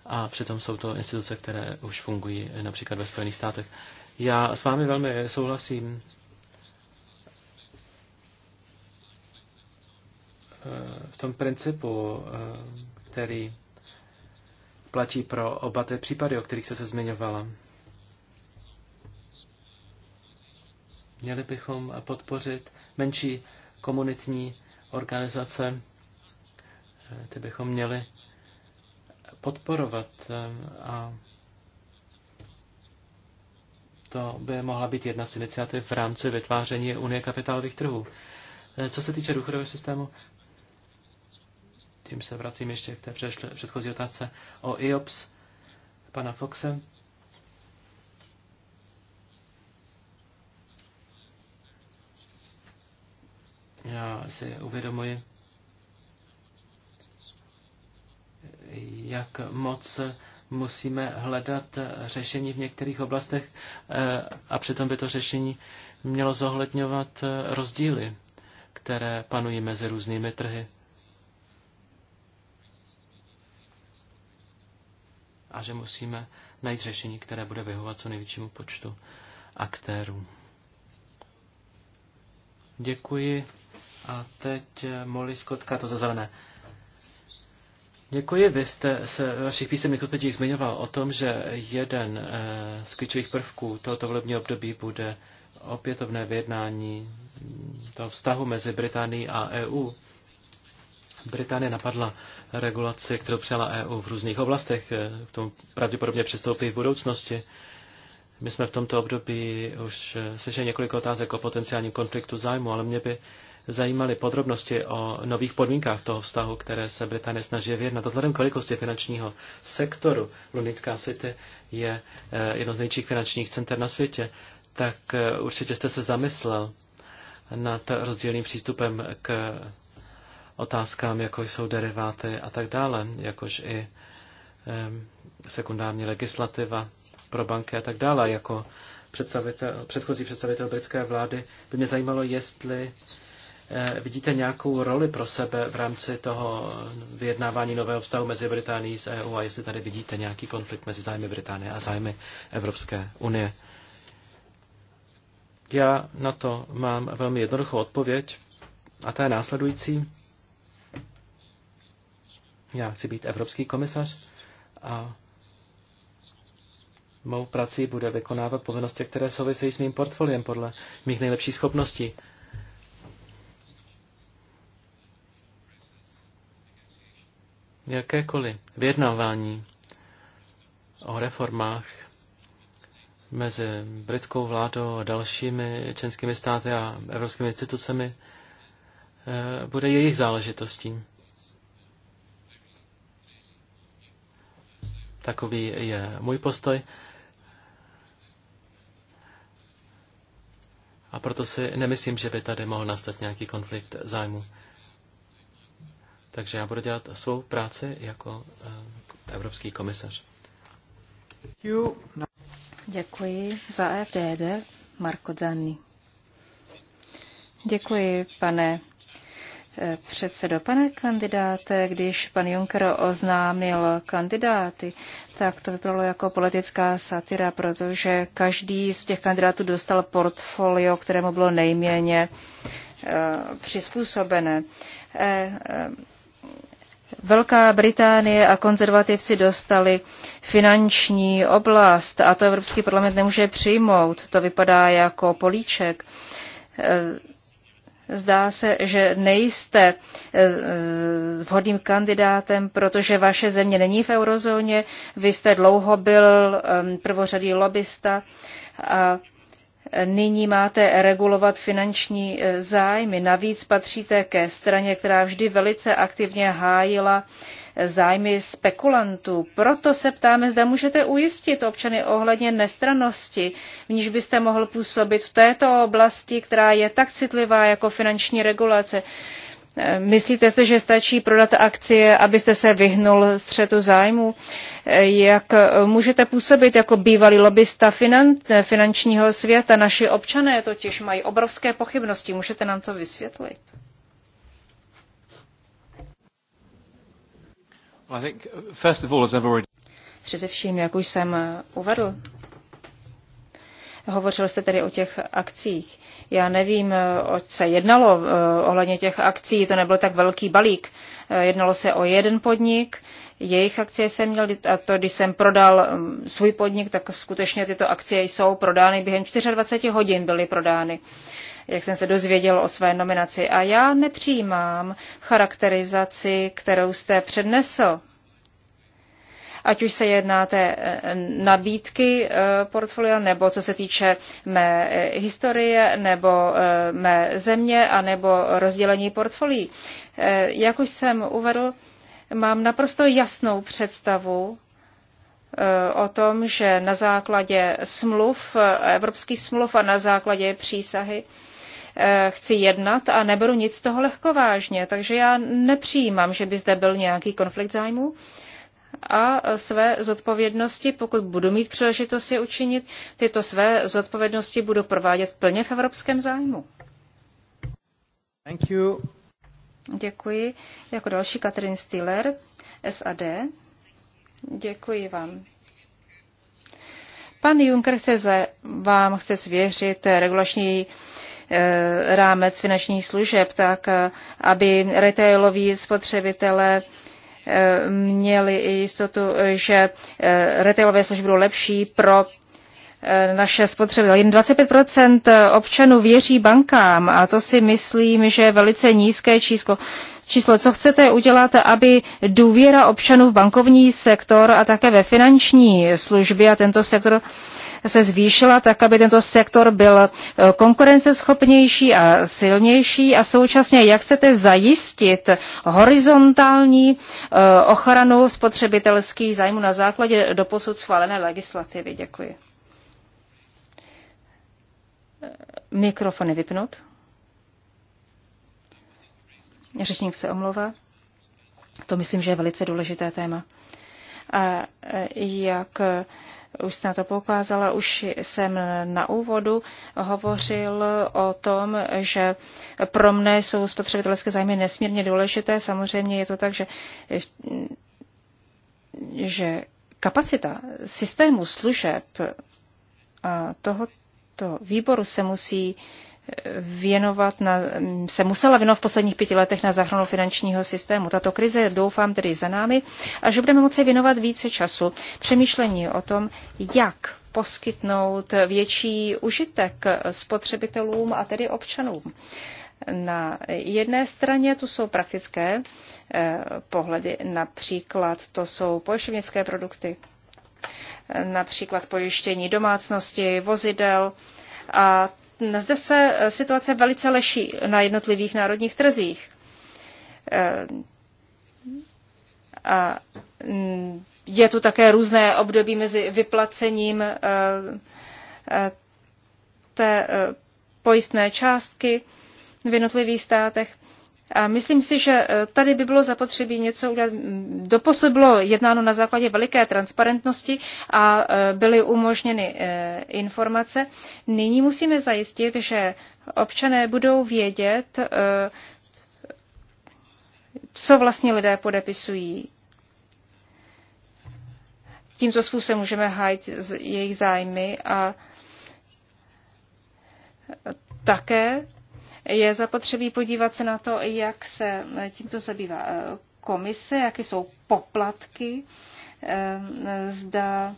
a přitom jsou to instituce, které už fungují například ve Spojených státech. Já s vámi velmi souhlasím. Eh, v tom principu, eh, který platí pro oba ty případy, o kterých se se zmiňovala. Měli bychom podpořit menší komunitní organizace, eh, ty bychom měli podporovat eh, a to by mohla být jedna z iniciativ v rámci vytváření Unie kapitálových trhů. Eh, co se týče důchodového systému, tím se vracím ještě k té předchozí otázce o IOPS pana Foxe. Já si uvědomuji, jak moc musíme hledat řešení v některých oblastech eh, a přitom by to řešení mělo zohledňovat eh, rozdíly, které panují mezi různými trhy. A že musíme najít řešení, které bude vyhovat co největšímu počtu aktérů. Děkuji. A teď eh, Molly Skotka, to za zelené. Děkuji. Vy jste se v vašich písemných odpovědích zmiňoval o tom, že jeden eh, z klíčových prvků tohoto volebního období bude opětovné vyjednání toho vztahu mezi Británií a EU. Británie napadla regulaci, kterou přijala EU v různých oblastech. Eh, k tomu pravděpodobně přistoupí v budoucnosti. My jsme v tomto období už eh, slyšeli několik otázek o potenciálním konfliktu zájmu, ale mě by zajímaly podrobnosti o nových podmínkách toho vztahu, které se Británie snaží vyjednat. Vzhledem k velikosti finančního sektoru Lunická City je eh, jedno z největších finančních center na světě, tak eh, určitě jste se zamyslel nad rozdílným přístupem k otázkám, jako jsou deriváty a tak dále, jakož i eh, sekundární legislativa pro banky a tak dále. Jako představitel, předchozí představitel britské vlády by mě zajímalo, jestli Eh, vidíte nějakou roli pro sebe v rámci toho vyjednávání nového vztahu mezi Británií a EU a jestli tady vidíte nějaký konflikt mezi zájmy Británie a zájmy Evropské unie. Já na to mám velmi jednoduchou odpověď a ta je následující. Já chci být evropský komisař a mou prací bude vykonávat povinnosti, které souvisejí s mým portfoliem podle mých nejlepších schopností. jakékoliv vyjednávání o reformách mezi britskou vládou a dalšími členskými státy a evropskými institucemi eh, bude jejich záležitostí. Takový je můj postoj. A proto si nemyslím, že by tady mohl nastat nějaký konflikt zájmu. Takže já budu dělat svou práci jako eh, evropský komisař. Děkuji za e FDD, Marko Zanni. Děkuji, pane eh, předsedo. Pane kandidáte, když pan Juncker oznámil kandidáty, tak to vypadalo jako politická satira, protože každý z těch kandidátů dostal portfolio, kterému bylo nejméně eh, přizpůsobené. Velká Británie a konzervativci dostali finanční oblast a to Evropský parlament nemůže přijmout. To vypadá jako políček. Eh, zdá se, že nejste eh, vhodným kandidátem, protože vaše země není v eurozóně. Vy jste dlouho byl ehm, prvořadý lobista a nyní máte regulovat finanční e, zájmy. Navíc patříte ke straně, která vždy velice aktivně hájila e, zájmy spekulantů. Proto se ptáme, zda můžete ujistit občany ohledně nestranosti, v níž byste mohl působit v této oblasti, která je tak citlivá jako finanční regulace. Myslíte si, že stačí prodat akcie, abyste se vyhnul střetu zájmu? Jak můžete působit jako bývalý lobbysta finan, finančního světa? Naši občané totiž mají obrovské pochybnosti. Můžete nám to vysvětlit? Především, jak už jsem uvedl, hovořil jste tedy o těch akcích. Já nevím, co eh, se jednalo eh, ohledně těch akcí, to nebyl tak velký balík. Eh, jednalo se o jeden podnik, jejich akcie jsem měl a to, když jsem prodal mm, svůj podnik, tak skutečně tyto akcie jsou prodány během 24 hodin byly prodány jak jsem se dozvěděl o své nominaci. A já nepřijímám charakterizaci, kterou jste přednesl ať už se jedná té eh, nabídky eh, portfolia, nebo co se týče mé eh, historie, nebo mé země, anebo rozdělení portfolií. Jak už jsem uvedl, mám naprosto jasnou představu o tom, že na základě smluv, evropských smluv a na základě přísahy chci jednat a neberu nic z toho lehkovážně. Takže já nepřijímám, že by zde byl nějaký konflikt zájmů a své zodpovědnosti, pokud budu mít příležitost je učinit, tyto své zodpovědnosti budu provádět plně v evropském zájmu. Thank you. Děkuji. Jako další Katrin Stiller, SAD. Děkuji vám. Pan Juncker chce ze, vám chce svěřit regulační eh, rámec finančních služeb, tak eh, aby retailoví spotřebitelé měli i jistotu, že eh, retailové služby budou lepší pro eh, naše spotřebitele. Jen 25% občanů věří bankám a to si myslím, že je velice nízké číslo. Číslo, co chcete udělat, aby důvěra občanů v bankovní sektor a také ve finanční služby a tento sektor se zvýšila tak, aby tento sektor byl eh, konkurenceschopnější a silnější a současně jak chcete zajistit horizontální eh, ochranu spotřebitelských zájmů na základě doposud schválené legislativy. Děkuji. Eh, Mikrofony vypnout. Řečník se omlouvá. To myslím, že je velice důležité téma. A jak už jste na to poukázala, už jsem na úvodu hovořil o tom, že pro mne jsou spotřebitelské zájmy nesmírně důležité. Samozřejmě je to tak, že, že kapacita systému služeb a tohoto výboru se musí věnovat na, se musela věnovat v posledních pěti letech na záchranu finančního systému. Tato krize doufám tedy za námi a že budeme moci věnovat více času přemýšlení o tom, jak poskytnout větší užitek spotřebitelům a tedy občanům. Na jedné straně tu jsou praktické eh, pohledy, například to jsou pojišťovnické produkty, eh, například pojištění domácnosti, vozidel, a zde se eh, situace velice leší na jednotlivých národních trzích. Eh, a mm, je tu také různé období mezi vyplacením eh, té pojistné částky v jednotlivých státech. A myslím si, že e, tady by bylo zapotřebí něco udělat. Doposud bylo jednáno na základě veliké transparentnosti a e, byly umožněny e, informace. Nyní musíme zajistit, že občané budou vědět, co vlastně lidé podepisují. Tímto způsobem můžeme hájit jejich zájmy a také je zapotřebí podívat se na to, jak se tímto zabývá eh, komise, jaké jsou poplatky, eh, zda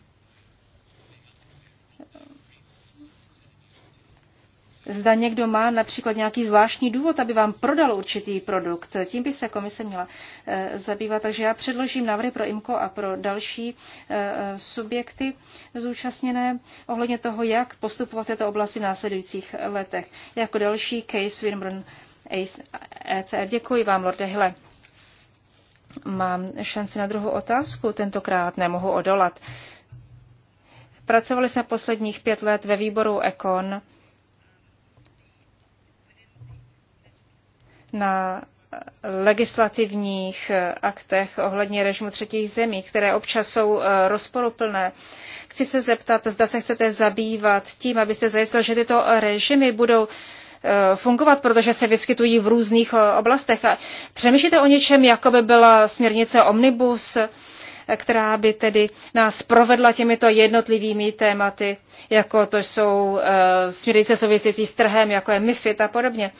Zda někdo má například nějaký zvláštní důvod, aby vám prodal určitý produkt. Tím by se komise měla eh, zabývat. Takže já předložím návrhy pro IMCO a pro další eh, subjekty zúčastněné ohledně toho, jak postupovat v této oblasti v následujících letech. Jako další case Winburn ECF. E Děkuji vám, Lorde Hille. Mám šanci na druhou otázku, tentokrát nemohu odolat. Pracovali jsme posledních pět let ve výboru Econ na legislativních aktech ohledně režimu třetích zemí, které občas jsou eh, rozporuplné. Chci se zeptat, zda se chcete zabývat tím, abyste zajistil, že tyto režimy budou eh, fungovat, protože se vyskytují v různých eh, oblastech. A přemýšlíte o něčem, jako by byla směrnice Omnibus, která by tedy nás provedla těmito jednotlivými tématy, jako to jsou směrnice související s trhem, jako je MIFID a podobně.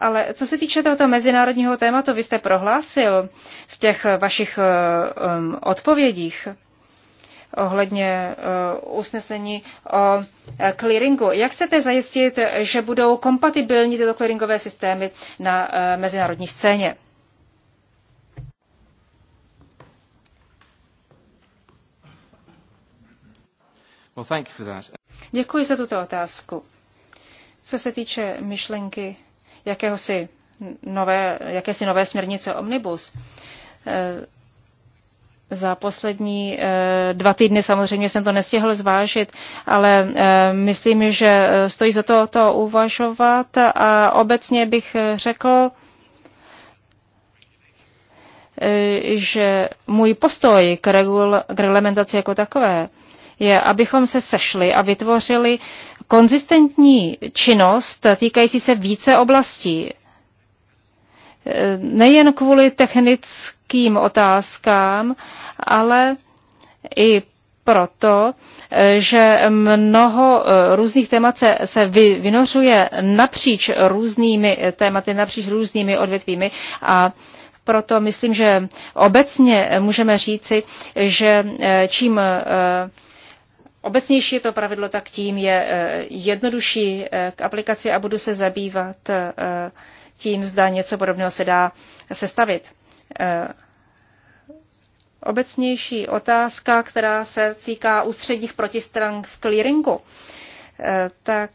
Ale co se týče tohoto mezinárodního tématu, vy jste prohlásil v těch vašich um, odpovědích ohledně uh, usnesení o eh, clearingu. Jak chcete zajistit, že budou kompatibilní tyto clearingové systémy na uh, mezinárodní scéně? Well, thank you for that. Děkuji za tuto otázku. Co se týče myšlenky jakéhosi nové, jakési nové směrnice Omnibus. Eh, za poslední eh, dva týdny samozřejmě jsem to nestihl zvážit, ale eh, myslím, že stojí za to to uvažovat a obecně bych řekl, že můj postoj k, regul, k reglementaci jako takové je, abychom se sešli a vytvořili konzistentní činnost týkající se více oblastí. Nejen kvůli technickým otázkám, ale i proto, že mnoho eh, různých témat se, se vy, vynořuje napříč různými tématy, napříč různými odvětvími a proto myslím, že obecně můžeme říci, že eh, čím eh, obecnější je to pravidlo, tak tím je eh, jednodušší eh, k aplikaci a budu se zabývat eh, tím, zda něco podobného se dá sestavit. Obecnější otázka, která se týká ústředních protistran v clearingu, tak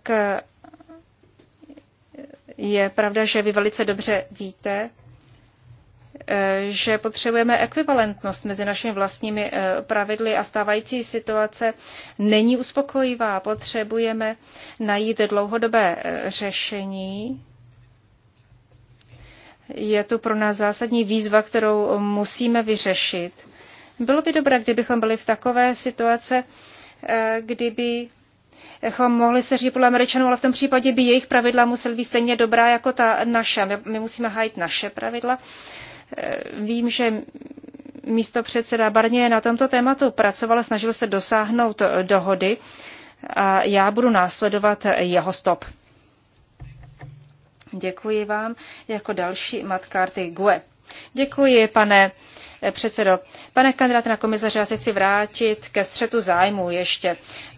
je pravda, že vy velice dobře víte, Eh, že potřebujeme ekvivalentnost mezi našimi vlastními eh, pravidly a stávající situace není uspokojivá. Potřebujeme najít dlouhodobé eh, řešení. Je to pro nás zásadní výzva, kterou musíme vyřešit. Bylo by dobré, kdybychom byli v takové situace, kdyby Echom mohli se říct podle Američanů, ale v tom případě by jejich pravidla musely být stejně dobrá jako ta naše. My, my musíme hájit naše pravidla Eh, vím, že místo předseda Barně na tomto tématu pracoval, snažil se dosáhnout eh, dohody a já budu následovat eh, jeho stop. Děkuji vám. Jako další matkárty Gue. Děkuji, pane eh, předsedo. Pane kandidáte na komisaře, já se chci vrátit ke střetu zájmu ještě.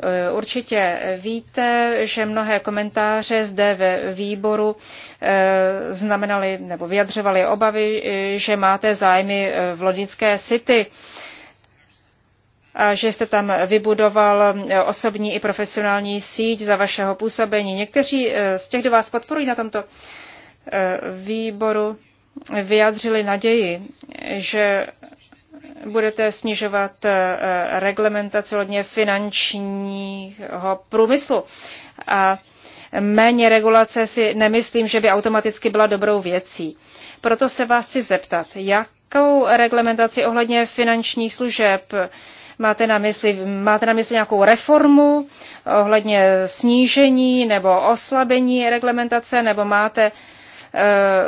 Eh, určitě víte, že mnohé komentáře zde ve výboru eh, znamenaly nebo vyjadřovaly obavy, že máte zájmy v Lodnické City a že jste tam vybudoval osobní i profesionální síť za vašeho působení. Někteří z těch, kdo vás podporují na tomto výboru, vyjádřili naději, že budete snižovat eh, reglementaci hodně finančního průmyslu. A méně regulace si nemyslím, že by automaticky byla dobrou věcí. Proto se vás chci zeptat, jakou reglementaci ohledně finančních služeb máte na mysli? Máte na mysli nějakou reformu ohledně snížení nebo oslabení reglementace, nebo máte uh, Eh,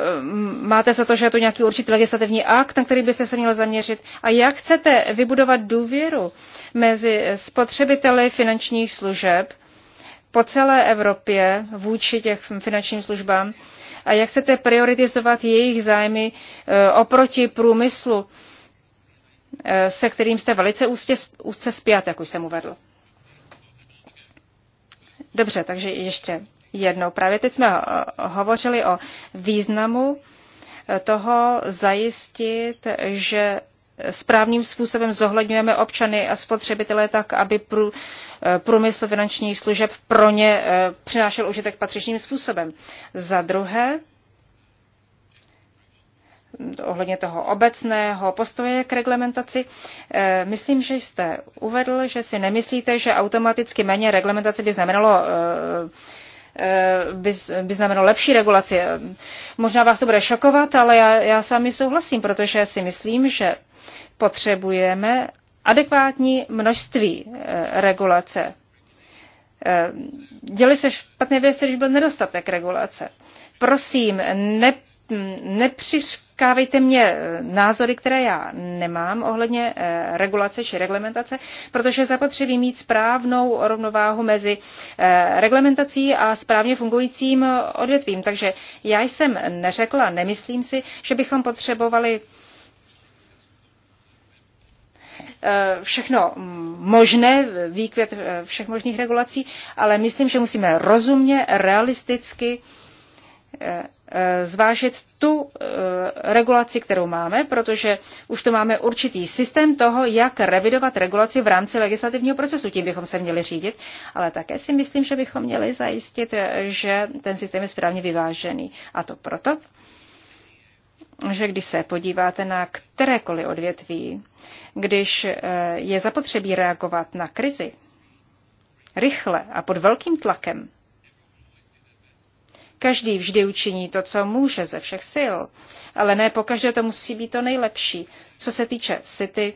máte za to, že je to nějaký určitý legislativní akt, na který byste se měli zaměřit? A jak chcete vybudovat důvěru mezi spotřebiteli finančních služeb po celé Evropě vůči těch finančním službám? A jak chcete prioritizovat jejich zájmy eh, oproti průmyslu, eh, se kterým jste velice úzce, úzce spjat, jak už jsem uvedl? Dobře, takže ještě jednou. Právě teď jsme eh, hovořili o významu eh, toho zajistit, že správným způsobem zohledňujeme občany a spotřebitele tak, aby eh, průmysl finančních služeb pro ně přinášel užitek patřičným způsobem. Za druhé, ohledně toho obecného postoje k reglementaci. Myslím, že jste uvedl, že si nemyslíte, že automaticky méně reglementace by znamenalo Eh, by, by znamenalo lepší regulaci. Možná vás to bude šokovat, ale já, já s vámi souhlasím, protože si myslím, že potřebujeme adekvátní množství eh, regulace. Eh, Děli se špatné věci, když byl nedostatek regulace. Prosím, ne Mm, nepřiškávejte mě eh, názory, které já nemám ohledně eh, regulace či reglementace, protože zapotřebí mít správnou rovnováhu mezi eh, reglementací a správně fungujícím odvětvím. Takže já jsem neřekla, nemyslím si, že bychom potřebovali všechno možné, výkvět všech možných regulací, ale myslím, že musíme rozumně, realisticky Eh, zvážit tu eh, regulaci, kterou máme, protože už to máme určitý systém toho, jak revidovat regulaci v rámci legislativního procesu. Tím bychom se měli řídit, ale také si myslím, že bychom měli zajistit, eh, že ten systém je správně vyvážený. A to proto, že když se podíváte na kterékoliv odvětví, když je zapotřebí reagovat na krizi rychle a pod velkým tlakem, Každý vždy učiní to, co může ze všech sil, ale ne pokaždé to musí být to nejlepší. Co se týče City,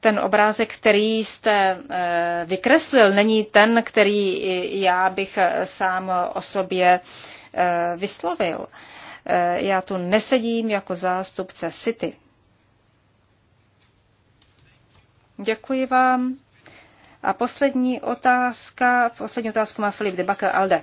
ten obrázek, který jste eh, vykreslil, není ten, který já bych eh, sám o sobě eh, vyslovil. Já tu nesedím jako zástupce City. Děkuji vám. A poslední otázka, poslední otázku má Filip Debaka Alde.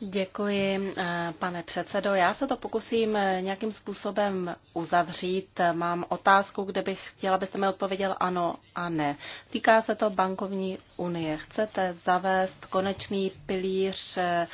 Děkuji, eh, pane předsedo. Já se to pokusím eh, nějakým způsobem uzavřít. Mám otázku, kde bych chtěla, abyste mi odpověděl ano a ne. Týká se to bankovní unie. Chcete zavést konečný pilíř eh,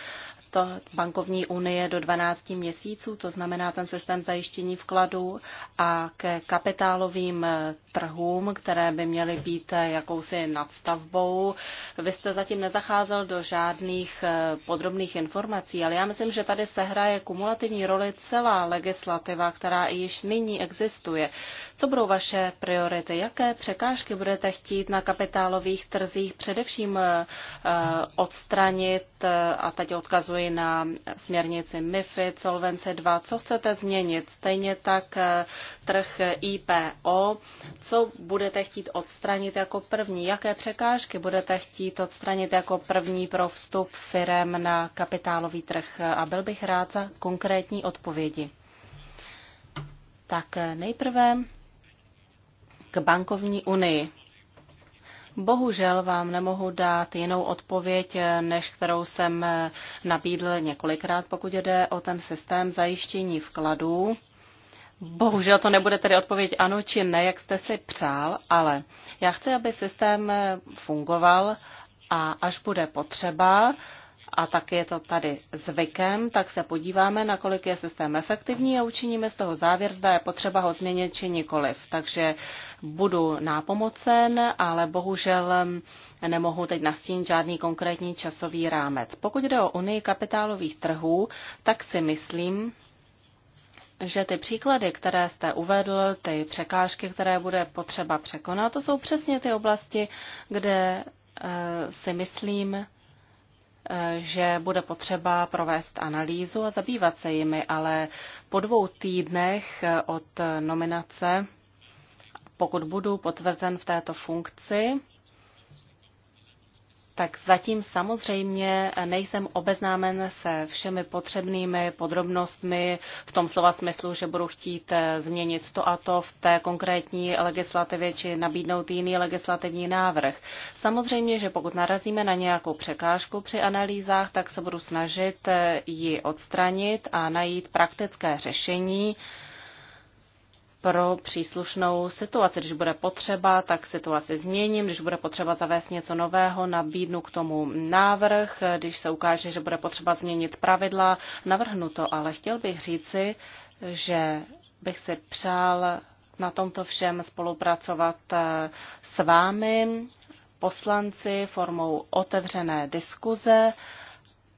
místo bankovní unie do 12 měsíců, to znamená ten systém zajištění vkladů a ke kapitálovým trhům, které by měly být jakousi nadstavbou. Vy jste zatím nezacházel do žádných eh, podrobných informací, ale já myslím, že tady se hraje kumulativní roli celá legislativa, která již nyní existuje. Co budou vaše priority? Jaké překážky budete chtít na kapitálových trzích především eh, eh, odstranit? Eh, a teď odkazuji na směrnici MIFID, Solvence 2, co chcete změnit, stejně tak eh, trh IPO, co budete chtít odstranit jako první, jaké překážky budete chtít odstranit jako první pro vstup firem na kapitálový trh a byl bych rád za konkrétní odpovědi. Tak eh, nejprve k bankovní unii. Bohužel vám nemohu dát jinou odpověď, než kterou jsem nabídl několikrát, pokud jde o ten systém zajištění vkladů. Bohužel to nebude tedy odpověď ano či ne, jak jste si přál, ale já chci, aby systém fungoval a až bude potřeba, a tak je to tady zvykem, tak se podíváme, nakolik je systém efektivní a učiníme z toho závěr, zda je potřeba ho změnit či nikoliv. Takže budu nápomocen, ale bohužel mm, nemohu teď nastínit žádný konkrétní časový rámec. Pokud jde o Unii kapitálových trhů, tak si myslím, že ty příklady, které jste uvedl, ty překážky, které bude potřeba překonat, to jsou přesně ty oblasti, kde eh, si myslím, že bude potřeba provést analýzu a zabývat se jimi, ale po dvou týdnech od nominace, pokud budu potvrzen v této funkci, tak zatím samozřejmě nejsem obeznámen se všemi potřebnými podrobnostmi v tom slova smyslu, že budu chtít eh, změnit to a to v té konkrétní legislativě či nabídnout jiný legislativní návrh. Samozřejmě, že pokud narazíme na nějakou překážku při analýzách, tak se budu snažit eh, ji odstranit a najít praktické řešení, pro příslušnou situaci. Když bude potřeba, tak situaci změním. Když bude potřeba zavést něco nového, nabídnu k tomu návrh. Když se ukáže, že bude potřeba změnit pravidla, navrhnu to. Ale chtěl bych říci, že bych si přál na tomto všem spolupracovat eh, s vámi, poslanci, formou otevřené diskuze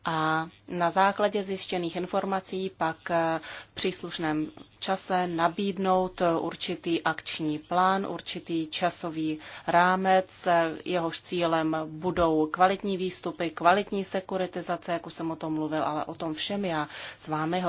a na základě zjištěných informací pak eh, v příslušném čase nabídnout eh, určitý akční plán, určitý časový rámec. Eh, jehož cílem budou kvalitní výstupy, kvalitní sekuritizace, jak už jsem o tom mluvil, ale o tom všem já s vámi